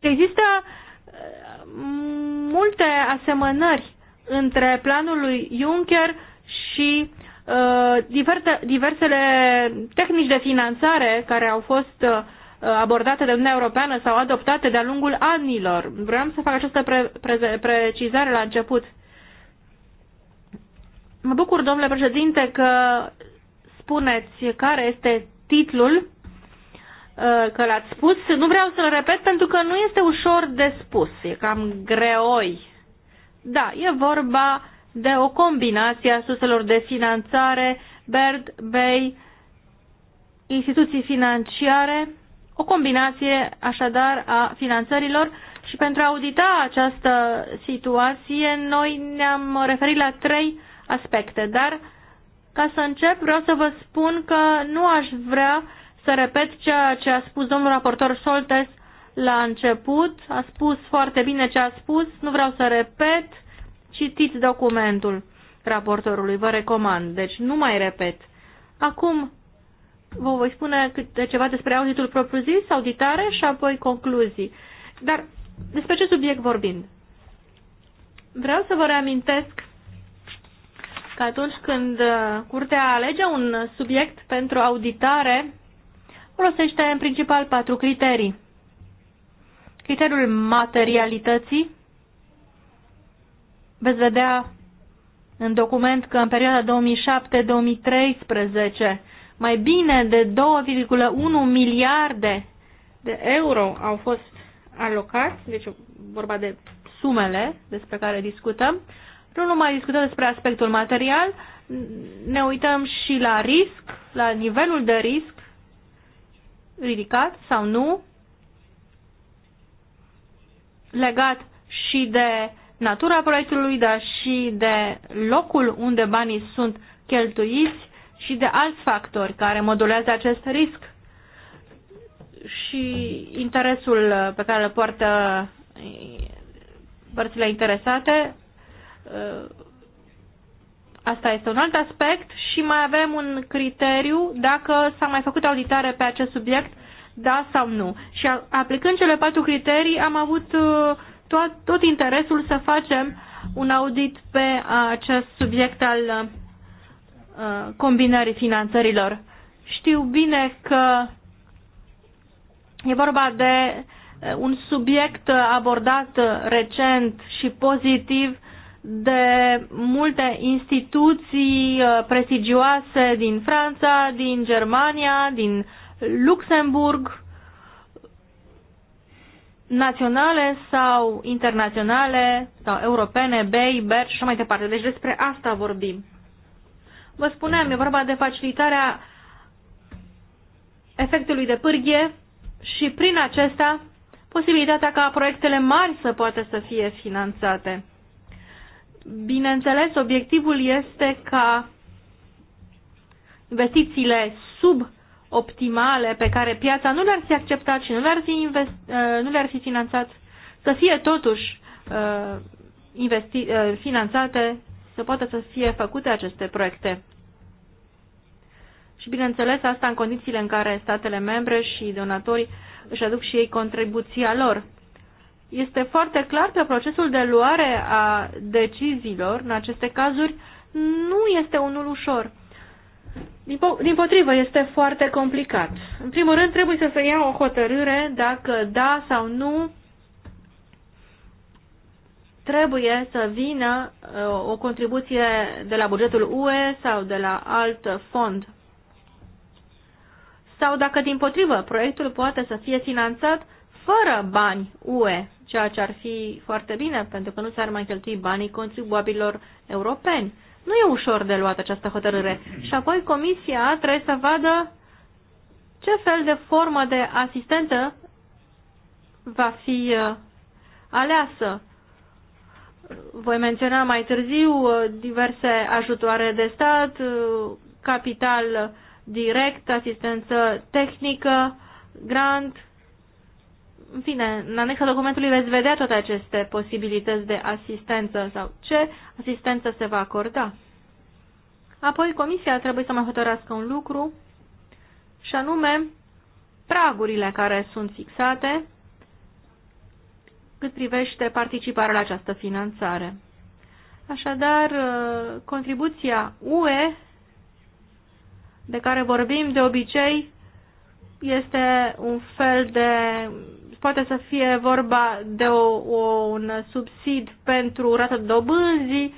Există uh, multe asemănări între planul lui Juncker și uh, diverte, diversele tehnici de finanțare care au fost uh, abordate de Uniunea Europeană sau adoptate de-a lungul anilor. Vreau să fac această pre pre precizare la început. Mă bucur, domnule președinte, că spuneți care este titlul Uh, că l-ați spus. Nu vreau să-l repet pentru că nu este ușor de spus, e cam greoi. Da, e vorba de o combinație a suselor de finanțare, bird bay, instituții financiare, o combinație așadar a finanțărilor și pentru a audita această situație noi ne-am referit la trei aspecte, dar ca să încep vreau să vă spun că nu aș vrea uh, să repet ceea ce a spus domnul raportor Soltes la început. A spus foarte bine ce a spus, nu vreau să repet. Citiți documentul raportorului, vă recomand. Deci nu mai repet. Acum vă voi spune câte ceva despre auditul propriu-zis, auditare și apoi concluzii. Dar despre ce subiect vorbim? Vreau să vă reamintesc că atunci când uh, curtea alege un subiect pentru auditare, folosește în principal patru criterii. Criteriul materialității. Veți vedea în document că în perioada 2007-2013 mai bine de 2,1 miliarde de euro au fost alocați, deci vorba de sumele despre care discutăm. Nu numai discutăm despre aspectul material, ne uităm și la risc, la nivelul de risc ridicat sau nu, legat și de natura proiectului, dar și de locul unde banii sunt cheltuiți și de alți factori care modulează acest risc și interesul pe care îl poartă părțile interesate Asta este un alt aspect și mai avem un criteriu dacă s-a mai făcut auditare pe acest subiect, da sau nu. Și aplicând cele patru criterii am avut uh, tot, tot interesul să facem un audit pe uh, acest subiect al uh, combinării finanțărilor. Știu bine că e vorba de un subiect abordat recent și pozitiv uh, de multe instituții uh, prestigioase din Franța, din Germania, din Luxemburg, naționale sau internaționale sau europene, BEI, BER și așa mai departe. Deci despre asta vorbim. Vă spuneam, e vorba de facilitarea efectului de pârghie și prin acesta posibilitatea ca proiectele mari să poată să fie finanțate. Bineînțeles, obiectivul este ca investițiile suboptimale pe care piața nu le-ar fi acceptat și nu le-ar fi, invest, uh, le fi finanțat să fie totuși uh, investi, uh, finanțate, să poată să fie făcute aceste proiecte. Și bineînțeles asta în condițiile în care statele membre și donatorii își aduc și ei contribuția lor este foarte clar că procesul de luare a deciziilor în aceste cazuri nu este unul ușor. Din, po- din potrivă, este foarte complicat. În primul rând, trebuie să se ia o hotărâre dacă da sau nu trebuie să vină uh, o contribuție de la bugetul UE sau de la alt fond. Sau dacă, din potrivă, proiectul poate să fie finanțat fără bani UE, ceea ce ar fi foarte bine, pentru că nu s-ar mai cheltui banii contribuabilor europeni. Nu e ușor de luat această hotărâre. Și apoi Comisia trebuie să vadă ce fel de formă de asistentă va fi uh, aleasă. Voi menționa mai târziu uh, diverse ajutoare de stat, uh, capital direct, asistență tehnică, grant, în fine, în anexa documentului veți vedea toate aceste posibilități de asistență sau ce asistență se va acorda. Apoi, comisia trebuie să mai hotărască un lucru, și anume pragurile care sunt fixate cât privește participarea la această finanțare. Așadar, contribuția UE de care vorbim de obicei este un fel de poate să fie vorba de o, o, un subsid pentru rată dobânzii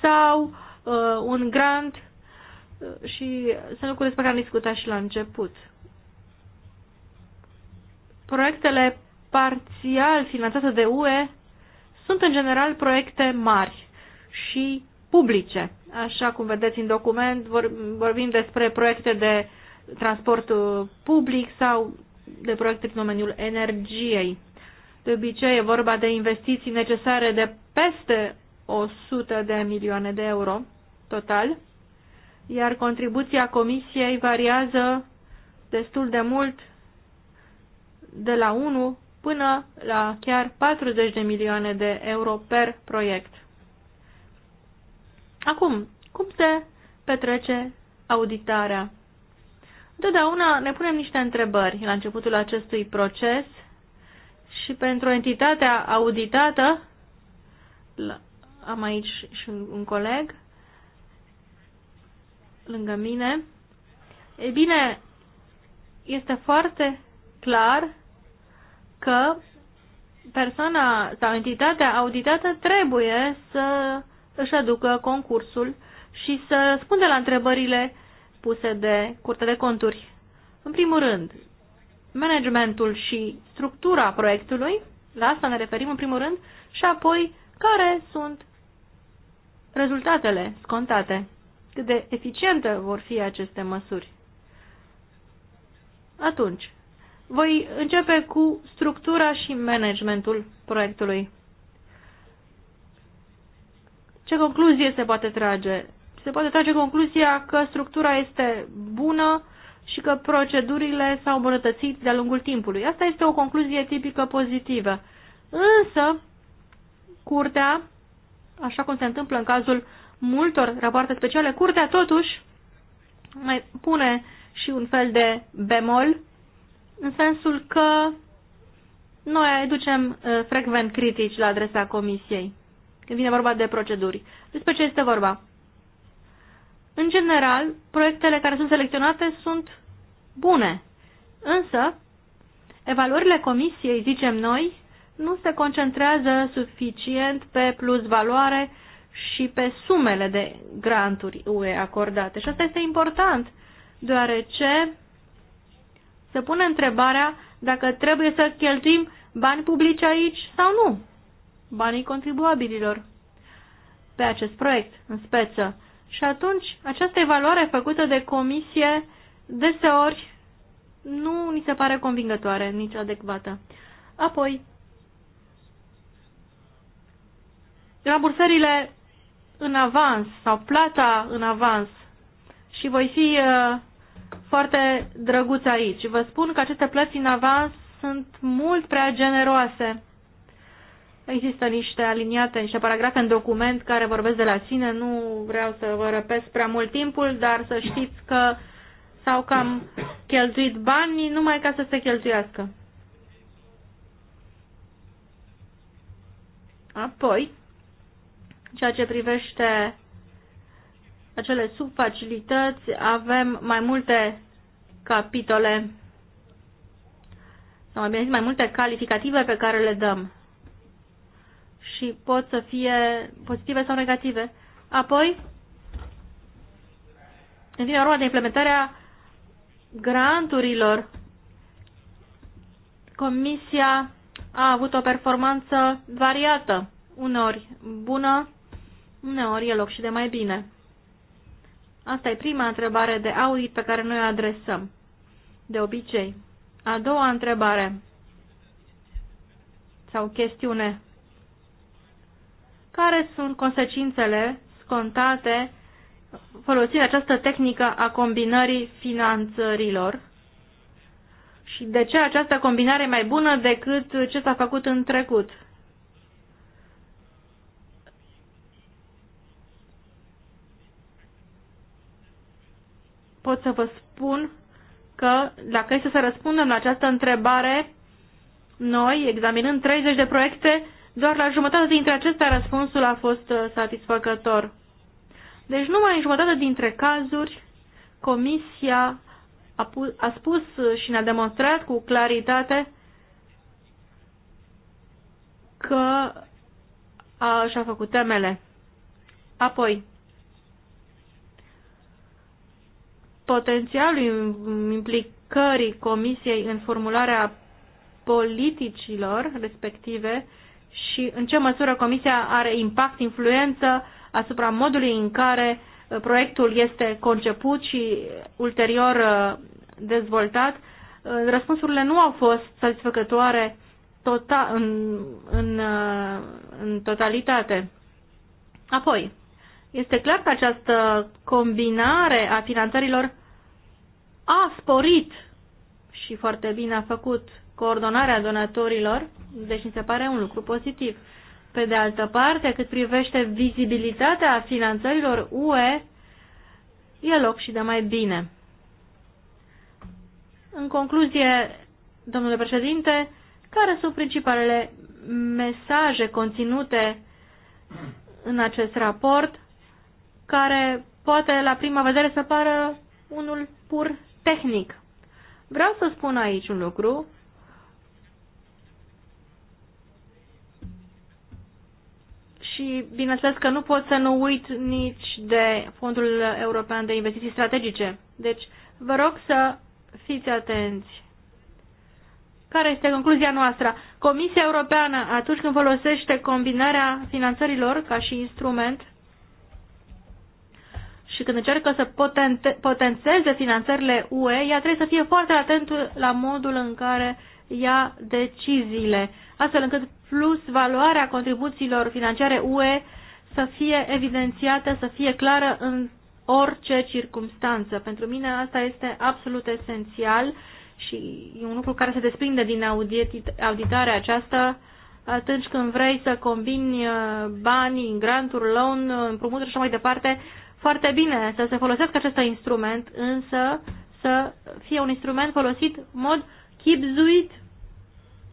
sau uh, un grant uh, și sunt lucruri despre care am discutat și la început. Proiectele parțial finanțate de UE sunt în general proiecte mari și publice. Așa cum vedeți în document, vorbim despre proiecte de transport uh, public sau de proiecte în domeniul energiei. De obicei e vorba de investiții necesare de peste 100 de milioane de euro total, iar contribuția comisiei variază destul de mult de la 1 până la chiar 40 de milioane de euro per proiect. Acum, cum se petrece auditarea? Totdeauna ne punem niște întrebări la începutul acestui proces și pentru entitatea auditată, am aici și un coleg lângă mine, e bine, este foarte clar că persoana sau entitatea auditată trebuie să își aducă concursul și să răspundă la întrebările spuse de Curtea de Conturi. În primul rând, managementul și structura proiectului, la asta ne referim în primul rând, și apoi care sunt rezultatele scontate, cât de eficiente vor fi aceste măsuri. Atunci, voi începe cu structura și managementul proiectului. Ce concluzie se poate trage se poate trage concluzia că structura este bună și că procedurile s-au îmbunătățit de-a lungul timpului. Asta este o concluzie tipică pozitivă. Însă, curtea, așa cum se întâmplă în cazul multor rapoarte speciale, curtea totuși mai pune și un fel de bemol, în sensul că noi aducem uh, frecvent critici la adresa comisiei, când vine vorba de proceduri. Despre ce este vorba? În general, proiectele care sunt selecționate sunt bune, însă evaluările comisiei, zicem noi, nu se concentrează suficient pe plus valoare și pe sumele de granturi UE acordate. Și asta este important, deoarece se pune întrebarea dacă trebuie să cheltuim bani publici aici sau nu, banii contribuabililor pe acest proiect în speță. Și atunci, această evaluare făcută de comisie deseori nu ni se pare convingătoare, nici adecvată. Apoi, rambursările în avans sau plata în avans și voi fi uh, foarte drăguț aici. Vă spun că aceste plăți în avans sunt mult prea generoase Există niște aliniate, niște paragrafe în document care vorbesc de la sine, nu vreau să vă răpesc prea mult timpul, dar să știți că s-au cam cheltuit banii numai ca să se cheltuiască. Apoi, ceea ce privește acele subfacilități, avem mai multe capitole, sau mai bine zis, mai multe calificative pe care le dăm și pot să fie pozitive sau negative. Apoi, în vine vorba de implementarea granturilor. Comisia a avut o performanță variată, uneori bună, uneori e loc și de mai bine. Asta e prima întrebare de audit pe care noi o adresăm, de obicei. A doua întrebare sau chestiune care sunt consecințele scontate folosind această tehnică a combinării finanțărilor și de ce această combinare e mai bună decât ce s-a făcut în trecut. Pot să vă spun că dacă este să răspundem la această întrebare, noi, examinând 30 de proiecte, doar la jumătate dintre acestea răspunsul a fost uh, satisfăcător. Deci numai în jumătate dintre cazuri comisia a, a spus uh, și ne-a demonstrat cu claritate că a, și-a făcut temele. Apoi, potențialul implicării comisiei în formularea politicilor respective și în ce măsură Comisia are impact, influență asupra modului în care uh, proiectul este conceput și ulterior uh, dezvoltat. Uh, răspunsurile nu au fost satisfăcătoare tota, în, în, în totalitate. Apoi, este clar că această combinare a finanțărilor a sporit și foarte bine a făcut coordonarea donatorilor, deci mi se pare un lucru pozitiv. Pe de altă parte, cât privește vizibilitatea finanțărilor UE, e loc și de mai bine. În concluzie, domnule președinte, care sunt principalele mesaje conținute în acest raport, care poate la prima vedere să pară unul pur tehnic? Vreau să spun aici un lucru Și bineînțeles că nu pot să nu uit nici de Fondul European de Investiții Strategice. Deci, vă rog să fiți atenți. Care este concluzia noastră? Comisia Europeană, atunci când folosește combinarea finanțărilor ca și instrument și când încearcă să potente, potențeze finanțările UE, ea trebuie să fie foarte atent la modul în care ia deciziile astfel încât plus valoarea contribuțiilor financiare UE să fie evidențiată, să fie clară în orice circumstanță. Pentru mine asta este absolut esențial și e un lucru care se desprinde din auditarea aceasta atunci când vrei să combini uh, banii în granturi, loan, uh, împrumuturi și așa mai departe, foarte bine să se folosească acest instrument, însă să fie un instrument folosit în mod chipzuit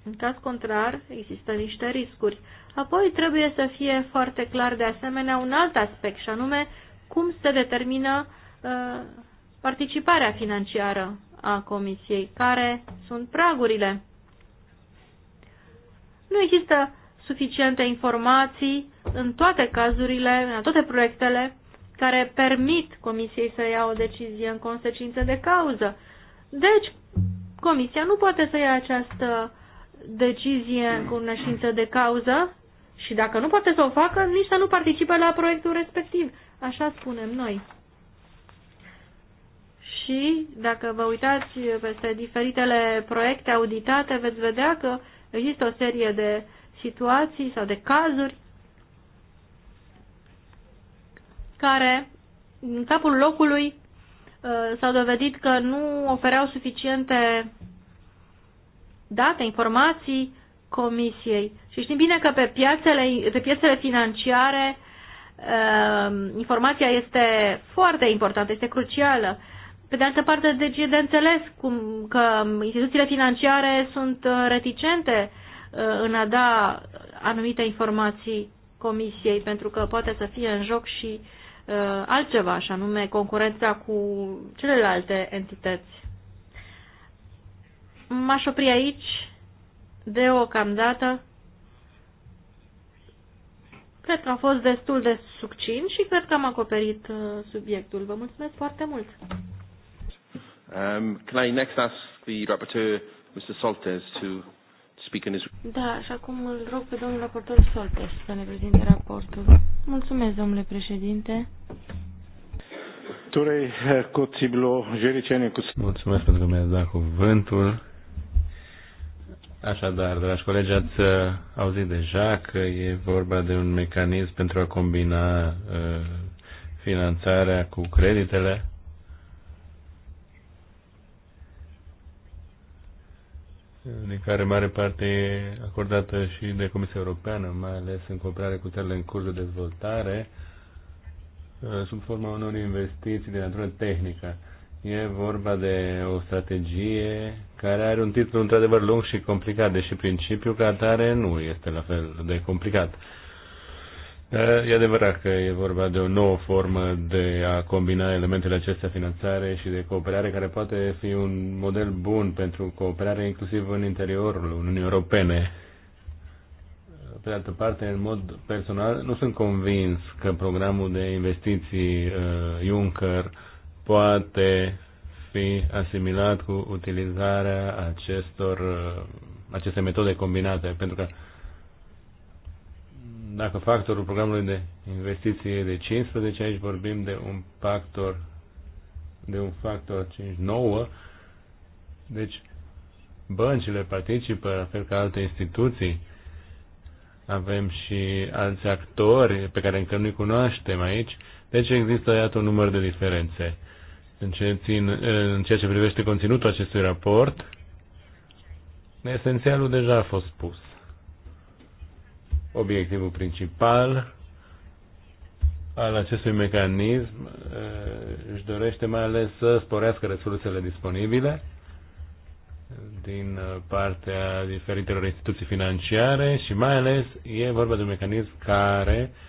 în caz contrar, există niște riscuri. Apoi trebuie să fie foarte clar de asemenea un alt aspect, și anume cum se determină uh, participarea financiară a comisiei, care sunt pragurile. Nu există suficiente informații în toate cazurile, în toate proiectele care permit comisiei să ia o decizie în consecință de cauză. Deci, comisia nu poate să ia această decizie hmm. cu cunoștință de cauză și dacă nu poate să o facă, nici să nu participe la proiectul respectiv. Așa spunem noi. Și dacă vă uitați peste diferitele proiecte auditate, veți vedea că există o serie de situații sau de cazuri care în capul locului uh, s au dovedit că nu ofereau suficiente date, informații Comisiei. Și știm bine că pe piațele, pe piațele financiare ehm, informația este foarte importantă, este crucială. Pe de altă parte, deci e de înțeles cum, că instituțiile financiare sunt uh, reticente uh, în a da anumite informații Comisiei, pentru că poate să fie în joc și uh, altceva, și anume concurența cu celelalte entități M-aș opri aici deocamdată. Cred că a fost destul de succin și cred că am acoperit uh, subiectul. Vă mulțumesc foarte mult! Um, can I next ask the rapporteur, Mr. Soltes, to speak in his... Da, și acum îl rog pe domnul raportor Soltes să ne prezinte raportul. Mulțumesc, domnule președinte. Turei, eh, Coțiblo, Jericeni cu... Mulțumesc pentru că mi-ați dat cuvântul. Așadar, dragi colegi, ați uh, auzit deja că e vorba de un mecanism pentru a combina uh, finanțarea cu creditele. de care mare parte e acordată și de Comisia Europeană, mai ales în cooperare cu țările în curs de dezvoltare, uh, sub forma unor investiții de natură tehnică. E vorba de o strategie care are un titlu într-adevăr lung și complicat, deși principiul ca atare nu este la fel de complicat. E adevărat că e vorba de o nouă formă de a combina elementele acestea finanțare și de cooperare care poate fi un model bun pentru cooperare inclusiv în interiorul Uniunii Europene. Pe de altă parte, în mod personal, nu sunt convins că programul de investiții uh, Juncker poate fi asimilat cu utilizarea acestor, uh, aceste metode combinate, pentru că dacă factorul programului de investiție e de 15, aici vorbim de un factor de un factor 5, 9, deci băncile participă, la fel ca alte instituții, avem și alți actori pe care încă nu-i cunoaștem aici, deci există, iată, un număr de diferențe în, ce țin, în ceea ce privește conținutul acestui raport, esențialul deja a fost spus. Obiectivul principal al acestui mecanism eh, își dorește mai ales să sporească resursele disponibile din eh, partea diferitelor instituții financiare și mai ales e vorba de un mecanism care uh,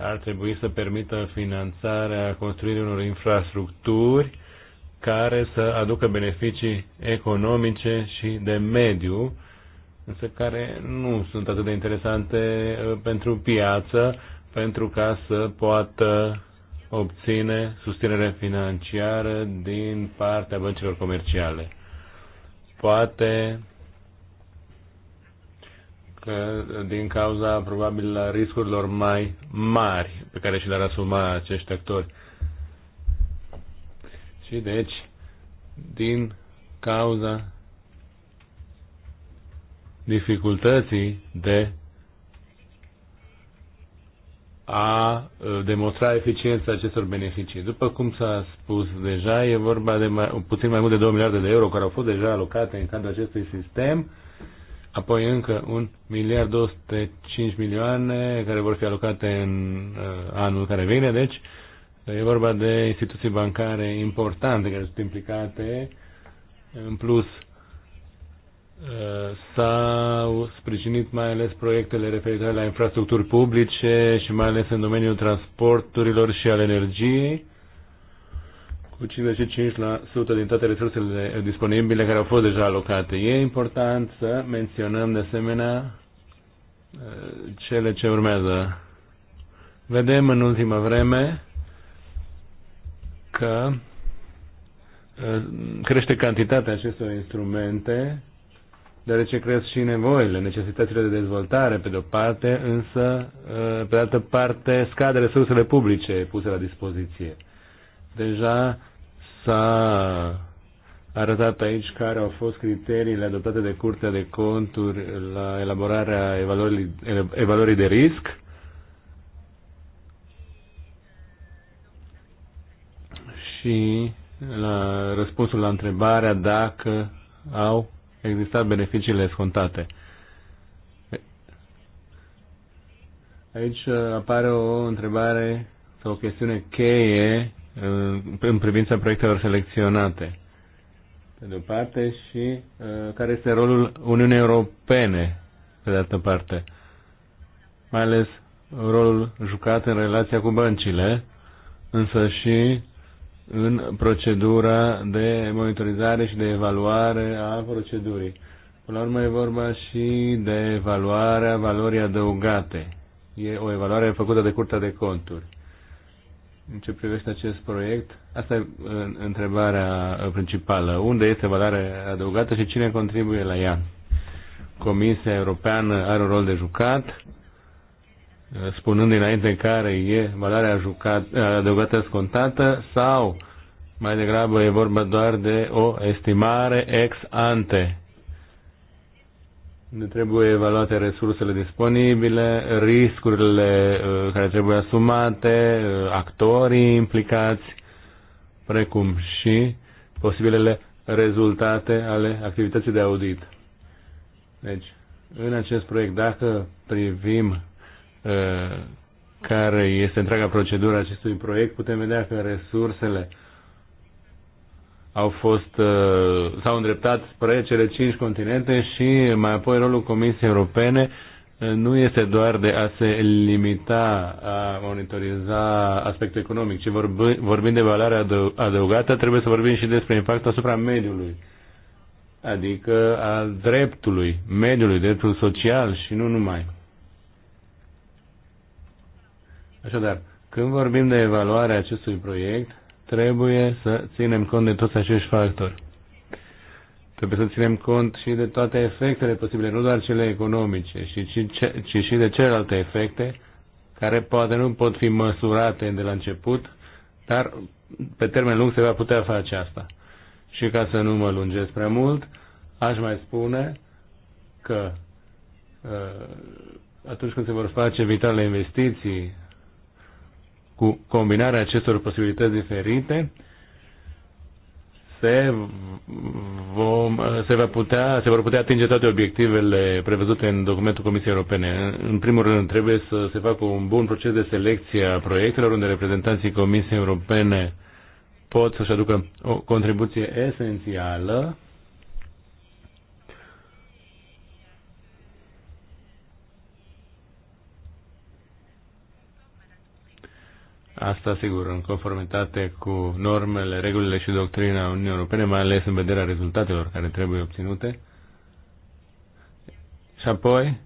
ar trebui să permită finanțarea construirii unor infrastructuri care să aducă beneficii economice și de mediu, însă care nu sunt atât de interesante uh, pentru piață, pentru ca să poată obține susținere financiară din partea băncilor comerciale. Poate că din cauza probabil riscurilor mai mari pe care și le-ar asuma acești actori. Și deci, din cauza dificultății de a uh, demonstra eficiența acestor beneficii. După cum s-a spus deja, e vorba de mai, puțin mai mult de 2 miliarde de euro care au fost deja alocate în cadrul acestui sistem apoi încă un miliard 205 milioane care vor fi alocate în uh, anul care vine, deci e vorba de instituții bancare importante care sunt implicate, în plus uh, s-au sprijinit mai ales proiectele referitoare la infrastructuri publice și mai ales în domeniul transporturilor și al energiei cu 55% din toate resursele disponibile care au fost deja alocate. E important să menționăm de asemenea eh, cele ce urmează. Vedem în ultima vreme că eh, crește cantitatea acestor instrumente, deoarece cresc și nevoile, necesitățile de dezvoltare, pe de-o parte, însă, eh, pe de altă parte, scade resursele publice puse la dispoziție. Deja s-a arătat aici care au fost criteriile adoptate de Curtea de Conturi la elaborarea evaluării, evaluării de risc. Și la răspunsul la întrebarea dacă au existat beneficiile scontate. Aici apare o întrebare sau o chestiune cheie Uh, în privința proiectelor selecționate, pe de o parte, și uh, care este rolul Uniunii Europene, pe de altă parte, mai ales rolul jucat în relația cu băncile, însă și în procedura de monitorizare și de evaluare a procedurii. Până la urmă e vorba și de evaluarea valorii adăugate. E o evaluare făcută de Curtea de Conturi în ce privește acest proiect? Asta e întrebarea uh, principală. Unde este valoarea adăugată și cine contribuie la ea? Comisia Europeană are un rol de jucat, uh, spunând înainte care e valoarea jucat, uh, adăugată scontată sau mai degrabă e vorba doar de o estimare ex ante ne trebuie evaluate resursele disponibile, riscurile uh, care trebuie asumate, uh, actorii implicați, precum și posibilele rezultate ale activității de audit. Deci, în acest proiect, dacă privim uh, care este întreaga procedură acestui proiect, putem vedea că resursele uh, au fost, uh, s-au îndreptat spre cele cinci continente și mai apoi rolul Comisiei Europene uh, nu este doar de a se limita a monitoriza aspectul economic, ci vorbind de valoare adăugată, trebuie să vorbim și despre impactul asupra mediului, adică al dreptului, mediului, dreptul social și nu numai. Așadar, când vorbim de evaluarea acestui proiect, trebuie să ținem cont de toți acești factori. Trebuie să ținem cont și de toate efectele posibile, nu doar cele economice, ci, ci, ci și de celelalte efecte care poate nu pot fi măsurate de la început, dar pe termen lung se va putea face asta. Și ca să nu mă lungesc prea mult, aș mai spune că uh, atunci când se vor face vitale investiții cu combinarea acestor posibilități diferite, se, vom, se, va putea, se vor putea atinge toate obiectivele prevăzute în documentul Comisiei Europene. În primul rând, trebuie să se facă un bun proces de selecție a proiectelor unde reprezentanții Comisiei Europene pot să-și aducă o contribuție esențială Asta, sigur, în conformitate cu normele, regulile și doctrina Uniunii Europene, mai ales în vederea rezultatelor care trebuie obținute. Și apoi,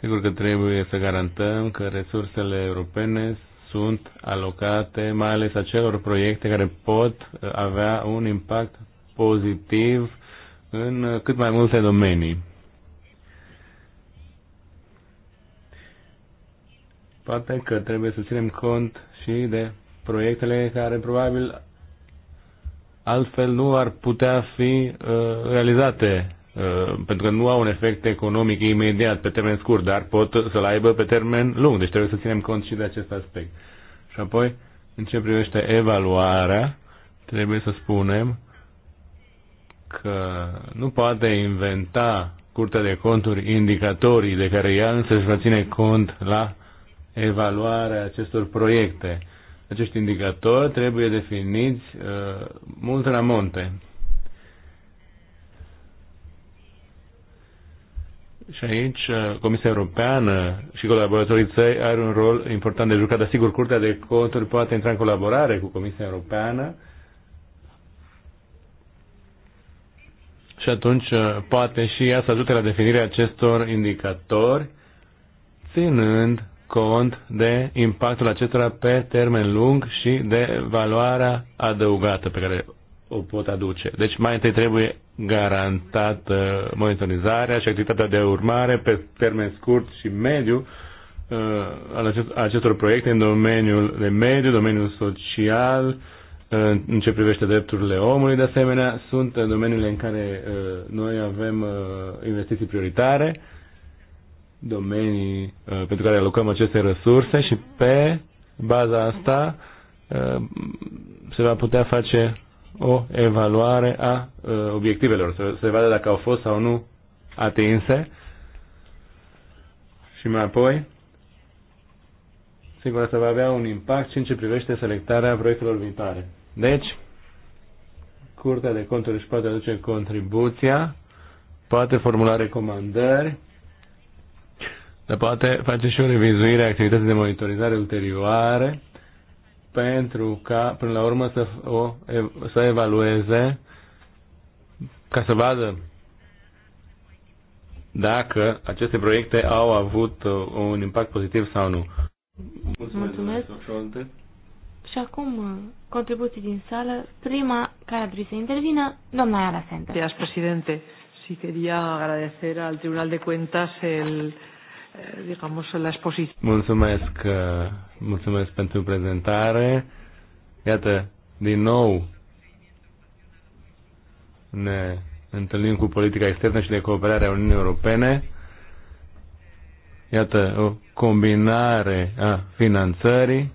sigur că trebuie să garantăm că resursele europene sunt alocate mai ales acelor proiecte care pot avea un impact pozitiv în cât mai multe domenii. Poate că trebuie să ținem cont și de proiectele care probabil altfel nu ar putea fi uh, realizate, uh, pentru că nu au un efect economic imediat pe termen scurt, dar pot să-l aibă pe termen lung. Deci trebuie să ținem cont și de acest aspect. Și apoi, în ce privește evaluarea, trebuie să spunem că nu poate inventa Curtea de Conturi indicatorii de care ea însă își va ține cont la evaluarea acestor proiecte. Acești indicatori trebuie definiți uh, mult la monte. Și aici uh, Comisia Europeană și colaboratorii săi are un rol important de jucat. sigur Curtea de Conturi poate intra în colaborare cu Comisia Europeană și atunci uh, poate și ea să ajute la definirea acestor indicatori, ținând cont de impactul acestora pe termen lung și de valoarea adăugată pe care o pot aduce. Deci mai întâi trebuie garantată monitorizarea și activitatea de urmare pe termen scurt și mediu uh, al acestor proiecte în domeniul de mediu, domeniul social, uh, în ce privește drepturile omului, de asemenea, sunt uh, domeniile în care noi avem investiții prioritare domenii uh, pentru care alocăm aceste resurse și pe baza asta uh, se va putea face o evaluare a uh, obiectivelor, se vede dacă au fost sau nu atinse și mai apoi sigur asta va avea un impact și în ce privește selectarea proiectelor viitoare. Deci, Curtea de Conturi își poate aduce contribuția, poate formula recomandări, dar poate face și o revizuire a activității de monitorizare ulterioare pentru ca, până la urmă, să, o, să evalueze ca să vadă dacă aceste proiecte au avut uh, un impact pozitiv sau nu. Mulțumesc. Mulțumesc. Și acum uh, contribuții din sală. Prima care a trebuit să intervină, doamna Iara Sente. președinte, și Sí, quería agradecer al Tribunal de Cuentas el, Eh, digamos, la exposición. Mulțumesc, eh, mulțumesc pentru prezentare. Iată, din nou ne întâlnim cu politica externă și de cooperare a Uniunii Europene. Iată, o combinare a finanțării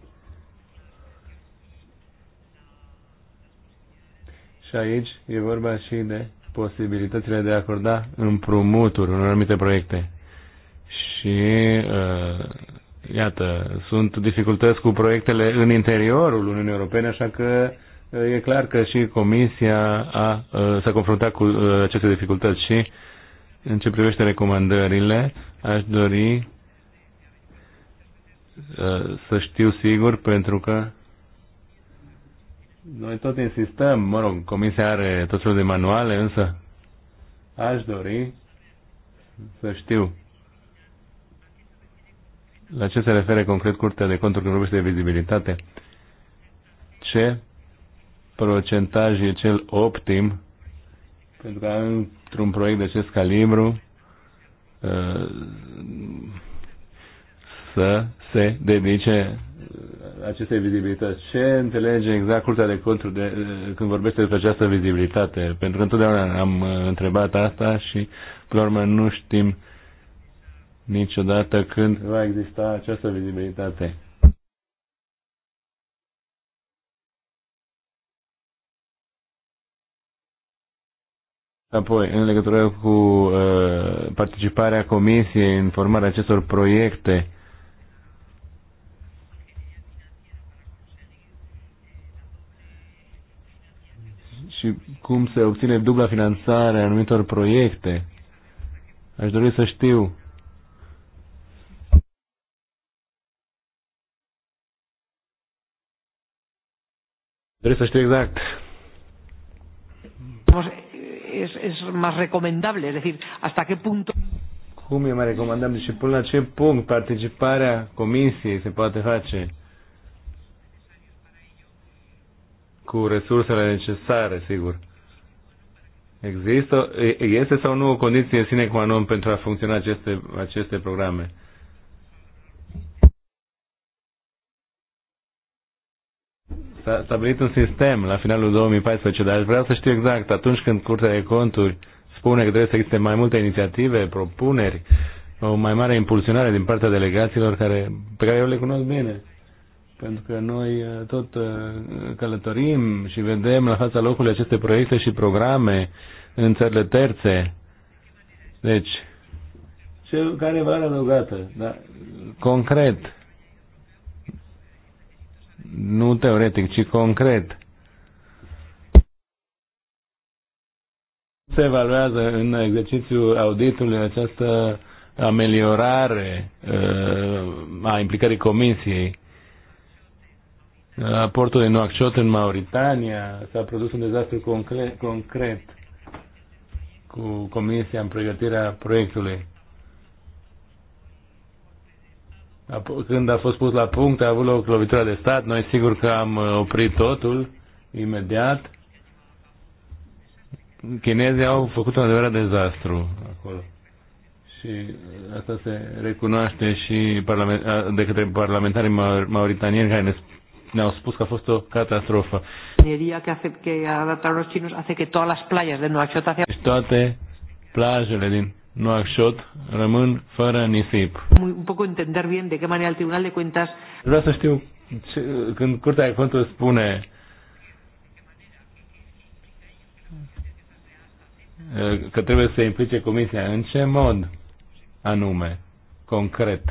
Și aici e vorba și de posibilitățile de a acorda împrumuturi în anumite proiecte și uh, iată, sunt dificultăți cu proiectele în interiorul Uniunii Europene, așa că uh, e clar că și Comisia a, uh, s-a confruntat cu aceste dificultăți și în ce privește recomandările, aș dori să știu sigur pentru că noi tot insistăm, mă rog, Comisia are tot felul de manuale, însă aș dori să știu la ce se referă concret Curtea de Conturi când vorbește de vizibilitate? Ce procentaj e cel optim pentru că într-un proiect de acest calibru uh, să se dedice uh, aceste vizibilități. Ce înțelege exact Curtea de Conturi de, uh, când vorbește despre această vizibilitate? Pentru că întotdeauna am întrebat asta și, pe la urmă, nu știm niciodată când va exista această vizibilitate. Apoi, în legătură cu uh, participarea Comisiei în formarea acestor proiecte, și cum se obține dubla finanțare a anumitor proiecte, aș dori să știu Trebuie să știu exact. Es, es más recomendable, es decir, hasta qué punto cum e mai recomandabil și până la ce punct participarea comisiei se poate face cu resursele necesare, sigur. Există, este sau nu o condiție sine qua non pentru a funcționa aceste, aceste programe? S-a stabilit un sistem la finalul 2014, dar vreau să știu exact, atunci când Curtea de Conturi spune că trebuie să existe mai multe inițiative, propuneri, o mai mare impulsionare din partea delegațiilor care, pe care eu le cunosc bine. Pentru că noi uh, tot uh, călătorim și vedem la fața locului aceste proiecte și programe în țările terțe. Deci, ce, care e valoarea adăugată? Da, concret, nu teoretic, ci concret. Se evaluează în exercițiul auditului această ameliorare uh, a implicării comisiei. La portul de Nouakchott în Mauritania s-a produs un dezastru concret cu comisia în pregătirea proiectului. Când a fost pus la punct, a avut loc lovitura de stat. Noi sigur că am uh, oprit totul imediat. Chinezii au făcut un adevărat dezastru acolo. Și uh, asta se recunoaște și de către parlamentarii mauritanieni care ne ne-au spus că a fost o catastrofă. Și Toate plajele din Nouakchott rămân fără nisip. Un poco entender bien de qué manera el Tribunal de Cuentas... Vreau să știu ce, când Curtea de Conturi spune că trebuie să se implice Comisia, în ce mod anume, concret?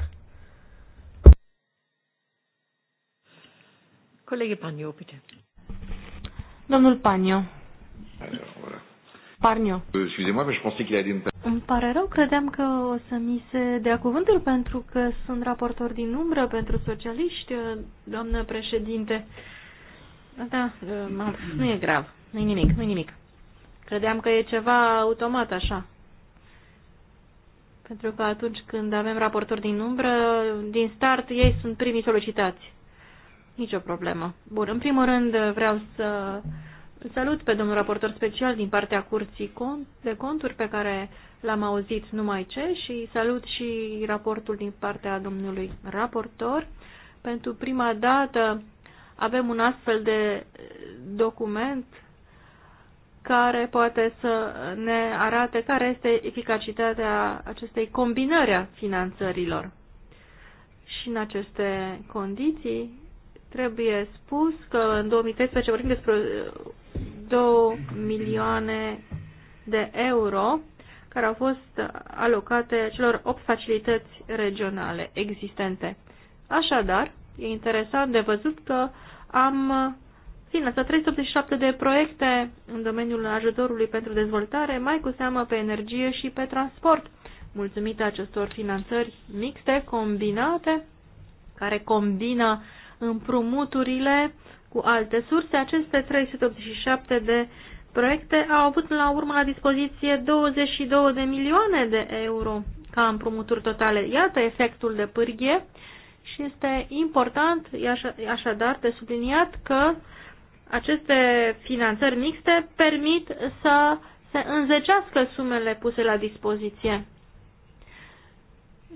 Colegii Paniu, Domnul Paniu. Parnio. Euh, excusez-moi, mais je pensais qu'il allait me... Îmi pare rău, credeam că o să mi se dea cuvântul pentru că sunt raportor din umbră pentru socialiști, uh, doamnă președinte. Da, uh, nu e grav, nu e nimic, nu e nimic. Credeam că e ceva automat așa. Pentru că atunci când avem raportori din umbră, din start ei sunt primii solicitați. Nicio problemă. Bun, în primul rând vreau să îl salut pe domnul raportor special din partea Curții de Conturi pe care l-am auzit numai ce și salut și raportul din partea domnului raportor. Pentru prima dată avem un astfel de document care poate să ne arate care este eficacitatea acestei combinări a finanțărilor. Și în aceste condiții trebuie spus că în 2013 vorbim despre 2 milioane de euro care au fost alocate celor 8 facilități regionale existente. Așadar, e interesant de văzut că am finanțat 387 de proiecte în domeniul ajutorului pentru dezvoltare, mai cu seamă pe energie și pe transport, mulțumită acestor finanțări mixte, combinate, care combină împrumuturile cu alte surse. Aceste 387 de proiecte au avut la urmă la dispoziție 22 de milioane de euro ca împrumuturi totale. Iată efectul de pârghie și este important, așadar, de subliniat că aceste finanțări mixte permit să se înzecească sumele puse la dispoziție.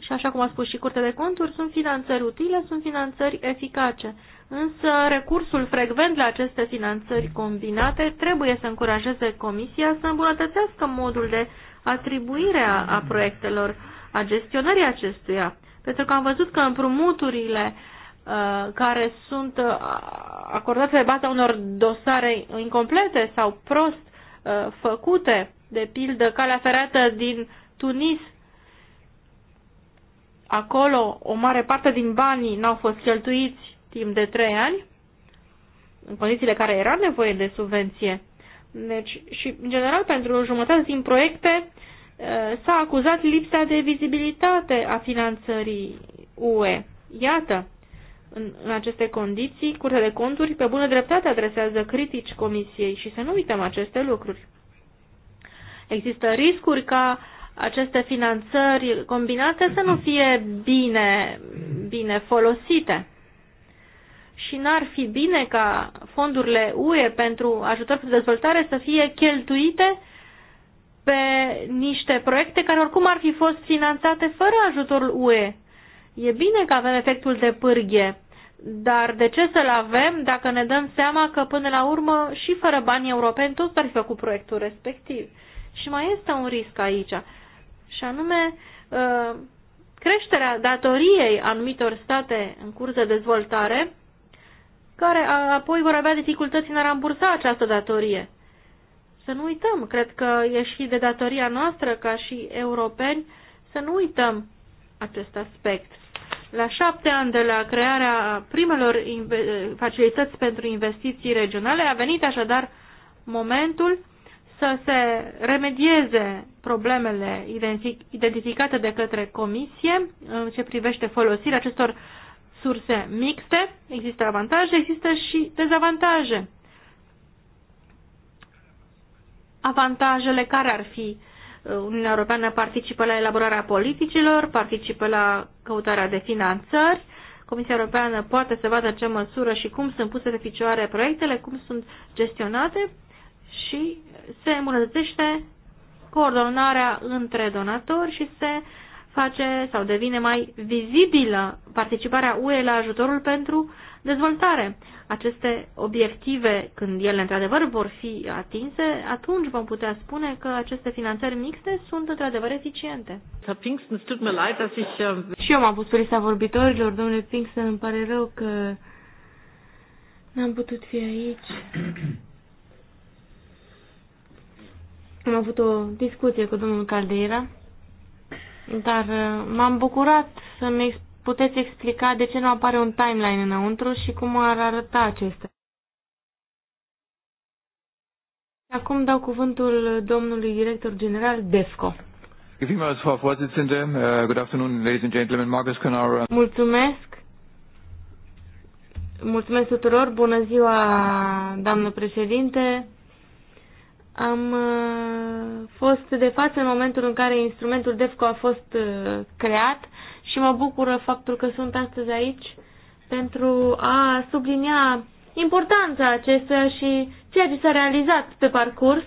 Și așa cum a spus și Curtea de Conturi, sunt finanțări utile, sunt finanțări eficace însă recursul frecvent la aceste finanțări combinate trebuie să încurajeze Comisia să îmbunătățească modul de atribuire a proiectelor, a gestionării acestuia. Pentru că am văzut că împrumuturile uh, care sunt uh, acordate pe baza unor dosare incomplete sau prost uh, făcute, de pildă calea ferată din Tunis, acolo o mare parte din banii n-au fost cheltuiți timp de trei ani, în condițiile care era nevoie de subvenție. Deci, și în general, pentru jumătate din proiecte uh, s-a acuzat lipsa de vizibilitate a finanțării UE. Iată, în, în aceste condiții, Curtea de Conturi pe bună dreptate adresează critici Comisiei și să nu uităm aceste lucruri. Există riscuri ca aceste finanțări combinate să nu fie bine, bine folosite și n-ar fi bine ca fondurile UE pentru ajutor pentru dezvoltare să fie cheltuite pe niște proiecte care oricum ar fi fost finanțate fără ajutorul UE. E bine că avem efectul de pârghie, dar de ce să-l avem dacă ne dăm seama că până la urmă și fără bani europeni tot ar fi făcut proiectul respectiv? Și mai este un risc aici, și anume uh, creșterea datoriei anumitor state în curs de dezvoltare care apoi vor avea dificultăți în a rambursa această datorie. Să nu uităm, cred că e și de datoria noastră ca și europeni să nu uităm acest aspect. La șapte ani de la crearea primelor facilități pentru investiții regionale a venit așadar momentul să se remedieze problemele identificate de către Comisie în ce privește folosirea acestor surse mixte, există avantaje, există și dezavantaje. Avantajele care ar fi uh, Uniunea Europeană participă la elaborarea politicilor, participă la căutarea de finanțări, Comisia Europeană poate să vadă ce măsură și cum sunt puse pe picioare proiectele, cum sunt gestionate și se îmbunătățește coordonarea între donatori și se face sau devine mai vizibilă participarea UE la ajutorul pentru dezvoltare. Aceste obiective, când ele într-adevăr vor fi atinse, atunci vom putea spune că aceste finanțări mixte sunt într-adevăr eficiente. Äh, Și eu m-am pus pe lista vorbitorilor, domnule Pinkston, îmi pare rău că n-am putut fi aici. Am avut o discuție cu domnul Caldeira dar uh, m-am bucurat să-mi puteți explica de ce nu apare un timeline înăuntru și cum ar arăta acesta. Acum dau cuvântul domnului director general Desco. Äh, Mulțumesc. Mulțumesc tuturor. Bună ziua, doamnă președinte. Am uh, fost de față în momentul în care instrumentul DEFCO a fost uh, creat și mă bucură faptul că sunt astăzi aici pentru a sublinia importanța acestuia și ceea ce s-a realizat pe parcurs.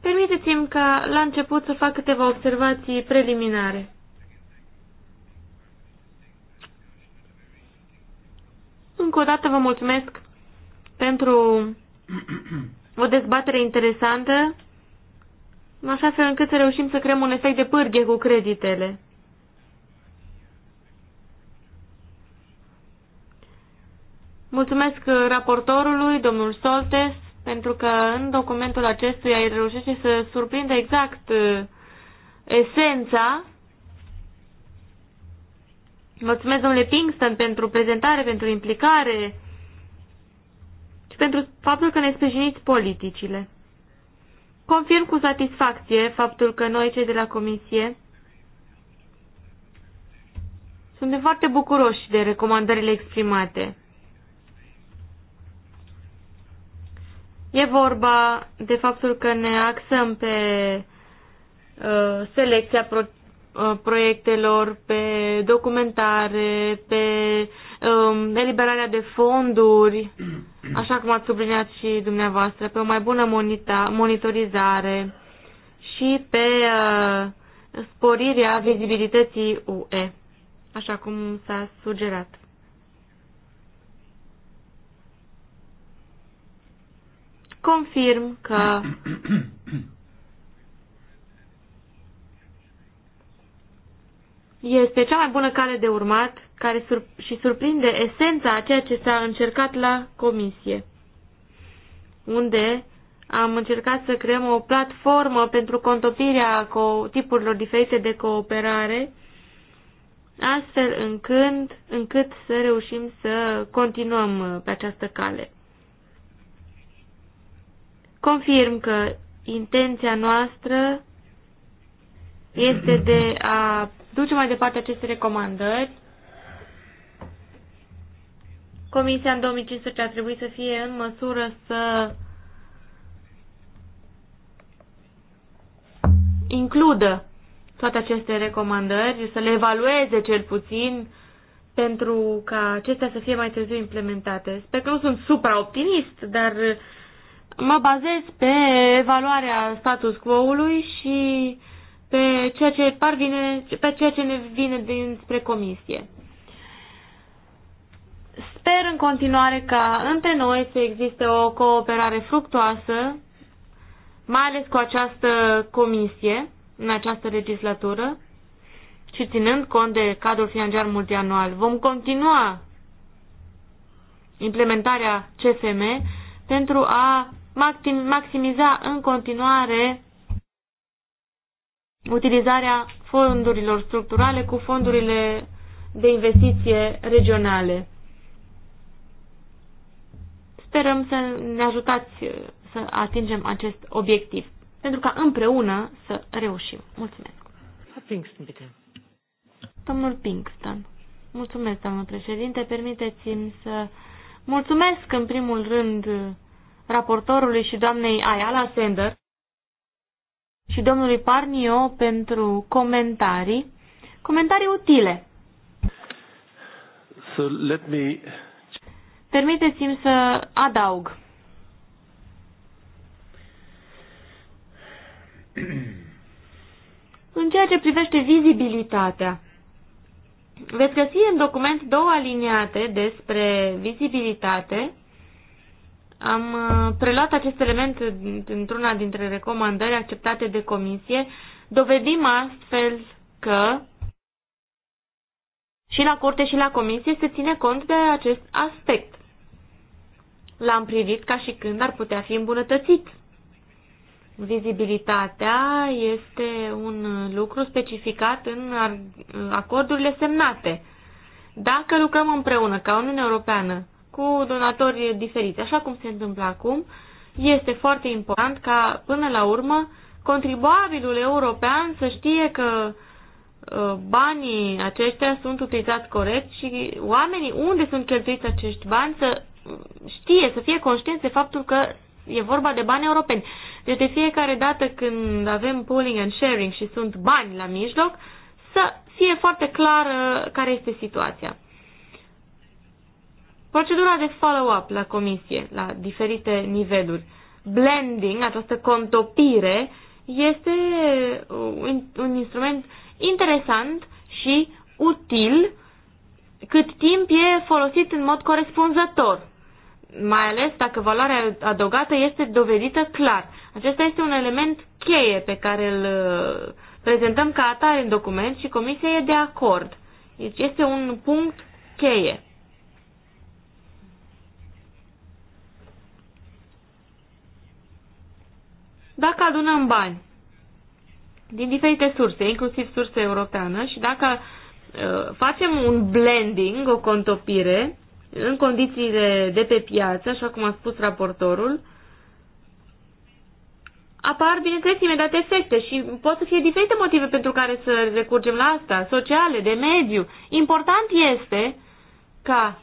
Permiteți-mi ca la început să fac câteva observații preliminare. Încă o dată vă mulțumesc pentru o dezbatere interesantă, în așa fel încât să reușim să creăm un efect de pârghe cu creditele. Mulțumesc raportorului, domnul Soltes, pentru că în documentul acestuia îi reușește să surprindă exact uh, esența Mulțumesc, domnule Pinkston, pentru prezentare, pentru implicare și pentru faptul că ne sprijiniți politicile. Confirm cu satisfacție faptul că noi, cei de la Comisie, suntem foarte bucuroși de recomandările exprimate. E vorba de faptul că ne axăm pe uh, selecția pro Uh, proiectelor, pe documentare, pe um, eliberarea de fonduri, *clears throat* așa cum ați subliniat și dumneavoastră, pe o mai bună monita, monitorizare și pe uh, sporirea vizibilității UE, așa cum s-a sugerat. Confirm că *clears throat* este cea mai bună cale de urmat care sur și surprinde esența a ceea ce s-a încercat la comisie, unde am încercat să creăm o platformă pentru contopirea co tipurilor diferite de cooperare, astfel încât, încât să reușim să continuăm uh, pe această cale. Confirm că intenția noastră este de a duce mai departe aceste recomandări. Comisia în 2015 ar trebui să fie în măsură să includă toate aceste recomandări, să le evalueze cel puțin pentru ca acestea să fie mai târziu implementate. Sper că nu sunt supra-optimist, dar mă bazez pe evaluarea status quo-ului și uh, pe ceea ce, par vine, pe ceea ce ne vine dinspre comisie. Sper în continuare ca între noi să existe o cooperare fructoasă, mai ales cu această comisie, în această legislatură, și ținând cont de cadrul financiar multianual. Vom continua implementarea CFM pentru a maximiza în continuare utilizarea fondurilor structurale cu fondurile de investiție regionale. Sperăm să ne ajutați uh, să atingem acest obiectiv, pentru ca împreună să reușim. Mulțumesc! Domnul Pinkston. Mulțumesc, domnul președinte. Permiteți-mi să mulțumesc în primul rând raportorului și doamnei Ayala Sender și domnului Parnio pentru comentarii, comentarii utile. So let me... Permiteți-mi să adaug. *clears throat* În ceea ce privește vizibilitatea, veți găsi în document două aliniate despre vizibilitate am uh, preluat acest element într-una dintre recomandări acceptate de comisie. Dovedim astfel că și la curte și la comisie se ține cont de acest aspect. L-am privit ca și când ar putea fi îmbunătățit. Vizibilitatea este un lucru specificat în acordurile semnate. Dacă lucrăm împreună ca Uniunea Europeană cu donatori diferiți, așa cum se întâmplă acum, este foarte important ca, până la urmă, contribuabilul european să știe că uh, banii aceștia sunt utilizați corect și oamenii unde sunt cheltuiți acești bani să știe, să fie conștienți de faptul că e vorba de bani europeni. Deci de fiecare dată când avem pooling and sharing și sunt bani la mijloc, să fie foarte clar care este situația. Procedura de follow-up la comisie, la diferite niveluri. Blending, această contopire, este uh, un, un instrument interesant și util cât timp e folosit în mod corespunzător, mai ales dacă valoarea adăugată este dovedită clar. Acesta este un element cheie pe care îl uh, prezentăm ca atare în document și Comisia e de acord. Deci este un punct cheie. Dacă adunăm bani din diferite surse, inclusiv surse europeană, și dacă uh, facem un blending, o contopire, în condițiile de pe piață, așa cum a spus raportorul, apar, bineînțeles, imediat efecte și pot să fie diferite motive pentru care să recurgem la asta, sociale, de mediu. Important este ca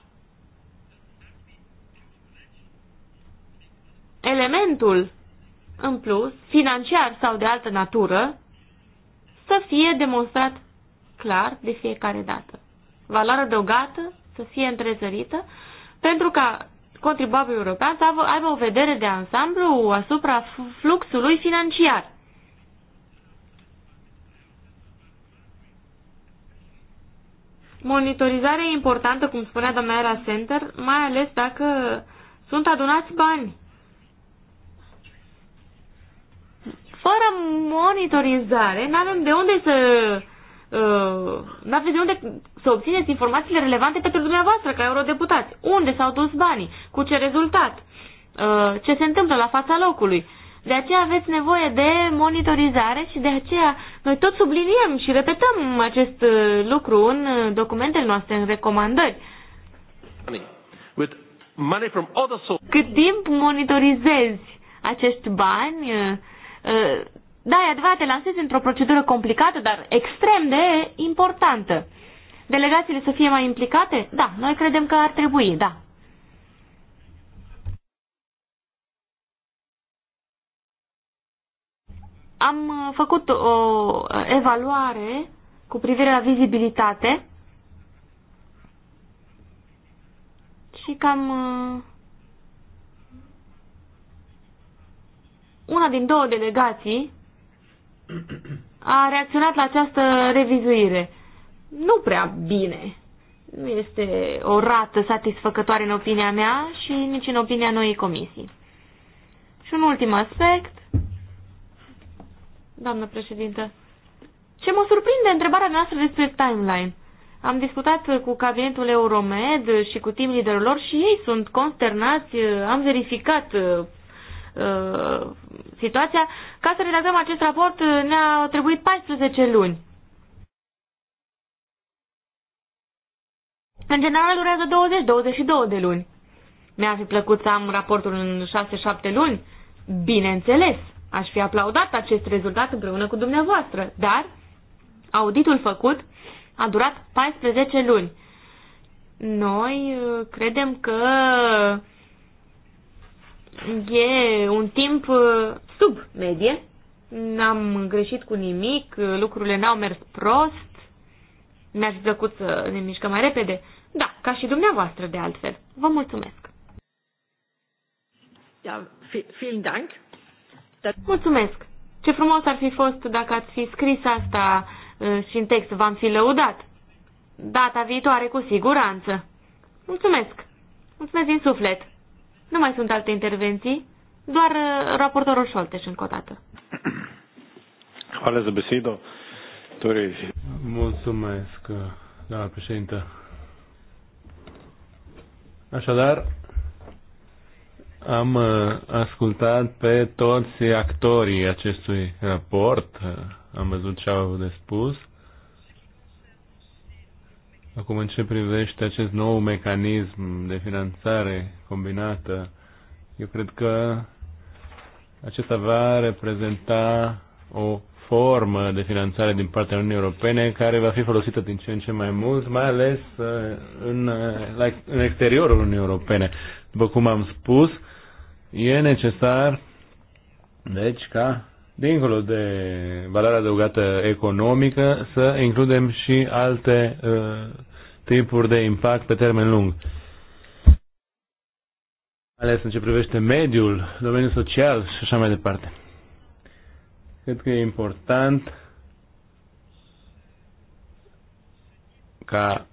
elementul în plus, financiar sau de altă natură, să fie demonstrat clar de fiecare dată. Valoarea adăugată să fie întrezărită pentru ca contribuabilul european să aibă o vedere de ansamblu asupra fluxului financiar. Monitorizarea e importantă, cum spunea doamna Era Center, mai ales dacă sunt adunați bani. Fără monitorizare, nu avem de unde să uh, nu aveți de unde să obțineți informațiile relevante pentru dumneavoastră ca eurodeputați. Unde s-au dus banii? Cu ce rezultat? Uh, ce se întâmplă la fața locului? De aceea aveți nevoie de monitorizare și de aceea noi tot subliniem și repetăm acest uh, lucru în documentele noastre, în recomandări. Cât timp monitorizezi acești bani Eh, da, e adevărat, te lansezi într-o procedură complicată, dar extrem de importantă. Delegațiile să fie mai implicate? Da, noi credem că ar trebui, da. Am eh, făcut o eh, evaluare cu privire la vizibilitate și cam una din două delegații a reacționat la această revizuire. Nu prea bine. Nu este o rată satisfăcătoare în opinia mea și nici în opinia noii comisii. Și un ultim aspect, doamnă președintă, ce mă surprinde întrebarea noastră despre timeline. Am discutat cu cabinetul Euromed și cu team liderilor și ei sunt consternați. Am verificat Uh, situația. Ca să redactăm acest raport uh, ne-a trebuit 14 luni. În general durează 20-22 de luni. Mi-ar fi plăcut să am raportul în 6-7 luni? Bineînțeles, aș fi aplaudat acest rezultat împreună cu dumneavoastră, dar auditul făcut a durat 14 luni. Noi uh, credem că e un timp uh, sub medie. N-am greșit cu nimic, uh, lucrurile n-au mers prost, mi aș fi plăcut să ne mișcăm mai repede. Da, ca și dumneavoastră, de altfel. Vă mulțumesc. Ja, vielen Dank. Mulțumesc. Ce frumos ar fi fost dacă ați fi scris asta uh, și în text v-am fi lăudat. Data viitoare, cu siguranță. Mulțumesc. Mulțumesc din suflet. Nu mai sunt alte intervenții, doar uh, raportorul Șolteș încă o dată. Mulțumesc, uh, doamna președintă. Așadar, am uh, ascultat pe toți actorii acestui raport, am văzut ce au de spus Acum, în ce privește acest nou mecanism de finanțare combinată, eu cred că acesta va reprezenta o formă de finanțare din partea Uniunii Europene care va fi folosită din ce în ce mai mult, mai ales uh, în, uh, în exteriorul Uniunii Europene. După cum am spus, e necesar, deci, ca dincolo de valoarea adăugată economică, să includem și alte uh, tipuri de impact pe termen lung. Ales în ce privește mediul, domeniul social și așa mai departe. Cred că e important ca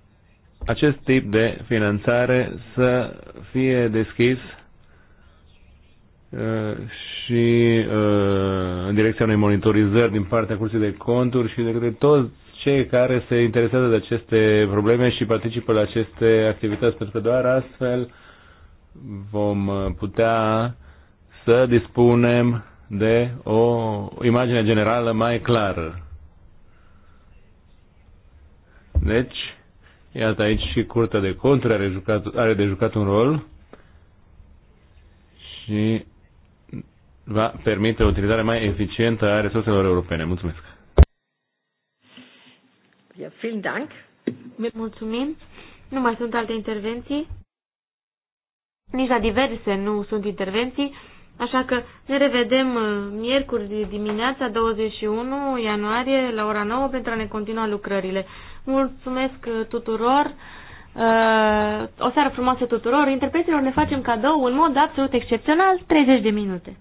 acest tip de finanțare să fie deschis Uh, și uh, în direcția unei monitorizări din partea Curții de Conturi și de către toți cei care se interesează de aceste probleme și participă la aceste activități, pentru că doar astfel vom uh, putea să dispunem de o imagine generală mai clară. Deci, iată aici și Curtea de Conturi are, jucat, are de jucat un rol și va permite o utilizare mai eficientă a resurselor europene. Mulțumesc! Vielen Dank! Mulțumim! Nu mai sunt alte intervenții? Nici la diverse nu sunt intervenții, așa că ne revedem uh, miercuri dimineața 21 ianuarie la ora 9 pentru a ne continua lucrările. Mulțumesc uh, tuturor! Uh, o seară frumoasă tuturor. Interpreților ne facem cadou, în mod absolut excepțional, 30 de minute.